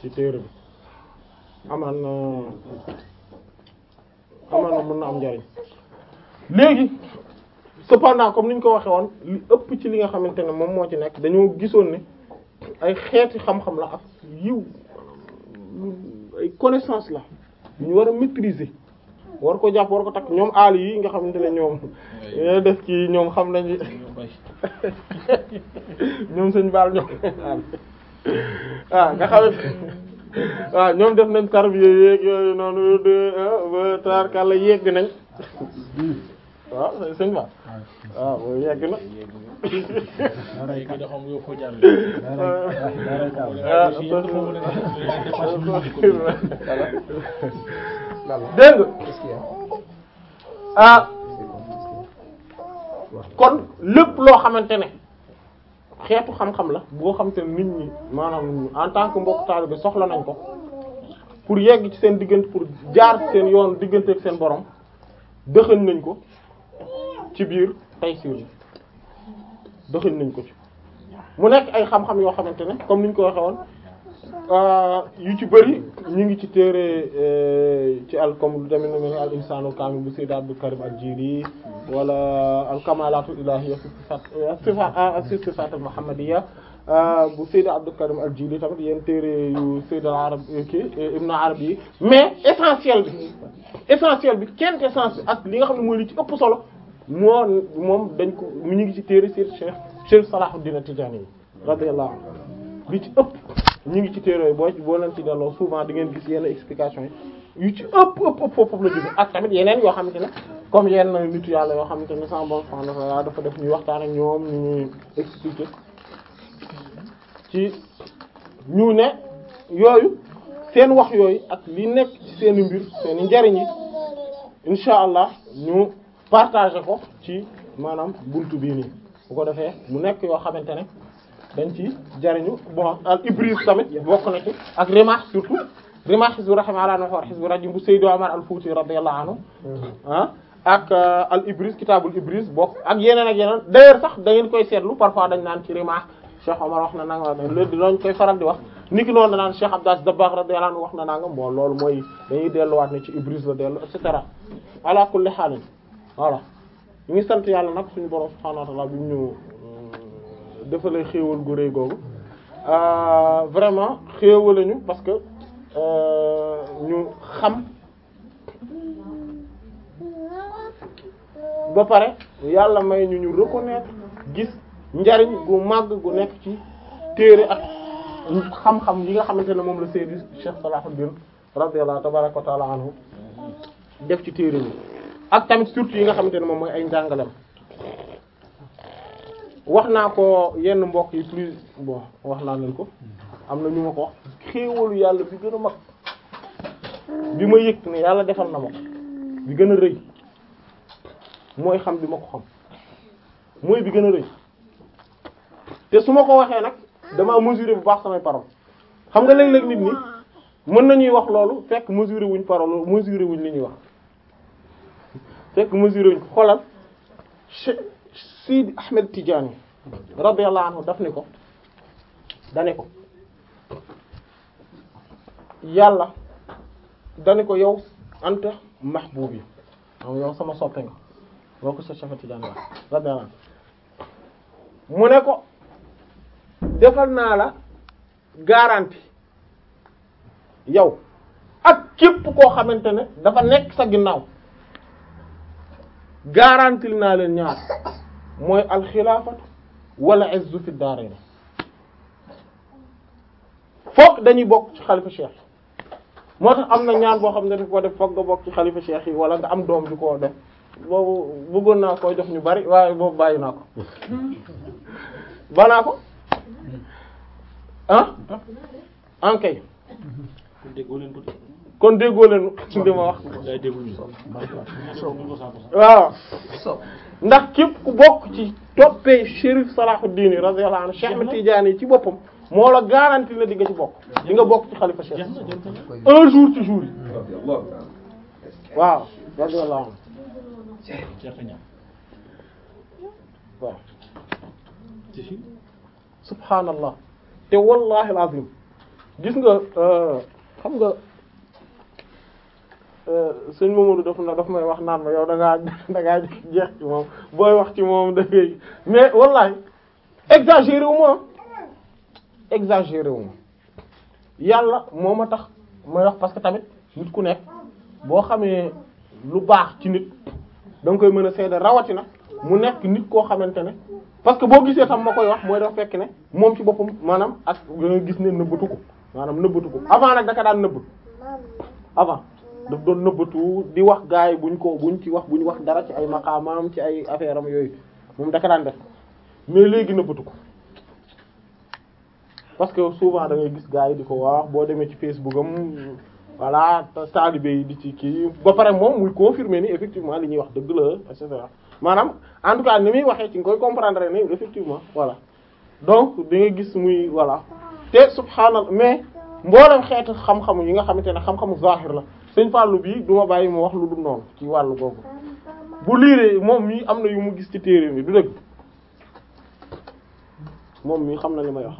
ci téere bi amaan na amaan na mën na am njariñ léegi cependant comme ni ñu ko waxee woon li ëpp ci li nga xamante ne moom moo ci nekk dañoo gisoon ne ay xeeti xam-xam la ak yiw ay connaissance la ñu war a maîtriser war ko jàpp war ko takk ñoom aal yi nga xamante ne ñoom def ci ñoom xam nañu ñoom sëñ baal ñoom ah nga xamante waaw ah, ñoom def nañ tarbiya yéeg yooyu noonu de ah, ba tarkalla yéeg nañ waaw sëñ ma waaw boobu yegg na dégg ah kon lépp loo xamante ne xeetu xam-xam la boo xamante ne nit ñi maanaam en tant que mbokk bi soxla nañ ko pour yegg ci seen diggante pour jaar seen yoon diggante ak seen boroom dëxën nañ ko ci biir Taysiir bi doxin nañ ko ci mu nekk ay xam-xam yoo xamante ne comme ni ñu ko waxee woon euh, yu ci bëri ñu ngi ci téere euh, ci al lu demee na mel al insaanu kaamil bu Sayyid Abdul Karim al-Jili wala al kamalaatu ilaahiyya fi sifaat al muhammadiyya euh, bu Sayyid Abdul Karim al-Jili tamit yéen téere yu Sayyid al Arab kii Ibn Arabi yi mais essentiel bi essentiel bi kenn essentiel ak li nga xam ne mooy li ci ëpp solo moo moom dañ ko mu ngi ci téere sir Cheikh Cheikh Salahuddin Tijaani yi radiyallahu li ci ëpp ñu ngi ci téere yi boo boo leen ci delloo souvent di ngeen gis yenn explication yi yu ci ëpp ëpp foofu la jóge ak tamit yeneen yoo xamante ne comme yenn nitu yàlla yoo xamante ne sans bon sens dafa dafa def ñuy waxtaan ak ñoom ñu ñuy expliquer ci ñu ne yooyu seen wax yooyu ak li nekk ci seen mbir seeni njariñ yi incha allah ñu partagé ko ci maanaam buntu bii nii bu ko defee mu nekk yoo xamante ne dañ ci jariñu bon al ibris tamit bokk na ci ak Rimah surtout Rimah Hizbut Rahma ala nahwi Hizbut bu Seydou Omar al-Fouti radiyallahu anhu mm-hmm. ah ak euh, al ibris kitabul ibris bokk ak yeneen ak yeneen d'ailleurs sax da ngeen koy seetlu parfois dañ naan ci Rimah Cheikh Omar wax na nanga léegi dañ koy faral di wax niki noonu danaan Cheikh Abdas Dabbagh radiyallahu anhu wax na nangam bon loolu mooy dañuy delluwaat ne ci ibris la dellu et cetera ala kulli haal voilà ñu ngi sant yàlla nag suñu borom subhaanahu wa ta'ala bi ñu euh, defalee xéewal gu rëy googu euh, vraiment xéewale ñu parce que euh, ñu xam ba pare yàlla may ñu ñu reconnaître gis njariñ gu màgg gu nekk ci téere ak xam-xam yi nga xamante ne moom la Seydi Cheikh Salahuddin radiyallahu tabaraka wa ta'ala anhu def ci téere bi ak tamit surtout yi nga xamante ne moom mooy ay njàngalem wax naa ko yenn mbokk yi plus bon wax naa leen ko am na ñu ma ko wax xéewalu yàlla bi gën a mag bi ma yëg ne yàlla defal na ma bi gën a rëy mooy xam bi ma ko xam mooy bi gën a rëy te su ma ko waxee nag damaa mesurer bu baax samay parole xam nga léeg-léeg nit ñi mën nañuy wax loolu fekk mesurer wuñ parole mesurer wuñ li ñuy wax fekk mesure ñu ko xoolal Sidi Ahmed Tidiane radiyallahu anhu daf ni ko dane ko yàlla dane ko yow anta mahbubi am yow sama soppe nga boo ko Cheikh Ahmed Tidiane wax radiyallahu anhu mu ne ko defal naa la garantie yow ak képp koo xamante ne dafa nekk sa ginnaaw garantil naa leen ñaar mooy alxilaafatu wala izzu fi daarayni foog dañuy bokk ci xalifa cheikh moo tax am na ñaan boo xam ne daf ko def nga bokk ci xalifa cheikh yi wala nga am doom ju ko def boobu bëggoon naa koo jox ñu bari waaye boobu bàyyi naa ko banaa ko ah ankay kon déggoo leen ci ma wax. ndax képp ku bokk ci toppee Chérif Salahuddin radiyallahu anhu Cheikh Tidiane ci boppam moo la garanti na di ci bokk di nga bokk ci xalifa Cheikh un jour ci jour yi waaw radiyallahu anhu waaw subhaanallah te wallahi alazim gis nga euh, xam nga Euh, sëñ Mamadou daf na daf may wax naan ma yow da ngaa da jeex ci moom booy wax ci moom da ngay mais wallahi exagéré wu ma exagéré wu yàlla moo ma tax may wax parce que tamit nit ku nekk boo xamee lu baax ci nit da koy mën a seede rawatina mu nekk nit koo xamante ne parce que boo gisee tam ma koy wax mooy dafa fekk ne moom ci boppam maanaam ak nga euh, gis ne nëbbatu ko maanaam nëbbatu ko avant nag da daan nëbb avant. daf doon nëbbatu di wax gars yi buñ ko buñ ci wax buñ wax dara ci ay maqaamam ci ay affaire am yooyu moom daka mais léegi nëbbatu ko parce que souvent da ngay gis gars yi di ko waa boo demee ci Facebook am voilà taalibe yi di ci kii ba pare moom muy confirmer ni effectivement li ñuy wax dëgg la et cetera maanaam en tout cas ni muy waxee ci nga koy comprendre ni effectivement voilà donc da ngay gis muy voilà te subhaanallah mais mboolem xeetu xam-xam yi nga xamante ne xam-xamu la. sëñ Fallou bii du ma bàyyi mu wax lu dul noonu ci wàllu boobu bu liiree moom mii am na yu mu gis ci téere bi du dëgg moom mii xam na li may wax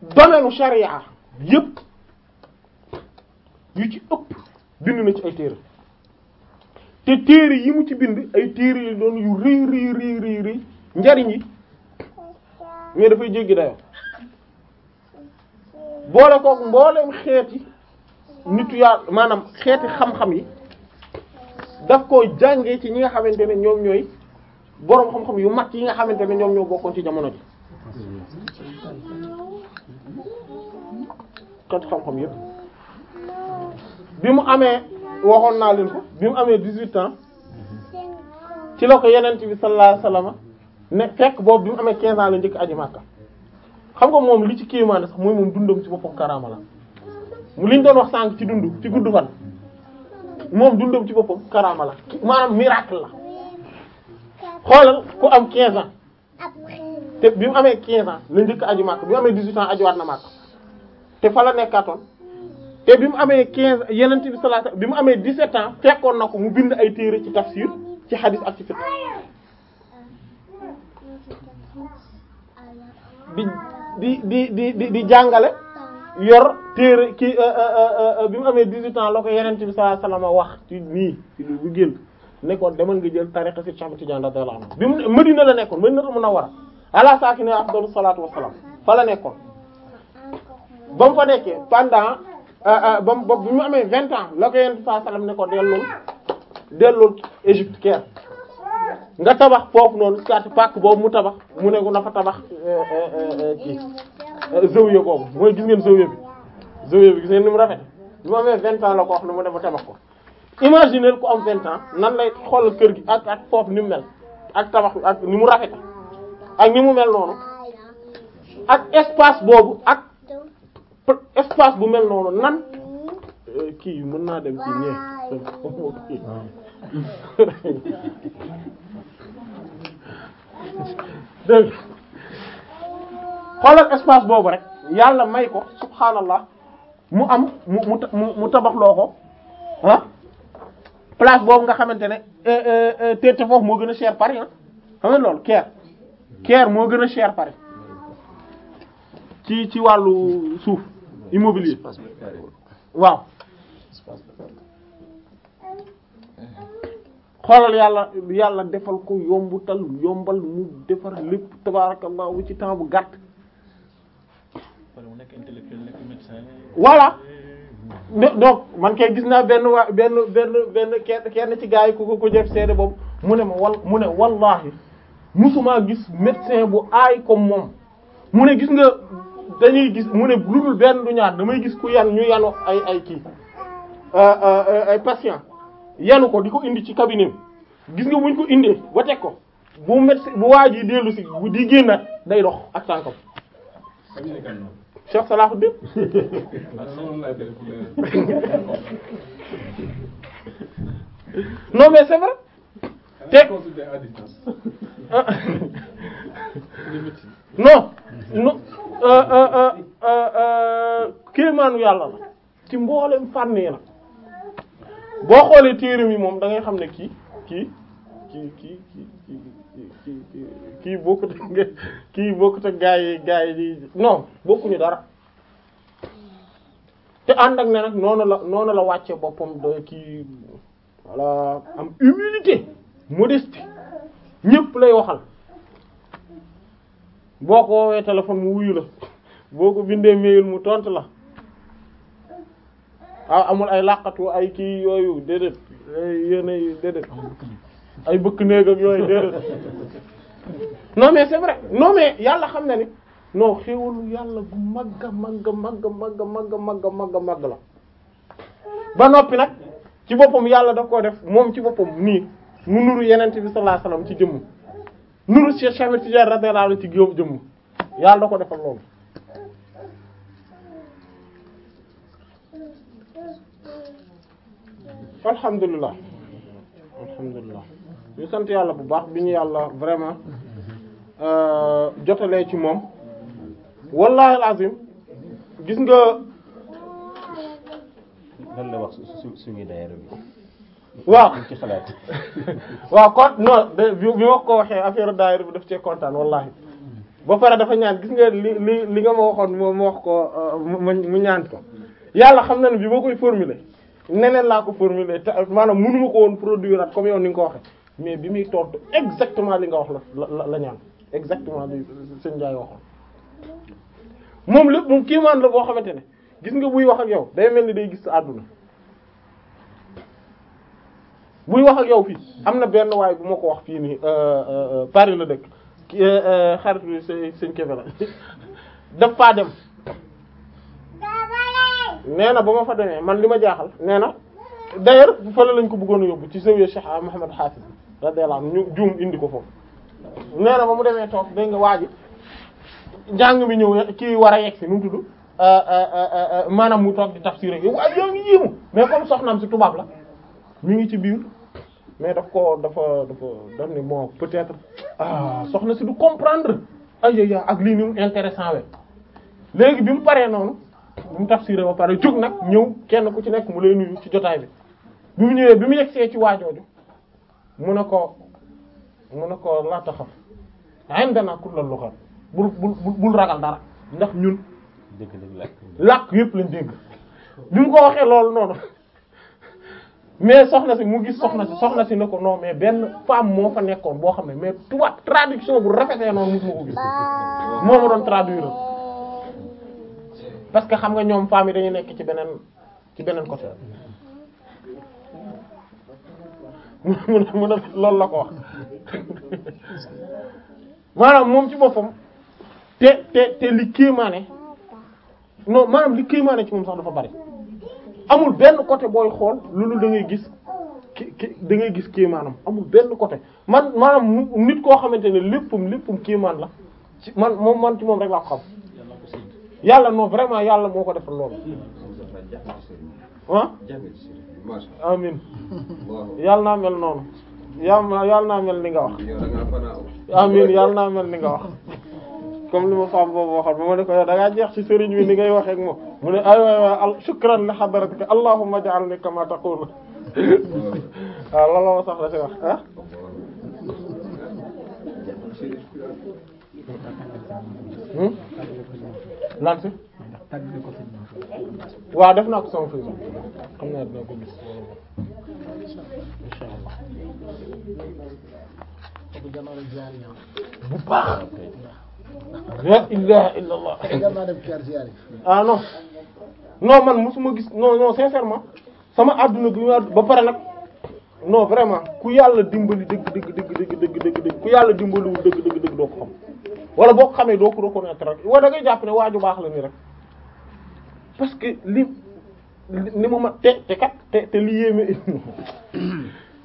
domaine charia yëpp yu ci ëpp bind na ci ay téere te téere yi mu ci bind ay téere yi doon yu rëy rëy rëy njariñ yi mais dafay jéggi dayoo boole kook mbooleem xeeti nitu yaa maanaam xeeti xam-xam yi daf ko jàngee ci ñi nga xamante ne ñoom ñooy boroom xam-xam yu mag yi nga xamante ne ñoom ñoo bokkoon ci jamono ji xeeti xam-xam yépp bi mu amee waxoon naa leen ko bi mu amee dix-huit ans ci la ko yenent bi sallallahu alayhi wasallam ne fekk boobu bi mu amee quinze ans la njëkk aji Makka xam nga moom li ci kéemaane sax mooy moom dundam si boppam karaama la mu liñ doon wax sànq ci dund ci gudd fan moom dundam ci boppam karaamala la maanaam miracle la xoolal ku am 15 ans te bi mu amee 15 ans la njëkk aju màkk bi mu amee 18 ans ajuwaat na màkk te fa la nekkaatoon te bi mu amee 15 yeneen bi sallallahu bi mu amee 17 ans fekkoon na ko mu bind ay téere ci tafsir ci hadith ak ci fiqh di di di di di jàngale. yor téere ki euh, euh, euh, bi mu amee 18 ans loo ko yeneen bi sallallahu alayhi wax ci nii ci lu bu génn nekkoon demal nga jël tariqa si Cheikh Tidiane radiyallahu anhu bi mu Madina la nekkoon Madina Munawwara ala saakini afdalu salaatu wassalaam fa la nekkoon ba mu fa nekkee pendant ba mu ba mu amee vingt ans la ko yeneen bi sallallahu alayhi wasallam ne ko dellul dellul Égypte Caire nga tabax foofu noonu sat pàkk boobu mu tabax mu ne ko na fa tabax kii zawiya boobu mooy gis ngeen zawiya bi zawiya bi gis ngeen ni mu rafet bi mu amee vingt la ko wax ne mu ma tabax ko am vingt ans nan lay xoolal kër gi ak ak foofu ni mu mel ak tabax ak ni mu rafet mu mel noonu ak espace boobu ak espace bu mel noonu nan kii mën naa dem ci dégg xoolal boobu rek yàlla may ko subhaanallah mu am mu mu mu ko ah place boobu nga xamante ne eh, eh, eh, te foofu moo gën a cher Paris ah xam nga loolu Caire moo gën a cher pare ci ci wàllu suuf immobilier waaw xoolal yàlla yàlla defal ko yombutal yombal mu defar lépp tabarakallahu ci temps bu gàtt. voilà donc man kay gis naa benn waa benn benn benn kenn kenn ci gars ko ko jëf seede boobu mu ne ma wal mu ne wallaahi musuma gis médecin bu aay ko moom mu ne gis nga dañuy gis mu ne lu dul benn du ñaar damay gis ku yan ñu yanu ay ay kii euh, euh, euh, yanu ko di ko indi ci cabinet gis nga buñ ko indee ba ko bu médecin bu waa ji dellu si di génnaat day dox ak tànkam. Cheikh Salahuddin non mais c'est vrai te non non euh, euh, euh, kéemaanu yàlla la ci mboolem la boo xoolee téeram yi moom dangay xam ne kii kii kii kii kii kii kii kii bokkut ak kii bokkut ak bokkuñu dara te ànd ak ne noonu la noonu la wàcce boppam da kii voilà am humilité modestie ñépp lay waxal boo ko woowee téléphone mu wuyu la boo ko bindee mail mu tontu la ah amul ay làqatu ay kii yooyu déedéet yéen ay déedéet ay bëkk néeg yooyu déedéet non mais c'est yàlla xam na ni noo xéwalu yàlla gu màgg a màgg màgg màgg màgg màgg màgg màgg la ba noppi nag ci boppam yàlla daf koo def moom ci boppam nii mu nuru yenente bi sallallahu ci jëmm nuru Cheikh Ahmed Tidiane radiyallahu anhu ci jëmm yàlla da ko defal alhamdulilah alhamdulilah ñu sant yàlla bu baax bi ñu yàlla vraiment euh, jotalee ci moom wallahi alazim gis nga lan la wax su suñu daayira bi waaw ci xalaat waaw kon non bi ma ko waxee affaire daayira bi daf cee kontaan wallahi ba pare dafa ñaan gis nga li li li nga ma waxoon moo ma wax ko euh, mu ñaan ko yàlla xam na ne bi ma koy formuler neneen laa ko formuler te maanaam mënu ma ko woon produire at comme yow ni nga ko waxe mais bi muy tontu exactement li nga wax la la ñaan exactement li sëñ Ndiaye waxoon moom lépp moom kiimaan la boo xamante ne gis nga buy wax ak yow day mel ni day gis sa àdduna buy wax ak yow fii am na benn waay bu ma ko wax fii nii euh, euh, euh, Paris la dëkk xaritu sëñ Kébé la daf dem nee na ba ma fa demee man li ma jaaxal nee na d'ailleurs fële lañ ko bëggoon a yóbbu ci zawiya Cheikh Mouhamed Hafiz radiyallahu anhu ñu juum indi ko foofu. nee na ba mu demee toog dégg nga waa njàng mi ñëw kii war a si nu mu tudd euh, euh, euh, maanaam mu toog di tafsir rek yow waaye yow mais comme soxnaam si tubaab la mu ngi ci biir. mais daf ko dafa dafa daf ni bon peut-être ah, soxna si du comprendre ay ak lii ni mu intéressant we léegi bi mu paree noonu bu mu tafsiré ba pare jóg nag ñëw kenn ku ci nekk mu lay nuyu ci jotaay bi bi mu ñëwee bi mu yegsee ci waajooju mu ne ko mu ne ko laa taxaf indana kullu lugha bul bul bul ragal dara ndax ñun làkk yëpp lañ dégg bi mu ko waxee loolu noonu mais soxna si mu gis soxna si soxna si ne ko non mais benn femme moo fa nekkoon boo xam ne mais tubaab traduction bu rafetee noonu mos ma ko gis ah. moo ma doon traduire parce que xam nga ñoom femmes yi dañu nekk ci beneen ci beneen côté mu la ko wax moom ci boppam te te te maanaam li kéemaane ci moom sax dafa bari amul benn côté booy xool loolu da ngay gis ki da ngay gis kéemaanam amul benn côté man maanaam nit koo xamante ne léppam léppam kéemaan la ci man moom man ci moom rek laa ko xam yàlla non vraiment yàlla moo ko defal loolu ah amin yàlla naa mel noonu yàlla na naa mel ni nga wax amin yàlla naa mel ni nga wax comme li ma faam boobu waxoon ba ma ko yow jeex ci sëriñ bi ni ngay waxee ak moom mu ne ay waay waay shukran kama taqulu ah, waaw la ma sax la ci wax lan si. waaw def naa ko sama prison xam naa dina ko gis inshallah bu baax la ilaha illallah ah non non man mosuma gis non non sincèrement sama adduna bi ba pare nag non vraiment ku yàlla dimbali dëgg dëgg dëgg dëgg dëgg dëgg ku yàlla dimbaliwul dëgg dëgg dëgg doo ko xam wala boo ko xamee doo ko reconnaître rek wala da jàpp ne waa ju baax la nii rek parce que li ni mu ma te te kat te te li yéeme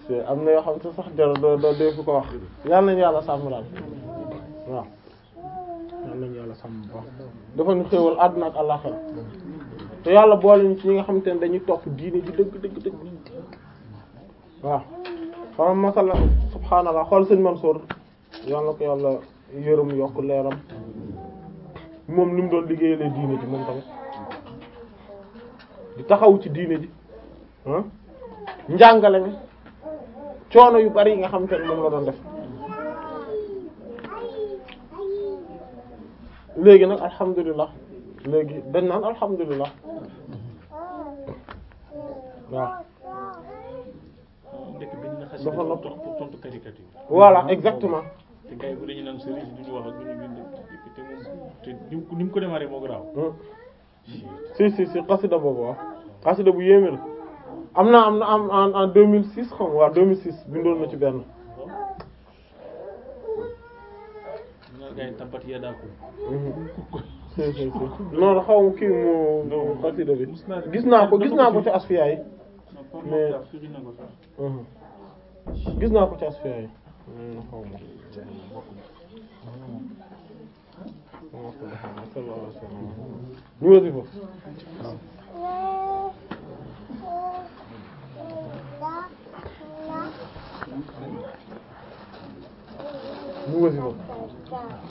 am na yoo xam ne sax jaro doo doo dee fi ko wax yàlla nañu yàlla sàmm daal waaw yàlla nañu yàlla sàmm bu baax dafa ñu xéewal te ci ñi nga xamante ne dañuy topp diine ji dëgg dëgg dëgg waaw xam masala subhaanallah xool sëñ Mansour yàlla ko yàlla yërëm yokk leeram moom li mu doon liggéeyale diine ji moom tamit di taxaw ci diine ji ah njàngale mi coono yu bari yi nga xamante ne moom la doon def léegi nag alhamdulilah léegi dañ naan alhamdulilah waaw. dafa noppi voilà exactement. te gars yi bu dañu naan sëriñ si te moom te ko démarré moo garaaw hmm. si si si xasida boobu waaw bu yéeme am na am na am en en deux mille six xam waaw deux mille six bindoon na ci benn gay tabat ya da hmm. xaw ma kii mu xasida bi gis naa ko gis naa ko ci asfiya yi mais gis naa ko ci asfiya yi xaw ma jàng bokkul ñu wasifa